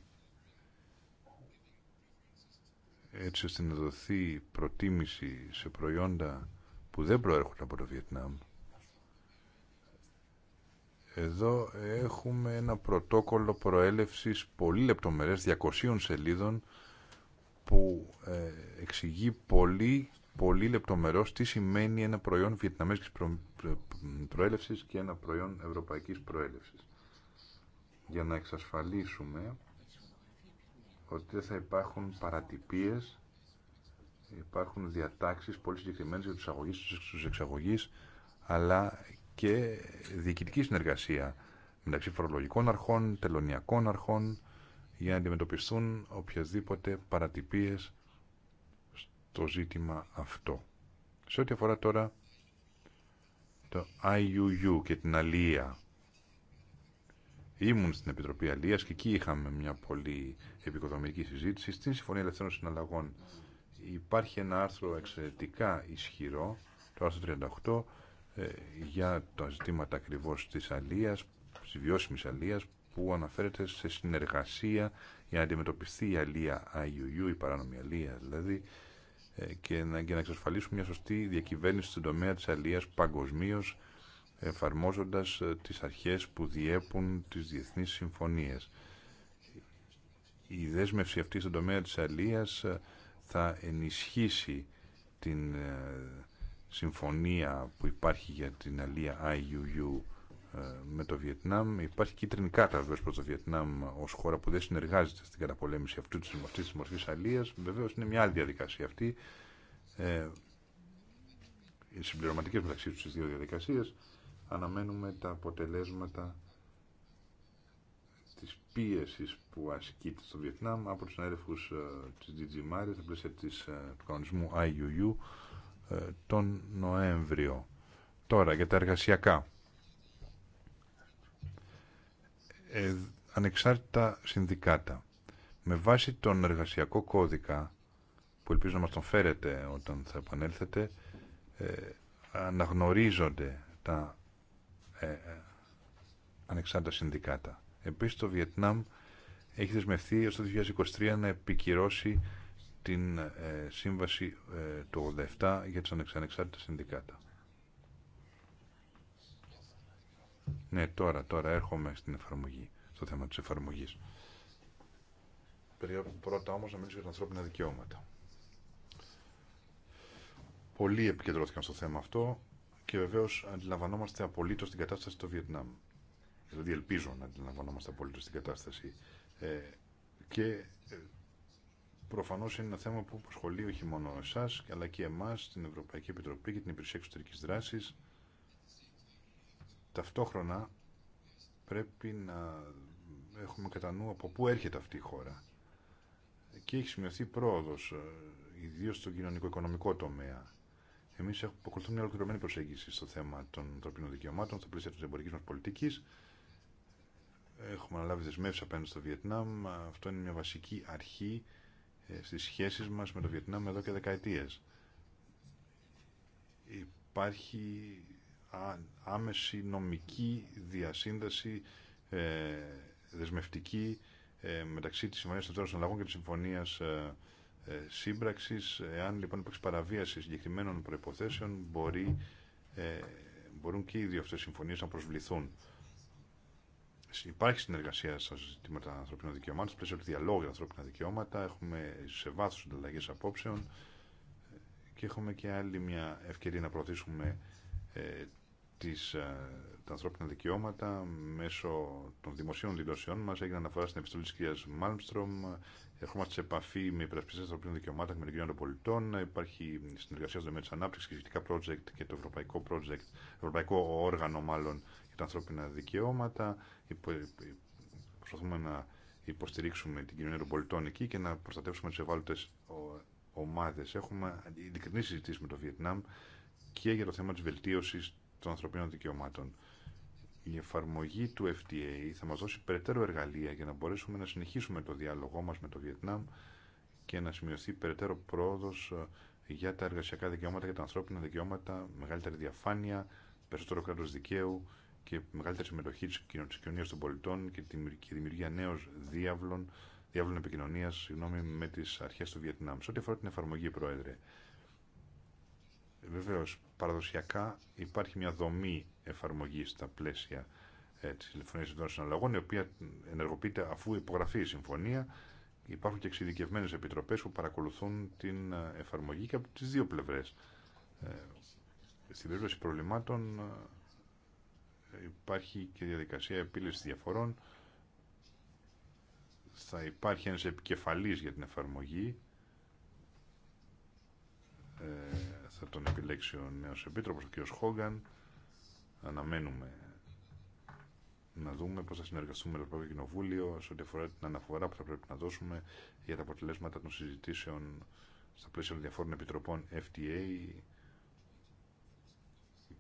έτσι ώστε να δοθεί προτίμηση σε προϊόντα που δεν προέρχονται από το Βιετνάμ. Εδώ έχουμε ένα πρωτόκολλο προέλευσης πολύ λεπτομερές, 200 σελίδων, που ε, εξηγεί πολύ, πολύ λεπτομερώς τι σημαίνει ένα προϊόν βιετναμέζικης προ... Ε, προέλευσης και ένα προϊόν ευρωπαϊκής προέλευσης. Για να εξασφαλίσουμε ότι δεν θα υπάρχουν παρατυπίες, υπάρχουν διατάξεις πολύ συγκεκριμένες για τους αγωγείς, τους εξαγωγείς, αλλά και διοικητική συνεργασία μεταξύ φορολογικών αρχών, τελωνιακών αρχών, για να αντιμετωπιστούν οποιασδήποτε παρατυπίες στο ζήτημα αυτό. Σε ό,τι αφορά τώρα το IUU και την αλία ήμουν στην Επιτροπή Αλίας και εκεί είχαμε μια πολύ επικοδομητική συζήτηση. Στην Συμφωνία Ελευθερών Συναλλαγών υπάρχει ένα άρθρο εξαιρετικά ισχυρό, το άρθρο 38, ε, για τα ζητήματα ακριβώ της αλίας, της βιώσιμης αλίας, που αναφέρεται σε συνεργασία για να αντιμετωπιστεί η αλία IUU, η παράνομη αλία δηλαδή, ε, και να, για να εξασφαλίσουμε μια σωστή διακυβέρνηση στον τομέα της αλίας παγκοσμίω εφαρμόζοντας ε, τις αρχές που διέπουν τις διεθνείς συμφωνίες. Η δέσμευση αυτή στον τομέα της αλίας ε, θα ενισχύσει την ε, συμφωνία που υπάρχει για την αλία IUU με το Βιετνάμ. Υπάρχει κίτρινη κάρτα βέβαια προ το Βιετνάμ ως χώρα που δεν συνεργάζεται στην καταπολέμηση αυτή της μορφής Αλίας. Βεβαίω είναι μια άλλη διαδικασία αυτή. Ε, οι συμπληρωματικέ μεταξύ του δύο διαδικασίε αναμένουμε τα αποτελέσματα της πίεσης που ασκείται στο Βιετνάμ από τους συνάδελφους ε, της DG Mario στα πλαίσια της, ε, του κανονισμού IUU ε, τον Νοέμβριο. Τώρα για τα εργασιακά. Ε, ανεξάρτητα συνδικάτα. Με βάση τον εργασιακό κώδικα που ελπίζω να μας τον φέρετε όταν θα επανέλθετε ε, αναγνωρίζονται τα ε, ε, ανεξάρτητα συνδικάτα. Επίσης το Βιετνάμ έχει δεσμευτεί ως το 2023 να επικυρώσει την ε, σύμβαση του 87 για τις ανεξάρτητα συνδικάτα. Ναι, τώρα, τώρα έρχομαι στην εφαρμογή, στο θέμα της εφαρμογής. πρώτα όμως να μιλήσω για τα ανθρώπινα δικαιώματα. Πολλοί επικεντρώθηκαν στο θέμα αυτό και βεβαίως αντιλαμβανόμαστε απολύτως την κατάσταση στο Βιετνάμ. Δηλαδή ελπίζω να αντιλαμβανόμαστε απολύτως την κατάσταση. Ε, και ε, προφανώς είναι ένα θέμα που απασχολεί όχι μόνο εσά, αλλά και εμά, την Ευρωπαϊκή Επιτροπή και την Υπηρεσία Εξωτερική δράση. Ταυτόχρονα πρέπει να έχουμε κατά νου από πού έρχεται αυτή η χώρα. Και έχει σημειωθεί πρόοδο ε, ιδίω στον κοινωνικο-οικονομικό τομέα. Εμεί ακολουθούμε μια ολοκληρωμένη προσέγγιση στο θέμα των ανθρωπίνων δικαιωμάτων, στο πλαίσιο τη εμπορική μα πολιτική. Έχουμε αναλάβει δεσμεύσει απέναντι στο Βιετνάμ. Αυτό είναι μια βασική αρχή ε, στι σχέσει μα με το Βιετνάμ εδώ και δεκαετίε. Υπάρχει άμεση νομική διασύνδεση ε, δεσμευτική ε, μεταξύ της Συμφωνίας των Τέρων και και τη Συμφωνία ε, σύμπραξης. Εάν λοιπόν υπάρξει παραβίαση συγκεκριμένων προϋποθέσεων, ε, μπορούν και οι δύο αυτές συμφωνίες να προσβληθούν. Υπάρχει συνεργασία στα ζητήματα ανθρωπίνων δικαιωμάτων, στο πλαίσιο του διαλόγου για ανθρώπινα δικαιώματα. Έχουμε σε βάθος συνταλλαγέ απόψεων και έχουμε και άλλη μια ευκαιρία να προωθήσουμε ε, τις, ε, τα ανθρώπινα δικαιώματα μέσω των δημοσίων δηλώσεών μας έγινε αναφορά στην επιστολή τη κυρία Μάλμστρομ Ερχόμαστε σε επαφή με υπερασπιστέ ανθρωπίνων δικαιωμάτων και με την κοινωνία των πολιτών. Υπάρχει συνεργασία στο τομέα τη ανάπτυξη και σχετικά project και το ευρωπαϊκό project, ευρωπαϊκό όργανο μάλλον για τα ανθρώπινα δικαιώματα. Προσπαθούμε να υποστηρίξουμε την κοινωνία των πολιτών εκεί και να προστατεύσουμε τι ευάλωτε ομάδε. Έχουμε ειλικρινή συζητήσει με το Βιετνάμ και για το θέμα τη βελτίωση των ανθρωπίνων δικαιωμάτων η εφαρμογή του FTA θα μας δώσει περαιτέρω εργαλεία για να μπορέσουμε να συνεχίσουμε το διάλογό μας με το Βιετνάμ και να σημειωθεί περαιτέρω πρόοδος ε, για τα εργασιακά δικαιώματα για τα ανθρώπινα δικαιώματα, μεγαλύτερη διαφάνεια, περισσότερο κράτος δικαίου και μεγαλύτερη συμμετοχή της κοινωνίας των πολιτών και τη δημιουργία νέων διάβλων, διάβλων επικοινωνίας με τις αρχές του Βιετνάμ. Σε ό,τι αφορά την εφαρμογή, Πρόεδρε, Βεβαίω παραδοσιακά υπάρχει μια δομή εφαρμογή στα πλαίσια ε, τη τηλεφωνία των Συναλλαγών, η οποία ενεργοποιείται αφού υπογραφεί η συμφωνία. Υπάρχουν και εξειδικευμένε επιτροπέ που παρακολουθούν την ε, εφαρμογή και από τι δύο πλευρέ. Ε, στην περίπτωση προβλημάτων ε, υπάρχει και διαδικασία επίλυση διαφορών. Θα υπάρχει ένας επικεφαλής για την εφαρμογή. Ε, θα τον επιλέξει ο νέο επίτροπος, ο κ. Χόγκαν αναμένουμε να δούμε πώς θα συνεργαστούμε με το Ευρωπαϊκό Κοινοβούλιο σε ό,τι αφορά την αναφορά που θα πρέπει να δώσουμε για τα αποτελέσματα των συζητήσεων στα πλαίσια των διαφόρων επιτροπών FTA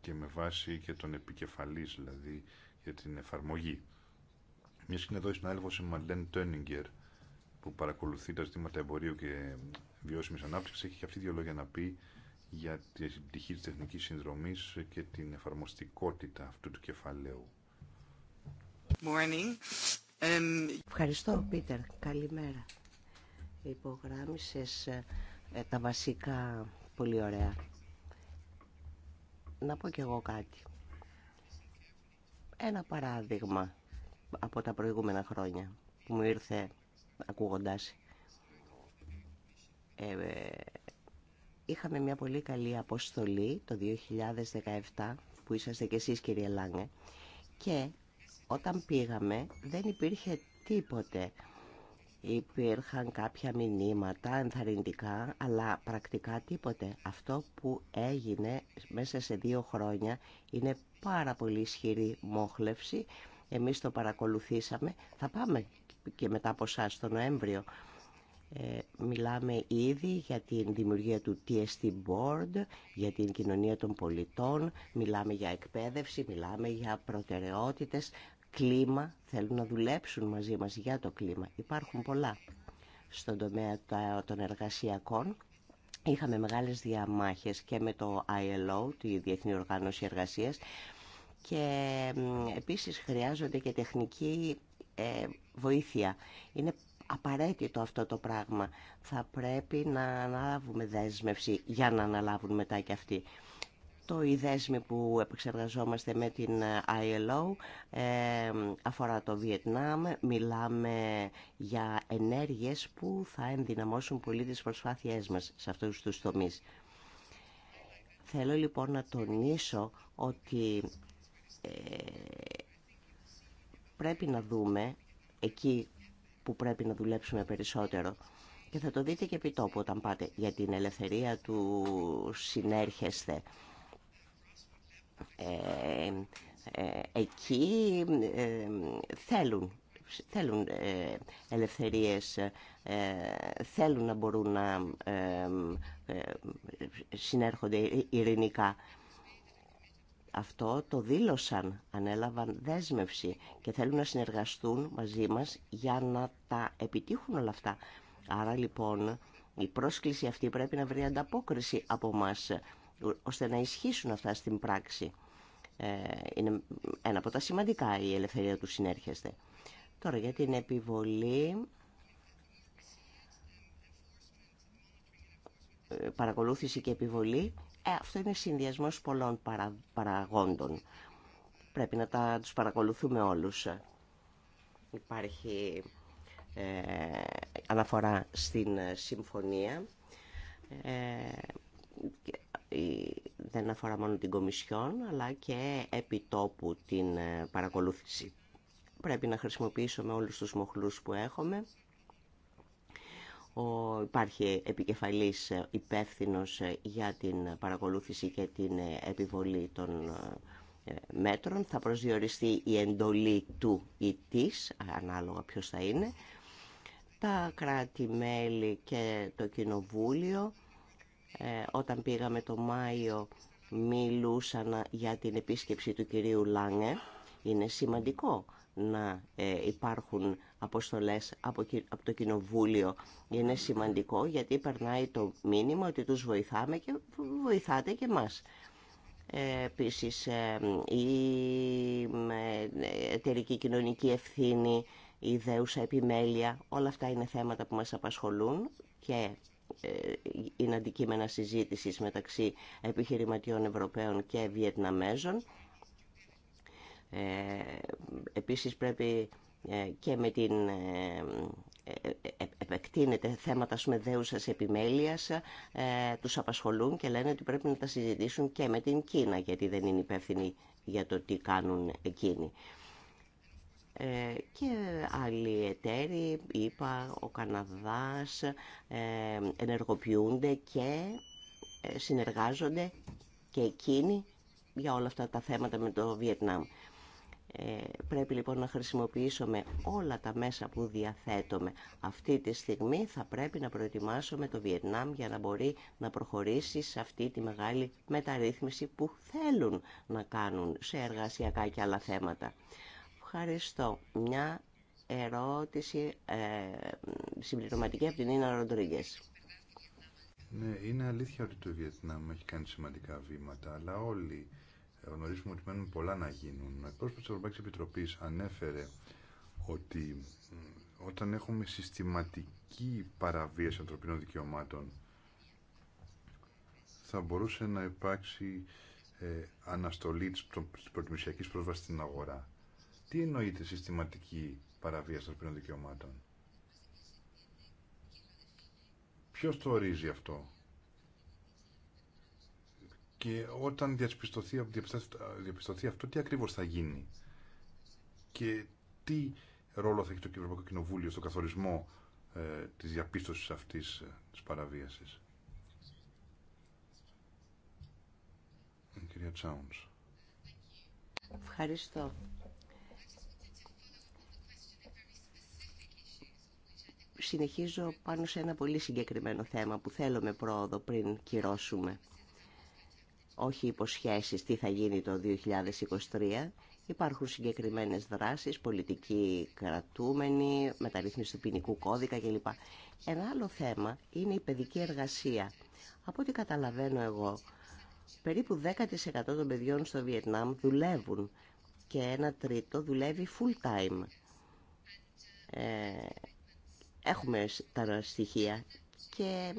και με βάση και τον επικεφαλής δηλαδή για την εφαρμογή. Μια και είναι εδώ η συνάδελφος η Μαντέν Τένιγκερ που παρακολουθεί τα ζητήματα εμπορίου και βιώσιμη ανάπτυξη έχει και αυτή δύο λόγια να πει για την πτυχή της τεχνικής συνδρομής και την εφαρμοστικότητα αυτού του κεφαλαίου. Ευχαριστώ, Πίτερ. Καλημέρα. Υπογράμμισες ε, τα βασικά πολύ ωραία. Να πω κι εγώ κάτι. Ένα παράδειγμα από τα προηγούμενα χρόνια που μου ήρθε ακούγοντάς ε, ε είχαμε μια πολύ καλή αποστολή το 2017 που είσαστε και εσείς κύριε Λάγκε και όταν πήγαμε δεν υπήρχε τίποτε. Υπήρχαν κάποια μηνύματα ενθαρρυντικά, αλλά πρακτικά τίποτε. Αυτό που έγινε μέσα σε δύο χρόνια είναι πάρα πολύ ισχυρή μόχλευση. Εμείς το παρακολουθήσαμε. Θα πάμε και μετά από εσά το Νοέμβριο. Ε, μιλάμε ήδη για την δημιουργία του TST Board, για την κοινωνία των πολιτών, μιλάμε για εκπαίδευση, μιλάμε για προτεραιότητες, κλίμα, θέλουν να δουλέψουν μαζί μας για το κλίμα. Υπάρχουν πολλά στον τομέα των εργασιακών. Είχαμε μεγάλες διαμάχες και με το ILO, τη Διεθνή Οργάνωση Εργασίας, και επίσης χρειάζονται και τεχνική ε, βοήθεια. Είναι απαραίτητο αυτό το πράγμα. Θα πρέπει να αναλάβουμε δέσμευση για να αναλάβουν μετά και αυτοί. Το η που επεξεργαζόμαστε με την ε, ILO ε, αφορά το Βιετνάμ. Μιλάμε για ενέργειες που θα ενδυναμώσουν πολύ τις προσπάθειές μας σε αυτούς τους τομείς. Θέλω λοιπόν να τονίσω ότι ε, πρέπει να δούμε εκεί που πρέπει να δουλέψουμε περισσότερο. Και θα το δείτε και επί τόπου όταν πάτε για την ελευθερία του συνέρχεσθε. Ε, ε, εκεί ε, θέλουν, θέλουν ελευθερίες, θέλουν να μπορούν να συνέρχονται ειρηνικά. Αυτό το δήλωσαν, ανέλαβαν δέσμευση και θέλουν να συνεργαστούν μαζί μας για να τα επιτύχουν όλα αυτά. Άρα λοιπόν η πρόσκληση αυτή πρέπει να βρει ανταπόκριση από μας ώστε να ισχύσουν αυτά στην πράξη. Ε, είναι ένα από τα σημαντικά η ελευθερία του συνέρχεστε. Τώρα για την επιβολή παρακολούθηση και επιβολή, ε, αυτό είναι συνδυασμός πολλών παραγόντων. Πρέπει να τα, τους παρακολουθούμε όλους. Υπάρχει ε, αναφορά στην ε, συμφωνία. δεν αφορά μόνο την Κομισιόν, αλλά και επιτόπου την παρακολούθηση. Πρέπει να χρησιμοποιήσουμε όλους τους μοχλούς που έχουμε ο, υπάρχει επικεφαλής ε, υπεύθυνος ε, για την παρακολούθηση και την ε, επιβολή των μέτρων. Θα προσδιοριστεί η εντολή του ή της, ανάλογα ποιος θα είναι. Τα κράτη-μέλη και το Κοινοβούλιο, όταν πήγαμε το Μάιο, μιλούσαν για την επίσκεψη του κυρίου Λάνε, Είναι σημαντικό να ε, υπάρχουν αποστολές από το Κοινοβούλιο. Είναι σημαντικό γιατί περνάει το μήνυμα ότι τους βοηθάμε και βοηθάτε και μας. Ε, επίσης, ε, η εταιρική κοινωνική ευθύνη, η ιδέουσα επιμέλεια, όλα αυτά είναι θέματα που μας απασχολούν και είναι αντικείμενα συζήτησης μεταξύ επιχειρηματιών Ευρωπαίων και Βιετναμέζων. Ε, επίσης πρέπει ε, και με την ε, επεκτείνεται θέματα με δέουσας επιμέλειας, τους απασχολούν και λένε ότι πρέπει να τα συζητήσουν και με την Κίνα, γιατί δεν είναι υπεύθυνοι για το τι κάνουν εκείνοι. και άλλοι εταίροι, είπα, ο Καναδάς, ενεργοποιούνται και συνεργάζονται και εκείνοι για όλα αυτά τα θέματα με το Βιετνάμ. Ε, πρέπει λοιπόν να χρησιμοποιήσουμε όλα τα μέσα που διαθέτουμε. Αυτή τη στιγμή θα πρέπει να προετοιμάσουμε το Βιετνάμ για να μπορεί να προχωρήσει σε αυτή τη μεγάλη μεταρρύθμιση που θέλουν να κάνουν σε εργασιακά και άλλα θέματα. Ευχαριστώ. Μια ερώτηση ε, συμπληρωματική από την Ίνα Ροντρίγκες. Ναι, είναι αλήθεια ότι το Βιετνάμ έχει κάνει σημαντικά βήματα, αλλά όλοι γνωρίζουμε ότι μένουν πολλά να γίνουν. Ο εκπρόσωπο τη Ευρωπαϊκή Επιτροπή ανέφερε ότι όταν έχουμε συστηματική παραβίαση ανθρωπίνων δικαιωμάτων θα μπορούσε να υπάρξει ε, αναστολή της προτιμησιακής πρόσβαση στην αγορά. Τι εννοείται συστηματική παραβίαση ανθρωπίνων δικαιωμάτων. Ποιο το ορίζει αυτό. Και όταν διαπιστωθεί, διαπιστωθεί αυτό, τι ακριβώς θα γίνει και τι ρόλο θα έχει το Ευρωπαϊκό Κοινοβούλιο στο καθορισμό ε, της διαπίστωσης αυτής ε, της παραβίασης. Ε, κυρία Τσάουνς. Ευχαριστώ. Συνεχίζω πάνω σε ένα πολύ συγκεκριμένο θέμα που θέλω με πρόοδο πριν κυρώσουμε όχι υποσχέσεις τι θα γίνει το 2023. Υπάρχουν συγκεκριμένες δράσεις, πολιτικοί κρατούμενοι, μεταρρύθμιση του ποινικού κώδικα κλπ. Ένα άλλο θέμα είναι η παιδική εργασία. Από ό,τι καταλαβαίνω εγώ, περίπου 10% των παιδιών στο Βιετνάμ δουλεύουν και ένα τρίτο δουλεύει full time. Ε, έχουμε τα στοιχεία και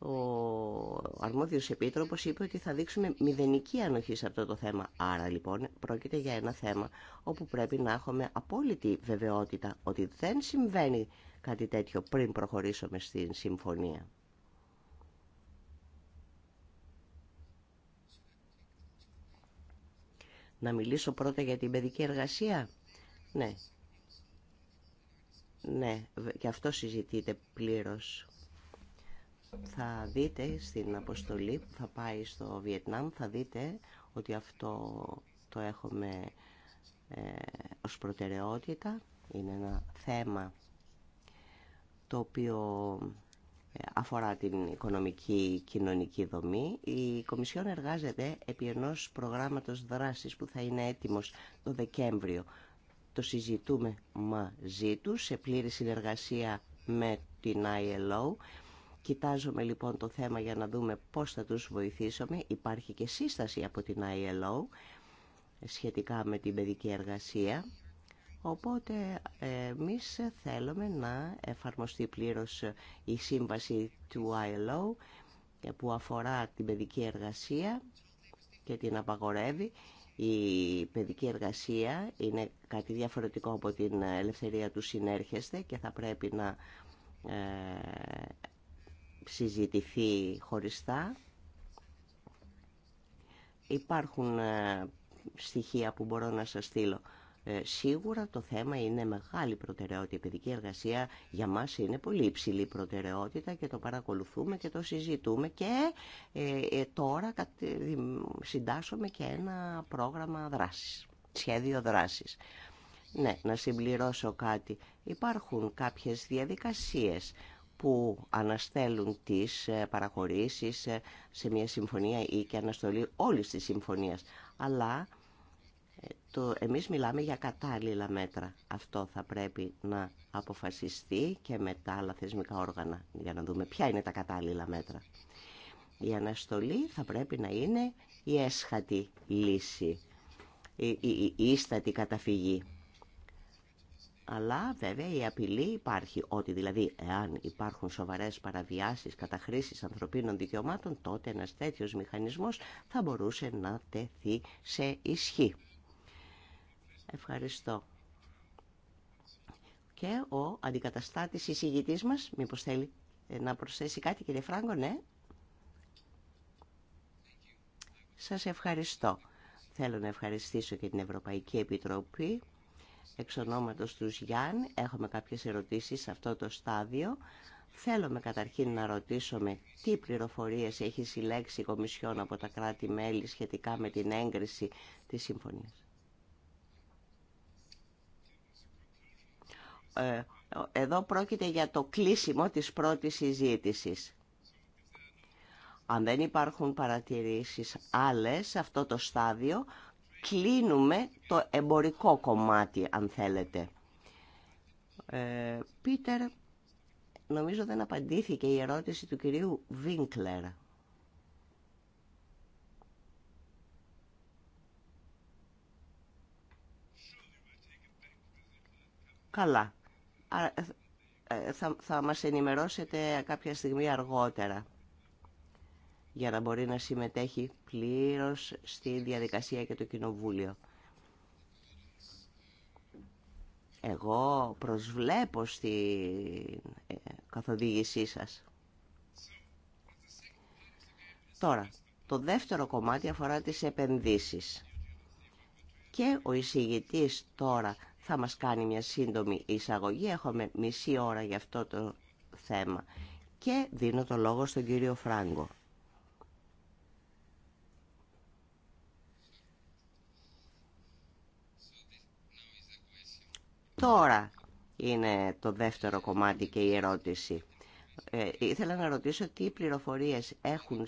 ο αρμόδιος επίτροπος είπε ότι θα δείξουμε μηδενική ανοχή σε αυτό το θέμα. Άρα λοιπόν πρόκειται για ένα θέμα όπου πρέπει να έχουμε απόλυτη βεβαιότητα ότι δεν συμβαίνει κάτι τέτοιο πριν προχωρήσουμε στην συμφωνία. Να μιλήσω πρώτα για την παιδική εργασία. Ναι. Ναι, και αυτό συζητείται πλήρως θα δείτε στην αποστολή που θα πάει στο Βιετνάμ, θα δείτε ότι αυτό το έχουμε ε, ως προτεραιότητα. Είναι ένα θέμα το οποίο ε, αφορά την οικονομική κοινωνική δομή. Η Κομισιόν εργάζεται επί ενός προγράμματος δράσης που θα είναι έτοιμος το Δεκέμβριο. Το συζητούμε μαζί τους σε πλήρη συνεργασία με την ILO. Κοιτάζουμε λοιπόν το θέμα για να δούμε πώς θα τους βοηθήσουμε. Υπάρχει και σύσταση από την ILO σχετικά με την παιδική εργασία. Οπότε εμείς θέλουμε να εφαρμοστεί πλήρως η σύμβαση του ILO που αφορά την παιδική εργασία και την απαγορεύει. Η παιδική εργασία είναι κάτι διαφορετικό από την ελευθερία του συνέρχεστε και θα πρέπει να ε, συζητηθεί χωριστά. Υπάρχουν ε, στοιχεία που μπορώ να σας στείλω. Ε, σίγουρα το θέμα είναι μεγάλη προτεραιότητα. Η παιδική εργασία για μας είναι πολύ υψηλή προτεραιότητα και το παρακολουθούμε και το συζητούμε και ε, τώρα συντάσσουμε και ένα πρόγραμμα δράσης, σχέδιο δράσης. Ναι, να συμπληρώσω κάτι. Υπάρχουν κάποιες διαδικασίες που αναστέλουν τις ε, παραχωρήσεις ε, σε μια συμφωνία ή και αναστολή όλης της συμφωνίας. Αλλά ε, το, εμείς μιλάμε για κατάλληλα μέτρα. Αυτό θα πρέπει να αποφασιστεί και με τα άλλα θεσμικά όργανα για να δούμε ποια είναι τα κατάλληλα μέτρα. Η αναστολή θα πρέπει να είναι η έσχατη λύση, η, η, η ίστατη καταφυγή αλλά βέβαια η απειλή υπάρχει ότι δηλαδή εάν υπάρχουν σοβαρές παραβιάσεις κατά χρήσης ανθρωπίνων δικαιωμάτων τότε ένας τέτοιος μηχανισμός θα μπορούσε να τεθεί σε ισχύ. Ευχαριστώ. Και ο αντικαταστάτης εισηγητής μας, μήπως θέλει ε, να προσθέσει κάτι κύριε Φράγκο, ναι. Σας ευχαριστώ. Θέλω να ευχαριστήσω και την Ευρωπαϊκή Επιτροπή εξ ονόματος τους Γιάν. Έχουμε κάποιες ερωτήσεις σε αυτό το στάδιο. Θέλουμε καταρχήν να ρωτήσουμε τι πληροφορίες έχει συλλέξει η Κομισιόν από τα κράτη-μέλη σχετικά με την έγκριση της συμφωνίας. Ε, εδώ πρόκειται για το κλείσιμο της πρώτης συζήτησης. Αν δεν υπάρχουν παρατηρήσεις άλλες σε αυτό το στάδιο, κλείνουμε το εμπορικό κομμάτι, αν θέλετε. Ε, Πίτερ, νομίζω δεν απαντήθηκε η ερώτηση του κυρίου Βίνκλερ. Καλά. Ε, ε, θα, θα μας ενημερώσετε κάποια στιγμή αργότερα για να μπορεί να συμμετέχει πλήρως στη διαδικασία και το Κοινοβούλιο. Εγώ προσβλέπω στη ε, καθοδήγησή σας. Τώρα, το δεύτερο κομμάτι αφορά τις επενδύσεις. Και ο εισηγητής τώρα θα μας κάνει μια σύντομη εισαγωγή. Έχουμε μισή ώρα για αυτό το θέμα. Και δίνω το λόγο στον κύριο Φράγκο. Τώρα είναι το δεύτερο κομμάτι και η ερώτηση. Ε, ήθελα να ρωτήσω τι πληροφορίες έχουν,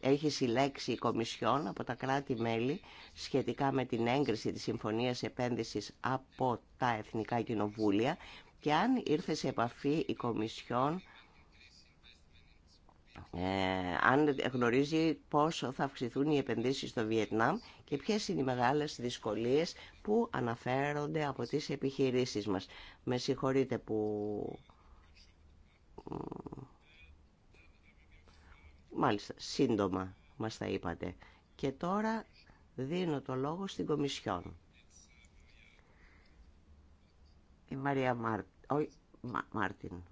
έχει συλλέξει η Κομισιόν από τα κράτη-μέλη σχετικά με την έγκριση της Συμφωνίας Επένδυσης από τα Εθνικά Κοινοβούλια και αν ήρθε σε επαφή η Κομισιόν ε, αν γνωρίζει πόσο θα αυξηθούν οι επενδύσεις στο Βιετνάμ και ποιες είναι οι μεγάλες δυσκολίες που αναφέρονται από τις επιχειρήσεις μας. Με συγχωρείτε που... Μάλιστα, σύντομα μας τα είπατε. Και τώρα δίνω το λόγο στην Κομισιόν. Η Μαρία Μάρ... Μάρτιν.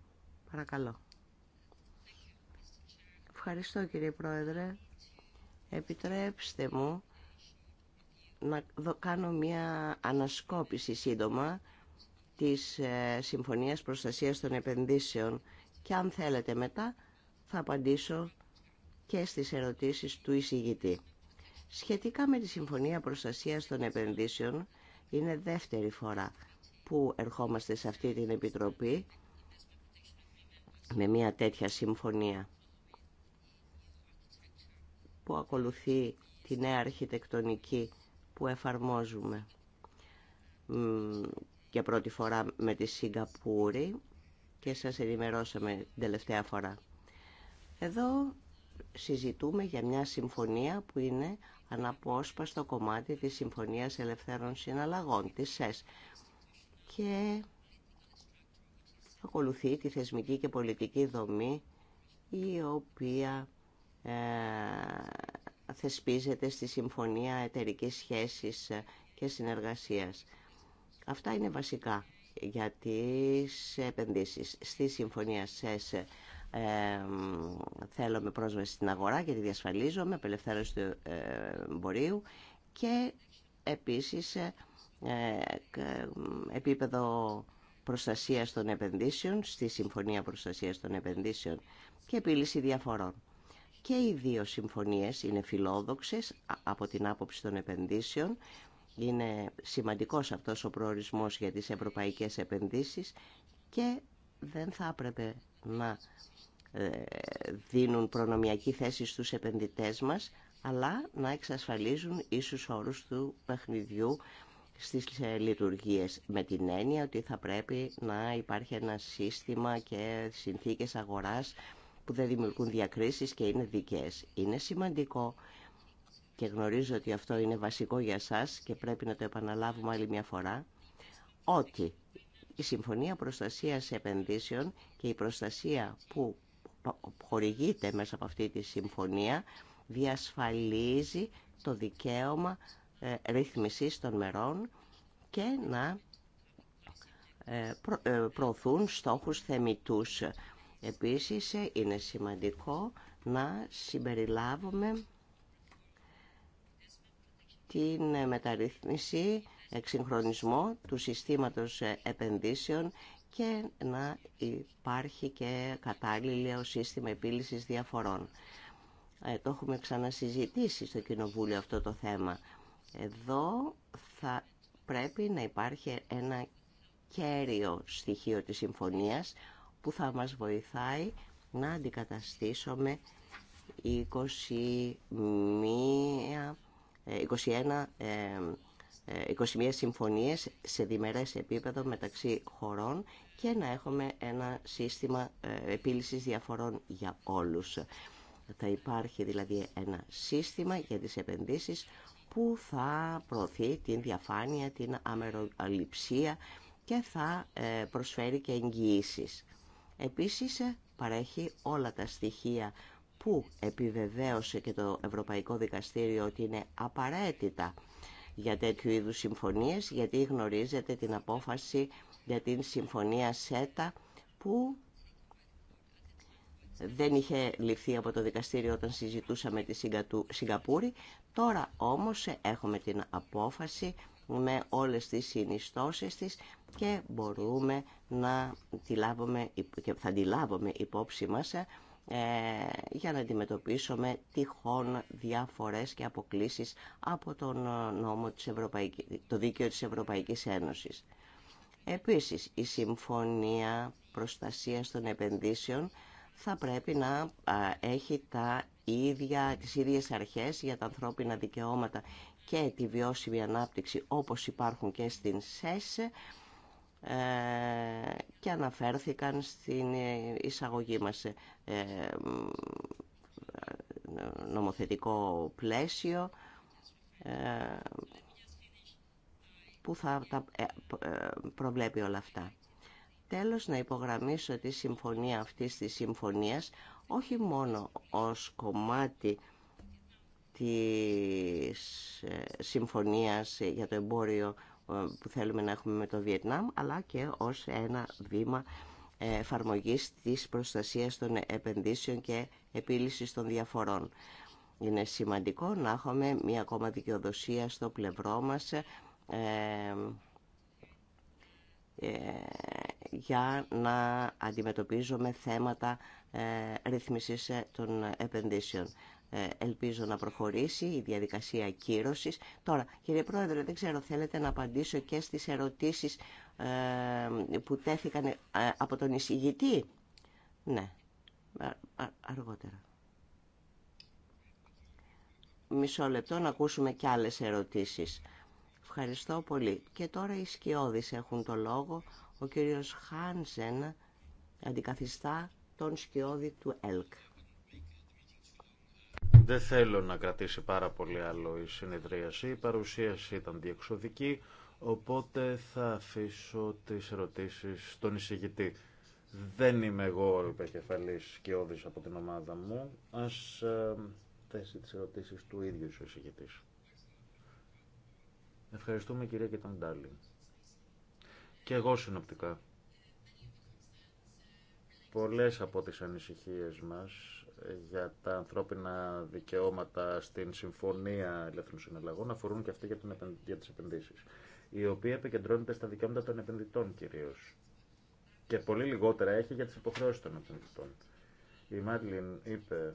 Παρακαλώ. Ευχαριστώ κύριε Πρόεδρε. Επιτρέψτε μου να κάνω μια ανασκόπηση σύντομα της ε, Συμφωνίας Προστασίας των Επενδύσεων και αν θέλετε μετά θα απαντήσω και στις ερωτήσεις του εισηγητή. Σχετικά με τη Συμφωνία Προστασίας των Επενδύσεων είναι δεύτερη φορά που ερχόμαστε σε αυτή την Επιτροπή με μια τέτοια συμφωνία που ακολουθεί τη νέα αρχιτεκτονική που εφαρμόζουμε για πρώτη φορά με τη Σιγκαπούρη και σας ενημερώσαμε την τελευταία φορά. Εδώ συζητούμε για μια συμφωνία που είναι αναπόσπαστο κομμάτι της Συμφωνίας Ελευθέρων Συναλλαγών, της ΣΕΣ. Και ακολουθεί τη θεσμική και πολιτική δομή η οποία ε, θεσπίζεται στη Συμφωνία Εταιρικής Σχέσης και Συνεργασίας. Αυτά είναι βασικά για τις επενδύσεις. Στη Συμφωνία ΣΕΣ ε, θέλουμε πρόσβαση στην αγορά γιατί διασφαλίζομαι, απελευθέρωση του ε, εμπορίου και επίσης ε, επίπεδο προστασίας των επενδύσεων, στη Συμφωνία Προστασίας των Επενδύσεων και επίλυση διαφορών. Και οι δύο συμφωνίες είναι φιλόδοξες από την άποψη των επενδύσεων. Είναι σημαντικός αυτός ο προορισμός για τις ευρωπαϊκές επενδύσεις και δεν θα έπρεπε να ε, δίνουν προνομιακή θέση στους επενδυτές μας, αλλά να εξασφαλίζουν ίσους όρους του παιχνιδιού στις ε, λειτουργίες με την έννοια ότι θα πρέπει να υπάρχει ένα σύστημα και συνθήκες αγοράς που δεν δημιουργούν διακρίσεις και είναι δικές. Είναι σημαντικό και γνωρίζω ότι αυτό είναι βασικό για σας και πρέπει να το επαναλάβουμε άλλη μια φορά, ότι η Συμφωνία Προστασίας Επενδύσεων και η προστασία που χορηγείται μέσα από αυτή τη συμφωνία διασφαλίζει το δικαίωμα ε, ρύθμισης των μερών και να ε, ε, προωθούν στόχους θεμητούς Επίσης είναι σημαντικό να συμπεριλάβουμε την μεταρρύθμιση, εξυγχρονισμό του συστήματος επενδύσεων και να υπάρχει και κατάλληλο σύστημα επίλυσης διαφορών. Ε, το έχουμε ξανασυζητήσει στο Κοινοβούλιο αυτό το θέμα. Εδώ θα πρέπει να υπάρχει ένα κέριο στοιχείο της συμφωνίας που θα μας βοηθάει να αντικαταστήσουμε 21, 21 21 συμφωνίες σε διμερές επίπεδο μεταξύ χωρών και να έχουμε ένα σύστημα ε, επίλυσης διαφορών για όλους. Θα υπάρχει δηλαδή ένα σύστημα για τις επενδύσεις που θα προωθεί την διαφάνεια, την αμεροληψία και θα ε, προσφέρει και εγγυήσεις. Επίσης ε, παρέχει όλα τα στοιχεία που επιβεβαίωσε και το Ευρωπαϊκό Δικαστήριο ότι είναι απαραίτητα για τέτοιου είδους συμφωνίες, γιατί γνωρίζετε την απόφαση για την συμφωνία ΣΕΤΑ που δεν είχε ληφθεί από το δικαστήριο όταν συζητούσαμε τη Σιγκαπούρη. Τώρα όμως ε, έχουμε την απόφαση με όλες τις συνιστώσεις της και μπορούμε να τη λάβουμε, και θα τη λάβουμε υπόψη μας ε, για να αντιμετωπίσουμε τυχόν διαφορές και αποκλήσεις από τον νόμο της το δίκαιο της Ευρωπαϊκής Ένωσης. Επίσης, η Συμφωνία Προστασίας των Επενδύσεων θα πρέπει να έχει τα ίδια, τις ίδιες αρχές για τα ανθρώπινα δικαιώματα και τη βιώσιμη ανάπτυξη όπως υπάρχουν και στην ΣΕΣ ε, και αναφέρθηκαν στην εισαγωγή μας ε, νομοθετικό πλαίσιο ε, που θα προβλέπει όλα αυτά. Τέλος, να υπογραμμίσω τη συμφωνία αυτής της συμφωνίας όχι μόνο ως κομμάτι της ε, συμφωνίας για το εμπόριο ε, που θέλουμε να έχουμε με το Βιετνάμ, αλλά και ως ένα βήμα ε, εφαρμογής της προστασίας των επενδύσεων και επίλυσης των διαφορών. Είναι σημαντικό να έχουμε μία ακόμα δικαιοδοσία στο πλευρό μας για να αντιμετωπίζουμε θέματα ε, των επενδύσεων. Ε, ελπίζω να προχωρήσει η διαδικασία κύρωσης. Τώρα, κύριε Πρόεδρε, δεν ξέρω, θέλετε να απαντήσω και στις ερωτήσεις ε, που τέθηκαν ε, από τον εισηγητή. Ναι, αργότερα. Μισό λεπτό να ακούσουμε και άλλες ερωτήσεις. Ευχαριστώ πολύ. Και τώρα οι σκιώδεις έχουν το λόγο. Ο κύριος Χάνσεν αντικαθιστά τον σκιώδη του ΕΛΚ. Δεν θέλω να κρατήσει πάρα πολύ άλλο η συνεδρίαση. Η παρουσίαση ήταν διεξοδική, οπότε θα αφήσω τις ερωτήσεις στον εισηγητή. Δεν είμαι εγώ ο υπερκεφαλής και όδης από την ομάδα μου. Ας ε, θέσει τις ερωτήσεις του ίδιου ο εισηγητής. Ευχαριστούμε κυρία Κεταντάλη. Και εγώ συνοπτικά. Πολλές από τις ανησυχίες μας για τα ανθρώπινα δικαιώματα στην Συμφωνία Ελεύθερων Συναλλαγών αφορούν και αυτά για, για τις επενδύσεις, η οποία επικεντρώνεται στα δικαιώματα των επενδυτών κυρίως και πολύ λιγότερα έχει για τις υποχρεώσεις των επενδυτών. Η Μάτλιν είπε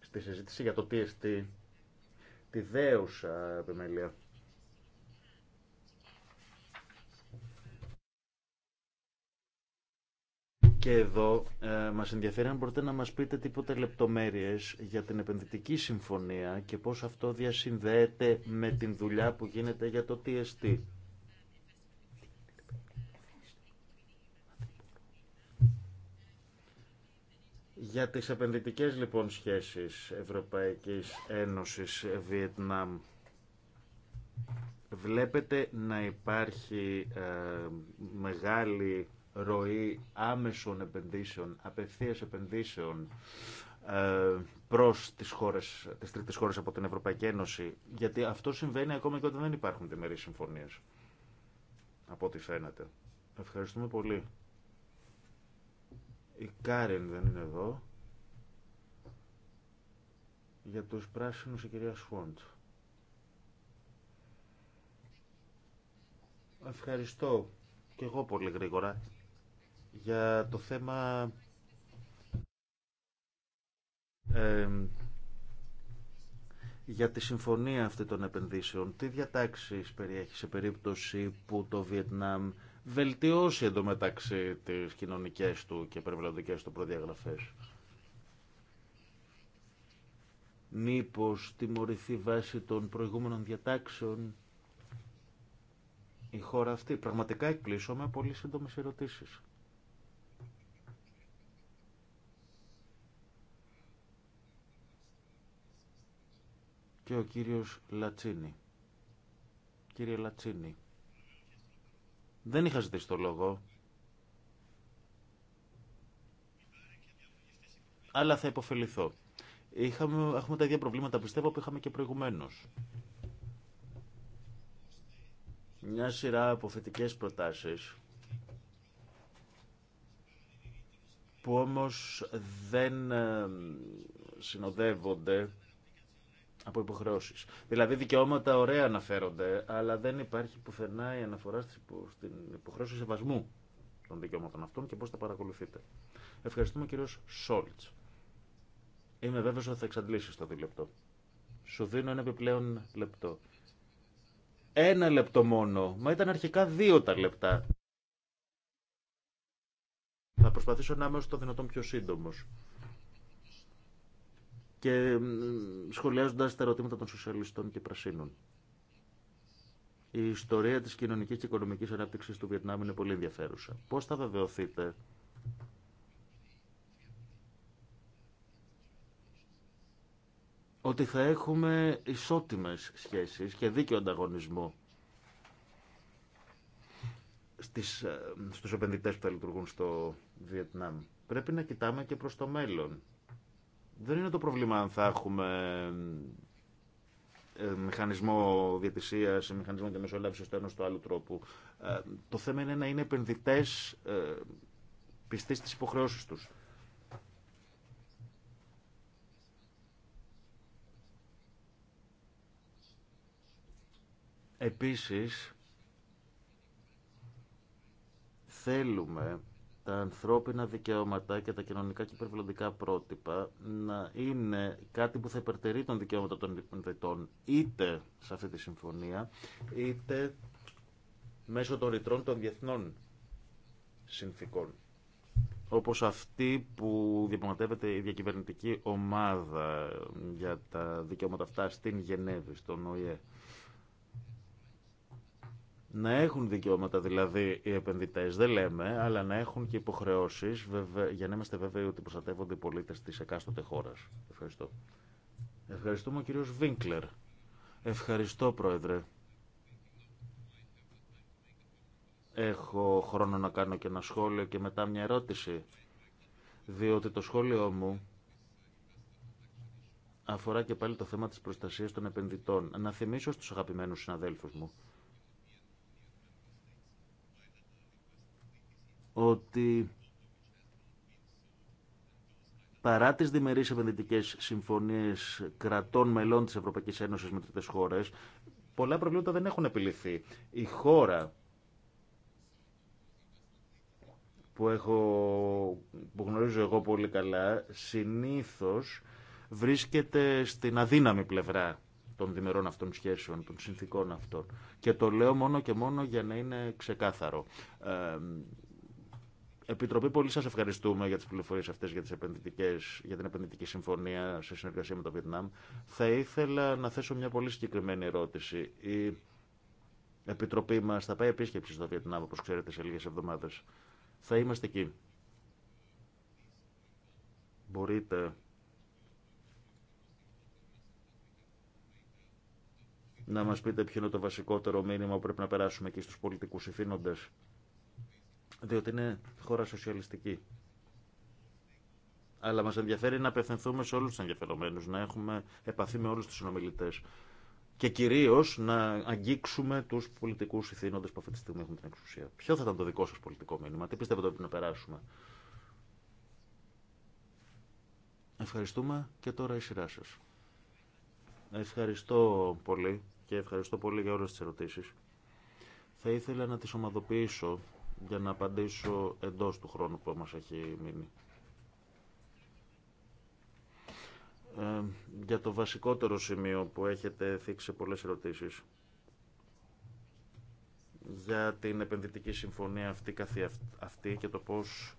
στη συζήτηση για το TST τη δέουσα επιμέλεια Και εδώ ε, μας ενδιαφέρει αν μπορείτε να μας πείτε τίποτα λεπτομέρειες για την επενδυτική συμφωνία και πώς αυτό διασυνδέεται με την δουλειά που γίνεται για το TST. Για τις επενδυτικές λοιπόν σχέσεις Ευρωπαϊκής Ένωσης Βιετνάμ βλέπετε να υπάρχει ε, μεγάλη ροή άμεσων επενδύσεων, απευθείας επενδύσεων ε, προς τις, χώρες, τις τρίτες χώρες από την Ευρωπαϊκή Ένωση. Γιατί αυτό συμβαίνει ακόμα και όταν δεν υπάρχουν τεμερείς συμφωνίες. Από ό,τι φαίνεται. Ευχαριστούμε πολύ. Η Κάριν δεν είναι εδώ. Για τους πράσινους η κυρία Σφόντ. Ευχαριστώ και εγώ πολύ γρήγορα για το θέμα για τη συμφωνία αυτή των επενδύσεων. Τι διατάξεις περιέχει σε περίπτωση που το Βιετνάμ βελτιώσει εντωμεταξύ τις κοινωνικές του και περιβαλλοντικές του προδιαγραφές. Μήπως τιμωρηθεί βάσει των προηγούμενων διατάξεων η χώρα αυτή. Πραγματικά εκπλήσω με πολύ σύντομες ερωτήσεις. και ο κύριος Λατσίνη. Κύριε Λατσίνη, δεν είχα ζητήσει το λόγο, αλλά θα υποφεληθώ. Είχαμε, έχουμε τα ίδια προβλήματα, πιστεύω, που είχαμε και προηγουμένως. Μια σειρά από θετικές προτάσεις που όμως δεν ε, συνοδεύονται από υποχρεώσει. Δηλαδή δικαιώματα ωραία αναφέρονται, αλλά δεν υπάρχει πουθενά η αναφορά στην υποχρέωση σεβασμού των δικαιώματων αυτών και πώ τα παρακολουθείτε. Ευχαριστούμε κύριο Σόλτ. Είμαι βέβαιο ότι θα εξαντλήσει το δίλεπτο. Σου δίνω ένα επιπλέον λεπτό. Ένα λεπτό μόνο, μα ήταν αρχικά δύο τα λεπτά. Θα προσπαθήσω να είμαι όσο το δυνατόν πιο σύντομος και σχολιάζοντα τα ερωτήματα των σοσιαλιστών και πρασίνων. Η ιστορία της κοινωνικής και οικονομικής ανάπτυξης του Βιετνάμ είναι πολύ ενδιαφέρουσα. Πώς θα βεβαιωθείτε ότι θα έχουμε ισότιμες σχέσεις και δίκαιο ανταγωνισμό στις, ε, στους επενδυτές που θα λειτουργούν στο Βιετνάμ. Πρέπει να κοιτάμε και προς το μέλλον δεν είναι το πρόβλημα αν θα έχουμε ε, μηχανισμό διατησία ή μηχανισμό διαμεσολάβηση του ενό του άλλου τρόπου. Ε, το θέμα είναι να είναι επενδυτέ ε, πιστοί στι υποχρεώσει του. Επίσης, θέλουμε τα ανθρώπινα δικαιώματα και τα κοινωνικά και υπερβολοντικά πρότυπα να είναι κάτι που θα υπερτερεί τον δικαιώματα των διτών είτε σε αυτή τη συμφωνία είτε μέσω των ρητρών των διεθνών συνθήκων όπως αυτή που διαπραγματεύεται η διακυβερνητική ομάδα για τα δικαιώματα αυτά στην Γενέβη, στον ΟΗΕ. Να έχουν δικαιώματα δηλαδή οι επενδυτέ, δεν λέμε, αλλά να έχουν και υποχρεώσει για να είμαστε βέβαιοι ότι προστατεύονται οι πολίτε τη εκάστοτε χώρα. Ευχαριστώ. Ευχαριστούμε ο κύριο Βίνκλερ. Ευχαριστώ, Πρόεδρε. Έχω χρόνο να κάνω και ένα σχόλιο και μετά μια ερώτηση. Διότι το σχόλιο μου αφορά και πάλι το θέμα της προστασίας των επενδυτών. Να θυμίσω στους αγαπημένους συναδέλφους μου ότι παρά τις διμερείς επενδυτικές συμφωνίες κρατών μελών της Ευρωπαϊκής Ένωσης με τρίτες χώρες, πολλά προβλήματα δεν έχουν επιληθεί. Η χώρα που, έχω, γνωρίζω εγώ πολύ καλά, συνήθως βρίσκεται στην αδύναμη πλευρά των διμερών αυτών σχέσεων, των συνθήκων αυτών. Και το λέω μόνο και μόνο για να είναι ξεκάθαρο. Ε, Επιτροπή, πολύ σας ευχαριστούμε για τις πληροφορίε αυτές για, για την επενδυτική συμφωνία σε συνεργασία με το Βιετνάμ. Θα ήθελα να θέσω μια πολύ συγκεκριμένη ερώτηση. Η Επιτροπή μας θα πάει επίσκεψη στο Βιετνάμ, όπως ξέρετε, σε λίγες εβδομάδες. Θα είμαστε εκεί. Μπορείτε να μας πείτε ποιο είναι το βασικότερο μήνυμα που πρέπει να περάσουμε εκεί στους πολιτικούς ευθύνοντες διότι είναι χώρα σοσιαλιστική. Αλλά μας ενδιαφέρει να απευθυνθούμε σε όλους τους ενδιαφερομένους, να έχουμε επαφή με όλους τους συνομιλητές και κυρίως να αγγίξουμε τους πολιτικούς ηθήνοντες που αυτή τη στιγμή έχουν την εξουσία. Ποιο θα ήταν το δικό σας πολιτικό μήνυμα, τι πιστεύετε ότι να περάσουμε. Ευχαριστούμε και τώρα η σειρά σας. Ευχαριστώ πολύ και ευχαριστώ πολύ για όλες τις ερωτήσεις. Θα ήθελα να τις ομαδοποιήσω για να απαντήσω εντός του χρόνου που μας έχει μείνει. Ε, για το βασικότερο σημείο που έχετε θίξει πολλές ερωτήσεις για την επενδυτική συμφωνία αυτή, καθή, αυτή και το πώς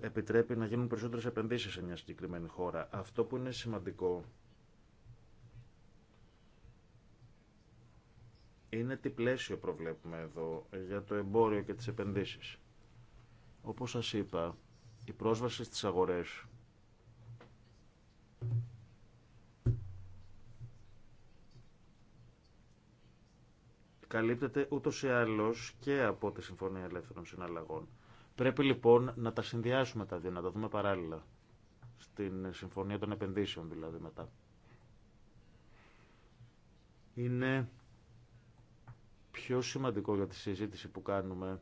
επιτρέπει να γίνουν περισσότερες επενδύσεις σε μια συγκεκριμένη χώρα. Αυτό που είναι σημαντικό είναι τι πλαίσιο προβλέπουμε εδώ για το εμπόριο και τις επενδύσεις. Όπως σας είπα, η πρόσβαση στις αγορές καλύπτεται ούτως ή άλλως και από τη Συμφωνία Ελεύθερων Συναλλαγών. Πρέπει λοιπόν να τα συνδυάσουμε τα δύο, να τα δούμε παράλληλα. Στην Συμφωνία των Επενδύσεων δηλαδή μετά. Είναι πιο σημαντικό για τη συζήτηση που κάνουμε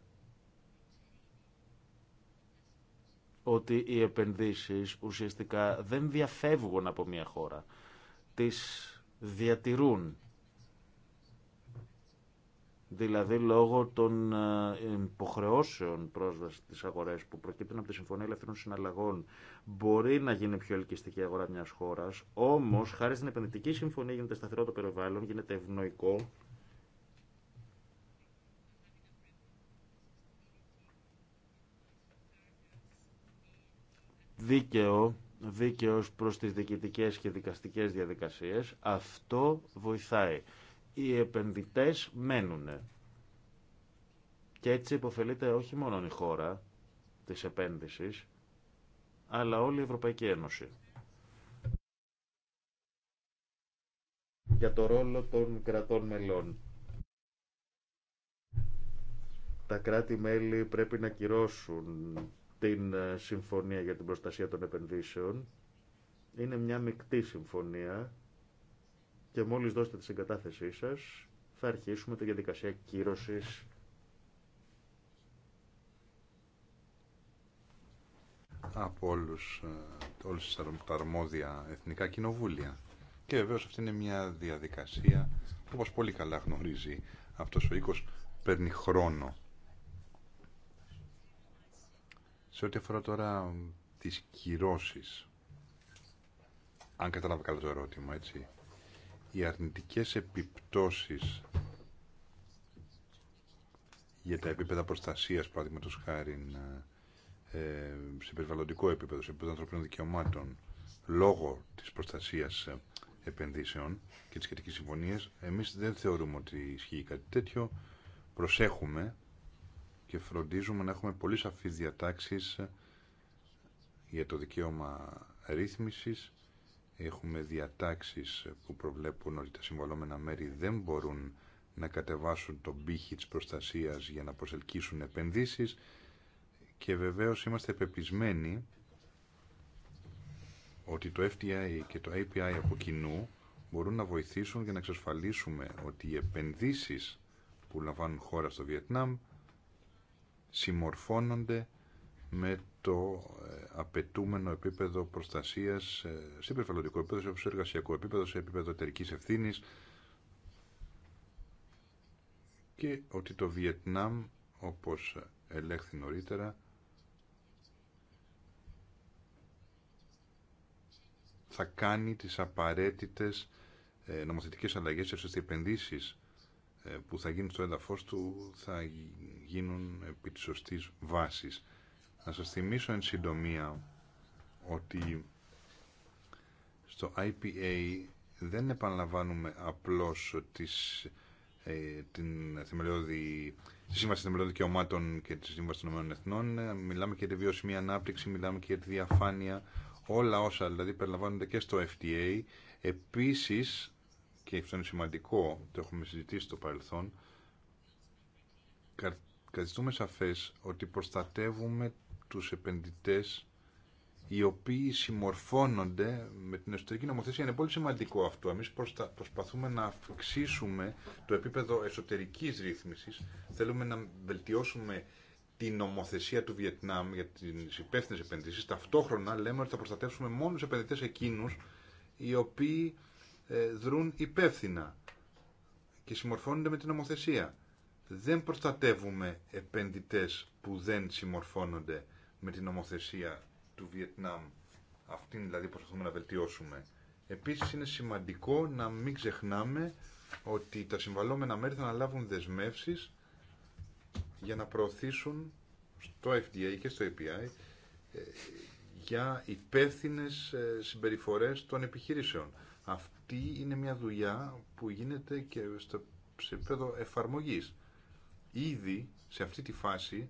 ότι οι επενδύσεις ουσιαστικά δεν διαφεύγουν από μια χώρα. Τις διατηρούν. Δηλαδή λόγω των ε, υποχρεώσεων πρόσβαση στις αγορές που προκύπτουν από τη Συμφωνία Ελευθερών Συναλλαγών μπορεί να γίνει πιο ελκυστική αγορά μιας χώρας, όμως χάρη στην επενδυτική συμφωνία γίνεται σταθερό το περιβάλλον, γίνεται ευνοϊκό δίκαιο, δίκαιος προς τις διοικητικές και δικαστικές διαδικασίες, αυτό βοηθάει. Οι επενδυτές μένουν. Και έτσι υποφελείται όχι μόνο η χώρα της επένδυσης, αλλά όλη η Ευρωπαϊκή Ένωση. Για το ρόλο των κρατών μελών. Τα κράτη-μέλη πρέπει να κυρώσουν την ε, Συμφωνία για την Προστασία των Επενδύσεων. Είναι μια μεικτή συμφωνία και μόλις δώσετε τη συγκατάθεσή σας θα αρχίσουμε τη διαδικασία κύρωσης από όλους, ε, όλους τα αρμόδια εθνικά κοινοβούλια. Και βεβαίως αυτή είναι μια διαδικασία, όπως πολύ καλά γνωρίζει αυτός ο οίκος, παίρνει χρόνο. Σε ό,τι αφορά τώρα τις κυρώσεις, αν κατάλαβα καλά το ερώτημα, έτσι, οι αρνητικές επιπτώσεις για τα επίπεδα προστασίας, παραδείγματος χάρη, ε, σε περιβαλλοντικό επίπεδο, σε επίπεδο ανθρωπίνων δικαιωμάτων, λόγω της προστασίας ε, επενδύσεων και της σχετικής συμφωνίας, εμείς δεν θεωρούμε ότι ισχύει κάτι τέτοιο, προσέχουμε και φροντίζουμε να έχουμε πολύ σαφείς διατάξεις για το δικαίωμα ρύθμισης. Έχουμε διατάξεις που προβλέπουν ότι τα συμβολόμενα μέρη δεν μπορούν να κατεβάσουν τον πύχη της προστασίας για να προσελκύσουν επενδύσεις και βεβαίως είμαστε πεπισμένοι ότι το FDI και το API από κοινού μπορούν να βοηθήσουν για να εξασφαλίσουμε ότι οι επενδύσεις που λαμβάνουν χώρα στο Βιετνάμ συμμορφώνονται με το ε, απαιτούμενο επίπεδο προστασίας ε, σε περιβαλλοντικό επίπεδο, σε εργασιακό επίπεδο, σε επίπεδο εταιρική ευθύνη και ότι το Βιετνάμ, όπως ελέγχθη νωρίτερα, θα κάνει τις απαραίτητες ε, νομοθετικές αλλαγές σε επενδύσεις ε, που θα γίνει στο έδαφος του θα γίνουν επί της σωστής βάσης. Να σας θυμίσω εν συντομία ότι στο IPA δεν επαναλαμβάνουμε απλώς τις, ε, την θεμελιώδη, τη Σύμβαση Θεμελιώδη Δικαιωμάτων και τη Σύμβαση των Εθνών. Μιλάμε και για τη βιώσιμη ανάπτυξη, μιλάμε και για τη διαφάνεια. Όλα όσα δηλαδή περιλαμβάνονται και στο FTA. Επίσης και αυτό είναι σημαντικό, το έχουμε συζητήσει στο παρελθόν, καθιστούμε σαφές ότι προστατεύουμε τους επενδυτές οι οποίοι συμμορφώνονται με την εσωτερική νομοθεσία. Είναι πολύ σημαντικό αυτό. Εμείς προσπαθούμε να αυξήσουμε το επίπεδο εσωτερικής ρύθμισης. Θέλουμε να βελτιώσουμε την νομοθεσία του Βιετνάμ για τις υπεύθυνε επενδύσεις. Ταυτόχρονα λέμε ότι θα προστατεύσουμε μόνο τους επενδυτές εκείνους οι οποίοι ε, δρούν υπεύθυνα και συμμορφώνονται με την νομοθεσία. Δεν προστατεύουμε επενδυτές που δεν συμμορφώνονται με την νομοθεσία του Βιετνάμ. Αυτήν δηλαδή προσπαθούμε να βελτιώσουμε. Επίσης είναι σημαντικό να μην ξεχνάμε ότι τα συμβαλόμενα μέρη θα αναλάβουν δεσμεύσεις για να προωθήσουν στο FDA και στο API ε, για υπεύθυνε ε, συμπεριφορές των επιχειρήσεων αυτή είναι μια δουλειά που γίνεται και στο επίπεδο εφαρμογής. Ήδη σε αυτή τη φάση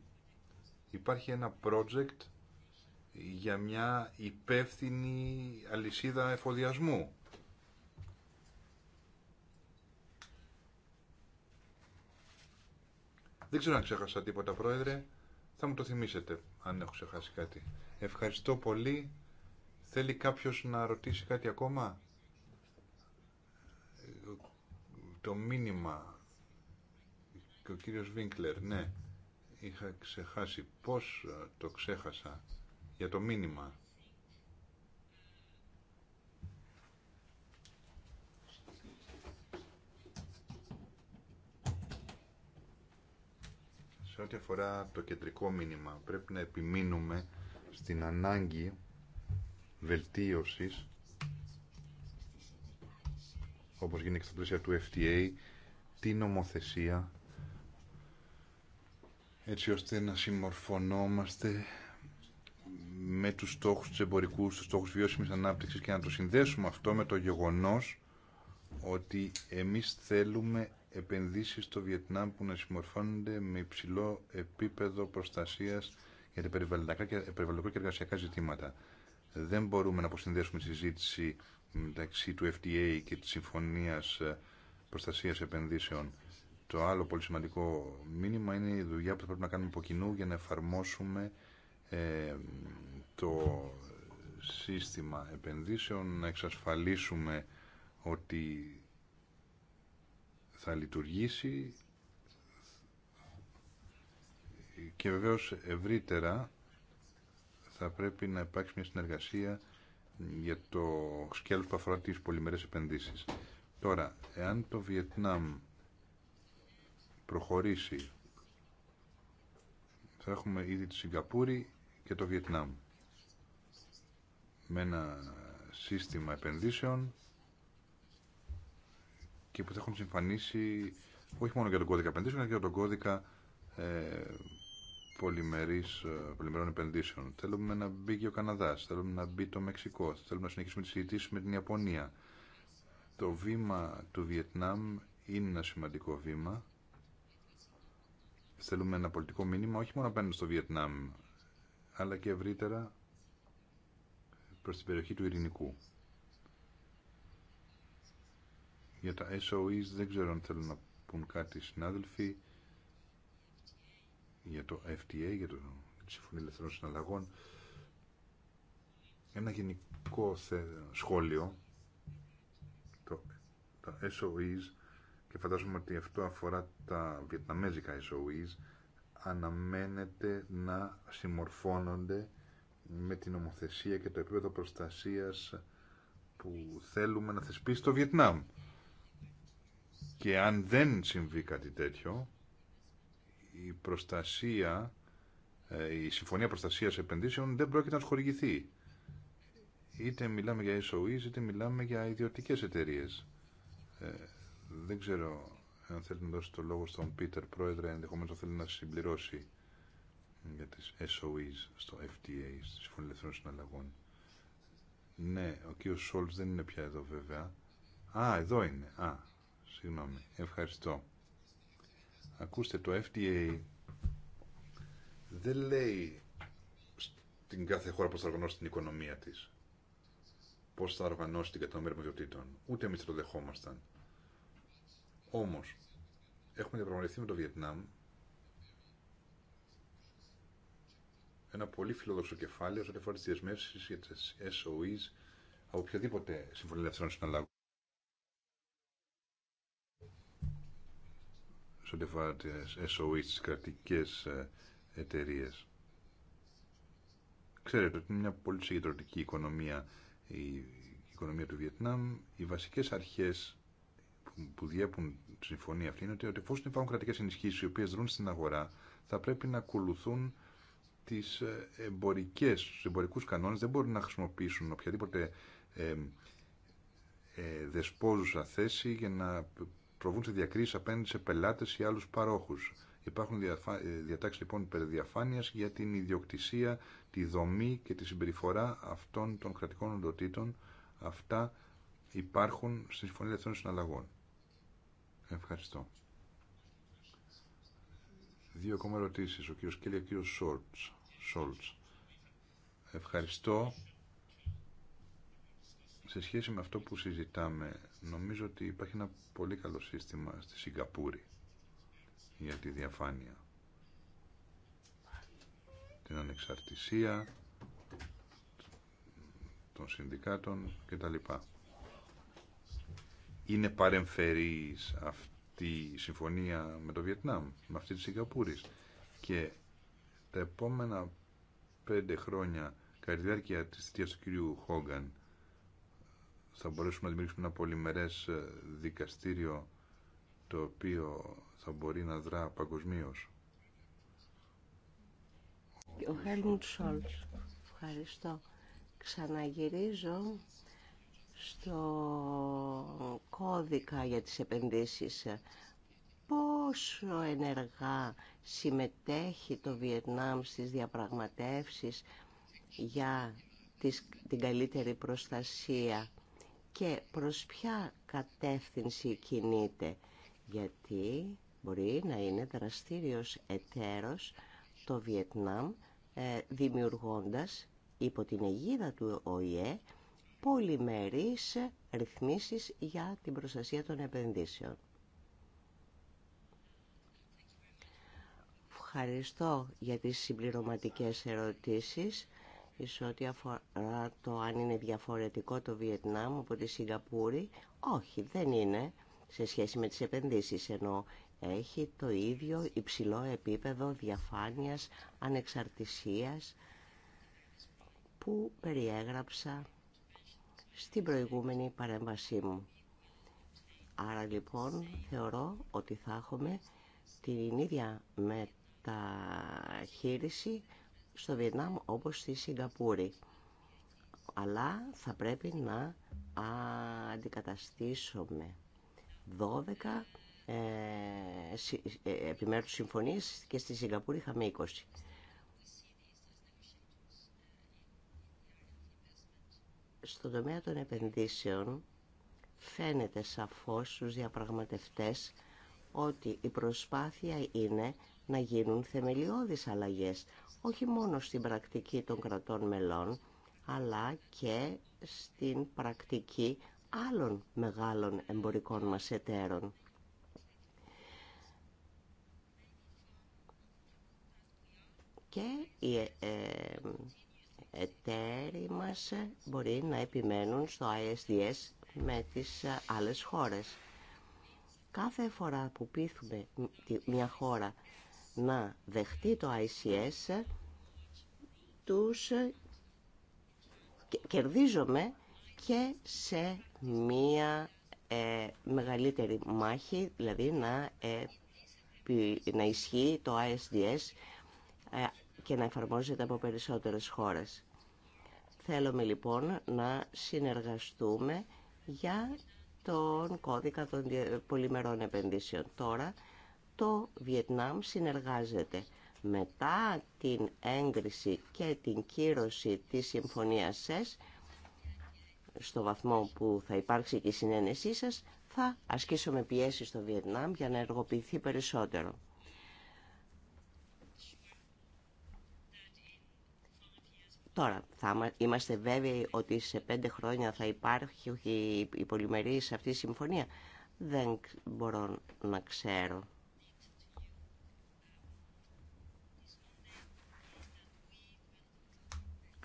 υπάρχει ένα project για μια υπεύθυνη αλυσίδα εφοδιασμού. Δεν ξέρω αν ξέχασα τίποτα, Πρόεδρε. Θα μου το θυμίσετε, αν έχω ξεχάσει κάτι. Ευχαριστώ πολύ. Θέλει κάποιος να ρωτήσει κάτι ακόμα. το μήνυμα και ο κύριος Βίνκλερ, ναι, είχα ξεχάσει πώς ε, το ξέχασα για το μήνυμα. Σε ό,τι αφορά το κεντρικό μήνυμα, πρέπει να επιμείνουμε στην ανάγκη βελτίωσης όπως γίνεται και στα πλαίσια του FTA, την νομοθεσία έτσι ώστε να συμμορφωνόμαστε με τους στόχους του εμπορικούς, τους στόχους βιώσιμης ανάπτυξης και να το συνδέσουμε αυτό με το γεγονός ότι εμείς θέλουμε επενδύσεις στο Βιετνάμ που να συμμορφώνονται με υψηλό επίπεδο προστασίας για τα περιβαλλοντικά και, περιβαλλοντικά εργασιακά ζητήματα. Δεν μπορούμε να αποσυνδέσουμε τη συζήτηση μεταξύ του FDA και της Συμφωνίας ε, Προστασίας Επενδύσεων. Το άλλο πολύ σημαντικό μήνυμα είναι η δουλειά που θα πρέπει να κάνουμε από κοινού για να εφαρμόσουμε ε, το σύστημα επενδύσεων, να εξασφαλίσουμε ότι θα λειτουργήσει και βεβαίως ευρύτερα θα πρέπει να υπάρξει μια συνεργασία για το σκέλος που αφορά τις πολυμερές επενδύσεις. Τώρα, εάν το Βιετνάμ προχωρήσει, θα έχουμε ήδη τη Σιγκαπούρη και το Βιετνάμ με ένα σύστημα επενδύσεων και που θα έχουν συμφανίσει όχι μόνο για τον κώδικα επενδύσεων, αλλά και για τον κώδικα ε, ε, πολυμερών επενδύσεων. Θέλουμε να μπει και ο Καναδάς, θέλουμε να μπει το Μεξικό, θέλουμε να συνεχίσουμε τις συζητήσεις με την Ιαπωνία. Το βήμα του Βιετνάμ είναι ένα σημαντικό βήμα. Θέλουμε ένα πολιτικό μήνυμα όχι μόνο απέναντι στο Βιετνάμ, αλλά και ευρύτερα προς την περιοχή του Ειρηνικού. Για τα SOEs δεν ξέρω αν θέλουν να πούν κάτι οι συνάδελφοι για το FTA, για το Συμφωνία Ελευθερών Συναλλαγών, ένα γενικό σχόλιο, το, τα SOEs, και φαντάζομαι ότι αυτό αφορά τα βιετναμέζικα SOEs, αναμένεται να συμμορφώνονται με την ομοθεσία και το επίπεδο προστασίας που θέλουμε να θεσπίσει το Βιετνάμ. Και αν δεν συμβεί κάτι τέτοιο, η προστασία, ε, η συμφωνία προστασίας επενδύσεων δεν πρόκειται να χορηγηθεί. Είτε μιλάμε για SOEs, είτε μιλάμε για ιδιωτικές εταιρείες. Ε, δεν ξέρω αν θέλει να δώσει το λόγο στον Πίτερ Πρόεδρε, ενδεχομένως θέλει να συμπληρώσει για τις SOEs στο FTA, στη Συμφωνία Ελευθερών Συναλλαγών. Ναι, ο κ. Σόλτ δεν είναι πια εδώ βέβαια. Α, εδώ είναι. Α, συγγνώμη. Ευχαριστώ. Ακούστε, το FDA δεν λέει στην κάθε χώρα πώς θα οργανώσει την οικονομία της. Πώς θα οργανώσει την κατανομή αρμοδιοτήτων. Ούτε εμείς το δεχόμασταν. Όμως, έχουμε διαπραγματευτεί με το Βιετνάμ ένα πολύ φιλόδοξο κεφάλαιο σε ό,τι αφορά τι δεσμεύσει για τι SOEs από οποιαδήποτε συμφωνία ελευθερών συναλλαγών. σε ό,τι αφορά τις SOE, κρατικές ε, εταιρείε. Ξέρετε ότι είναι μια πολύ συγκεντρωτική οικονομία η οικονομία του Βιετνάμ. Οι βασικές αρχές που διέπουν τη συμφωνία αυτή είναι ότι εφόσον υπάρχουν κρατικές ενισχύσεις οι οποίε δρούν στην αγορά θα πρέπει να ακολουθούν τις ε, εμπορικές, τους εμπορικούς κανόνες δεν μπορούν να χρησιμοποιήσουν οποιαδήποτε ε, ε δεσπόζουσα θέση για να προβούν σε διακρίσει απέναντι σε πελάτε ή άλλου παρόχου. Υπάρχουν διαφα... Ε, διατάξει λοιπόν υπερδιαφάνεια για την ιδιοκτησία, τη δομή και τη συμπεριφορά αυτών των κρατικών οντοτήτων. Αυτά υπάρχουν στη Συμφωνία Ελευθερών Συναλλαγών. Ευχαριστώ. Δύο ακόμα ερωτήσει. Ο κύριο Κέλλη και ο κύριο Σόλτ. Ευχαριστώ σε σχέση με αυτό που συζητάμε, νομίζω ότι υπάρχει ένα πολύ καλό σύστημα στη Σιγκαπούρη για τη διαφάνεια. Την ανεξαρτησία των συνδικάτων κτλ. Είναι παρεμφερής αυτή η συμφωνία με το Βιετνάμ, με αυτή τη Σιγκαπούρη. Και τα επόμενα πέντε χρόνια, κατά τη της θητείας του κυρίου Χόγκαν, θα μπορέσουμε να δημιουργήσουμε ένα πολυμερές ε, δικαστήριο το οποίο θα μπορεί να δρά παγκοσμίω. Ο Χέλμουντ Σόλτς. Ευχαριστώ. Ξαναγυρίζω στο κώδικα για τις επενδύσεις. Πόσο ενεργά συμμετέχει το Βιετνάμ στις διαπραγματεύσεις για την καλύτερη προστασία και προς ποια κατεύθυνση κινείται γιατί μπορεί να είναι δραστήριος εταίρος το Βιετνάμ ε, δημιουργώντας υπό την αιγίδα του ΟΗΕ πολυμερείς ρυθμίσεις για την προστασία των επενδύσεων. Ευχαριστώ για τις συμπληρωματικές ερωτήσεις σε ό,τι αφορά το αν είναι διαφορετικό το Βιετνάμ από τη Σιγκαπούρη. Όχι, δεν είναι σε σχέση με τις επενδύσεις, ενώ έχει το ίδιο υψηλό επίπεδο διαφάνειας, ανεξαρτησίας που περιέγραψα στην προηγούμενη παρέμβασή μου. Άρα λοιπόν θεωρώ ότι θα έχουμε την ίδια μεταχείριση στο Βιετνάμ όπως στη Σιγκαπούρη. Αλλά θα πρέπει να αντικαταστήσουμε 12 ε, ε, επιμέρους συμφωνίες και στη Σιγκαπούρη είχαμε 20. Στον τομέα των επενδύσεων φαίνεται σαφώς στους διαπραγματευτές ότι η προσπάθεια είναι να γίνουν θεμελιώδεις αλλαγές όχι μόνο στην πρακτική των κρατών μελών, αλλά και στην πρακτική άλλων μεγάλων εμπορικών μας εταίρων. Και οι ε, ε, εταίροι μας μπορεί να επιμένουν στο ISDS με τις άλλες χώρες. Κάθε φορά που πείθουμε μια χώρα να δεχτεί το ICS τους κερδίζομαι και σε μία ε, μεγαλύτερη μάχη, δηλαδή να, ε, να ισχύει το ISDS ε, και να εφαρμόζεται από περισσότερες χώρες. Θέλουμε λοιπόν να συνεργαστούμε για τον κώδικα των πολυμερών επενδύσεων. Τώρα το Βιετνάμ συνεργάζεται. Μετά την έγκριση και την κύρωση της συμφωνίας ΣΕΣ, στο βαθμό που θα υπάρξει και η συνένεσή σας, θα ασκήσουμε πιέσει στο Βιετνάμ για να εργοποιηθεί περισσότερο. Τώρα, θα είμαστε βέβαιοι ότι σε πέντε χρόνια θα υπάρχει η σε αυτή η συμφωνία. Δεν μπορώ να ξέρω.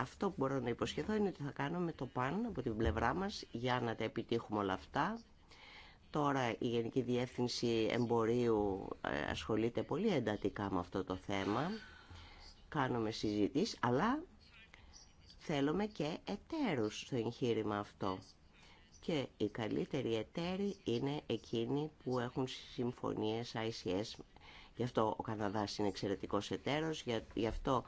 Αυτό που μπορώ να υποσχεθώ είναι ότι θα κάνουμε το παν από την πλευρά μας για να τα επιτύχουμε όλα αυτά. Τώρα η Γενική Διεύθυνση Εμπορίου ε, ασχολείται πολύ εντατικά με αυτό το θέμα. Κάνουμε συζητήσεις, αλλά θέλουμε και εταίρους στο εγχείρημα αυτό. Και οι καλύτεροι εταίροι είναι εκείνοι που έχουν συμφωνίες ICS. Γι' αυτό ο Καναδάς είναι εξαιρετικός εταίρος, γι' αυτό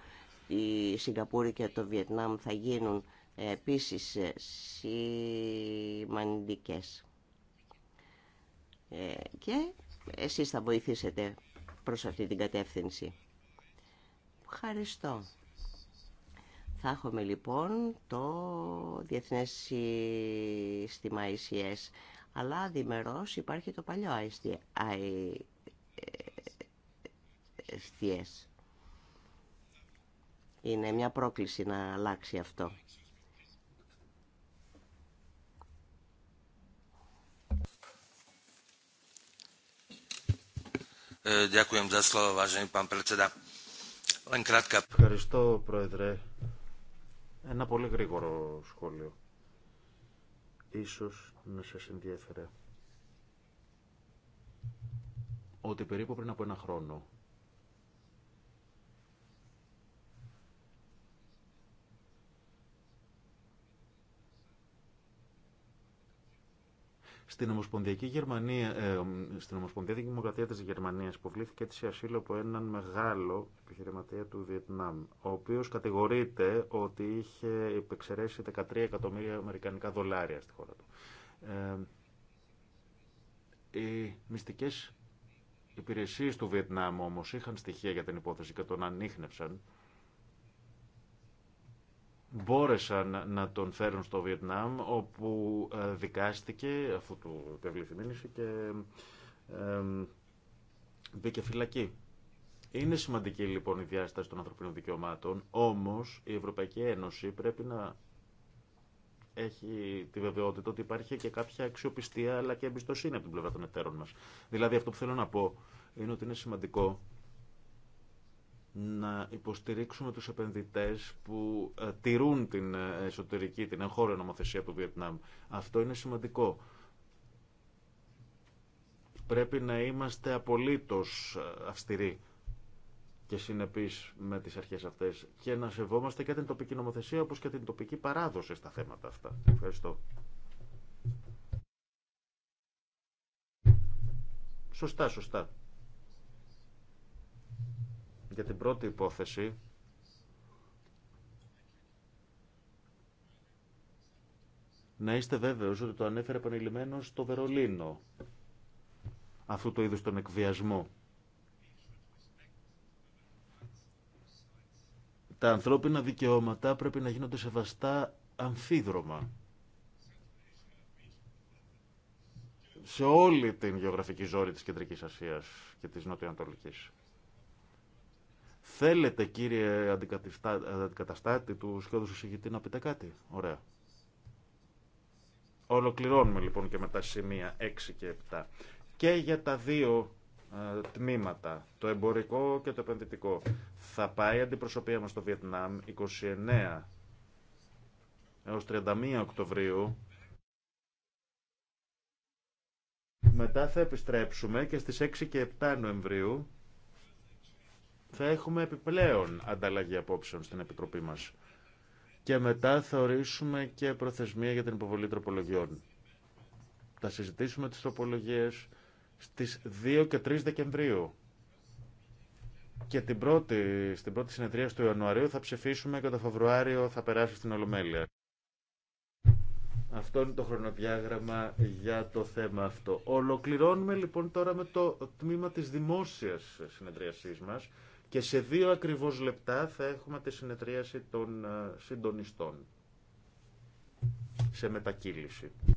η Σιγκαπούρη και το Βιετνάμ θα γίνουν ε, επίσης ε, σημαντικές. Ε, και εσείς θα βοηθήσετε προς αυτή την κατεύθυνση. Ευχαριστώ. Θα έχουμε λοιπόν το Διεθνές Σύστημα ICS, αλλά διμερώς υπάρχει το παλιό ICS. Είναι μια πρόκληση να αλλάξει αυτό. Ε, Ευχαριστώ, Πρόεδρε. Ένα πολύ γρήγορο σχόλιο. Ίσως να σας ενδιέφερε ότι περίπου πριν από ένα χρόνο Στην Ομοσπονδιακή, Γερμανία, ε, στην Ομοσπονδιακή Δημοκρατία της Γερμανίας υποβλήθηκε έτσι ασύλο από έναν μεγάλο επιχειρηματία του Βιετνάμ, ο οποίος κατηγορείται ότι είχε υπεξαιρέσει 13 εκατομμύρια αμερικανικά δολάρια στη χώρα του. Ε, οι μυστικές υπηρεσίες του Βιετνάμ όμως είχαν στοιχεία για την υπόθεση και τον ανείχνευσαν μπόρεσαν να τον φέρουν στο Βιετνάμ όπου ε, δικάστηκε αφού του η μήνυση και μπήκε φυλακή. Είναι σημαντική λοιπόν η διάσταση των ανθρωπίνων δικαιωμάτων, όμως η Ευρωπαϊκή Ένωση πρέπει να έχει τη βεβαιότητα ότι υπάρχει και κάποια αξιοπιστία αλλά και εμπιστοσύνη από την πλευρά των εταίρων μας. Δηλαδή αυτό που θέλω να πω είναι ότι είναι σημαντικό να υποστηρίξουμε τους επενδυτές που ε, τηρούν την ε, εσωτερική, την εγχώρια νομοθεσία του Βιετνάμ. Αυτό είναι σημαντικό. Πρέπει να είμαστε απολύτως ε, αυστηροί και συνεπείς με τις αρχές αυτές και να σεβόμαστε και την τοπική νομοθεσία όπως και την τοπική παράδοση στα θέματα αυτά. Ευχαριστώ. Σωστά, σωστά. Για την πρώτη υπόθεση, να είστε βέβαιος ότι το ανέφερε επανειλημμένο στο Βερολίνο αυτού το είδους τον εκβιασμό. Τα ανθρώπινα δικαιώματα πρέπει να γίνονται σεβαστά αμφίδρομα. σε όλη την γεωγραφική ζώνη της Κεντρικής Ασίας και της Νοτιοανατολικής. Θέλετε κύριε αντικαταστάτη του σκιώδους εισηγητή να πείτε κάτι. Ωραία. Ολοκληρώνουμε λοιπόν και με τα σημεία 6 και 7. Και για τα δύο ε, τμήματα, το εμπορικό και το επενδυτικό. Θα πάει η αντιπροσωπεία μας στο Βιετνάμ 29 έως 31 Οκτωβρίου. Μετά θα επιστρέψουμε και στις 6 και 7 Νοεμβρίου θα έχουμε επιπλέον ανταλλαγή απόψεων στην Επιτροπή μας. Και μετά θα ορίσουμε και προθεσμία για την υποβολή τροπολογιών. Θα συζητήσουμε τις τροπολογίες στις 2 και 3 Δεκεμβρίου. Και την πρώτη, στην πρώτη συνεδρία του Ιανουαρίου θα ψηφίσουμε και το Φεβρουάριο θα περάσει στην Ολομέλεια. Αυτό είναι το χρονοδιάγραμμα για το θέμα αυτό. Ολοκληρώνουμε λοιπόν τώρα με το τμήμα της δημόσιας συνεδριασής μας. Και σε δύο ακριβώς λεπτά θα έχουμε τη συνεδρίαση των ε, συντονιστών σε μετακύληση.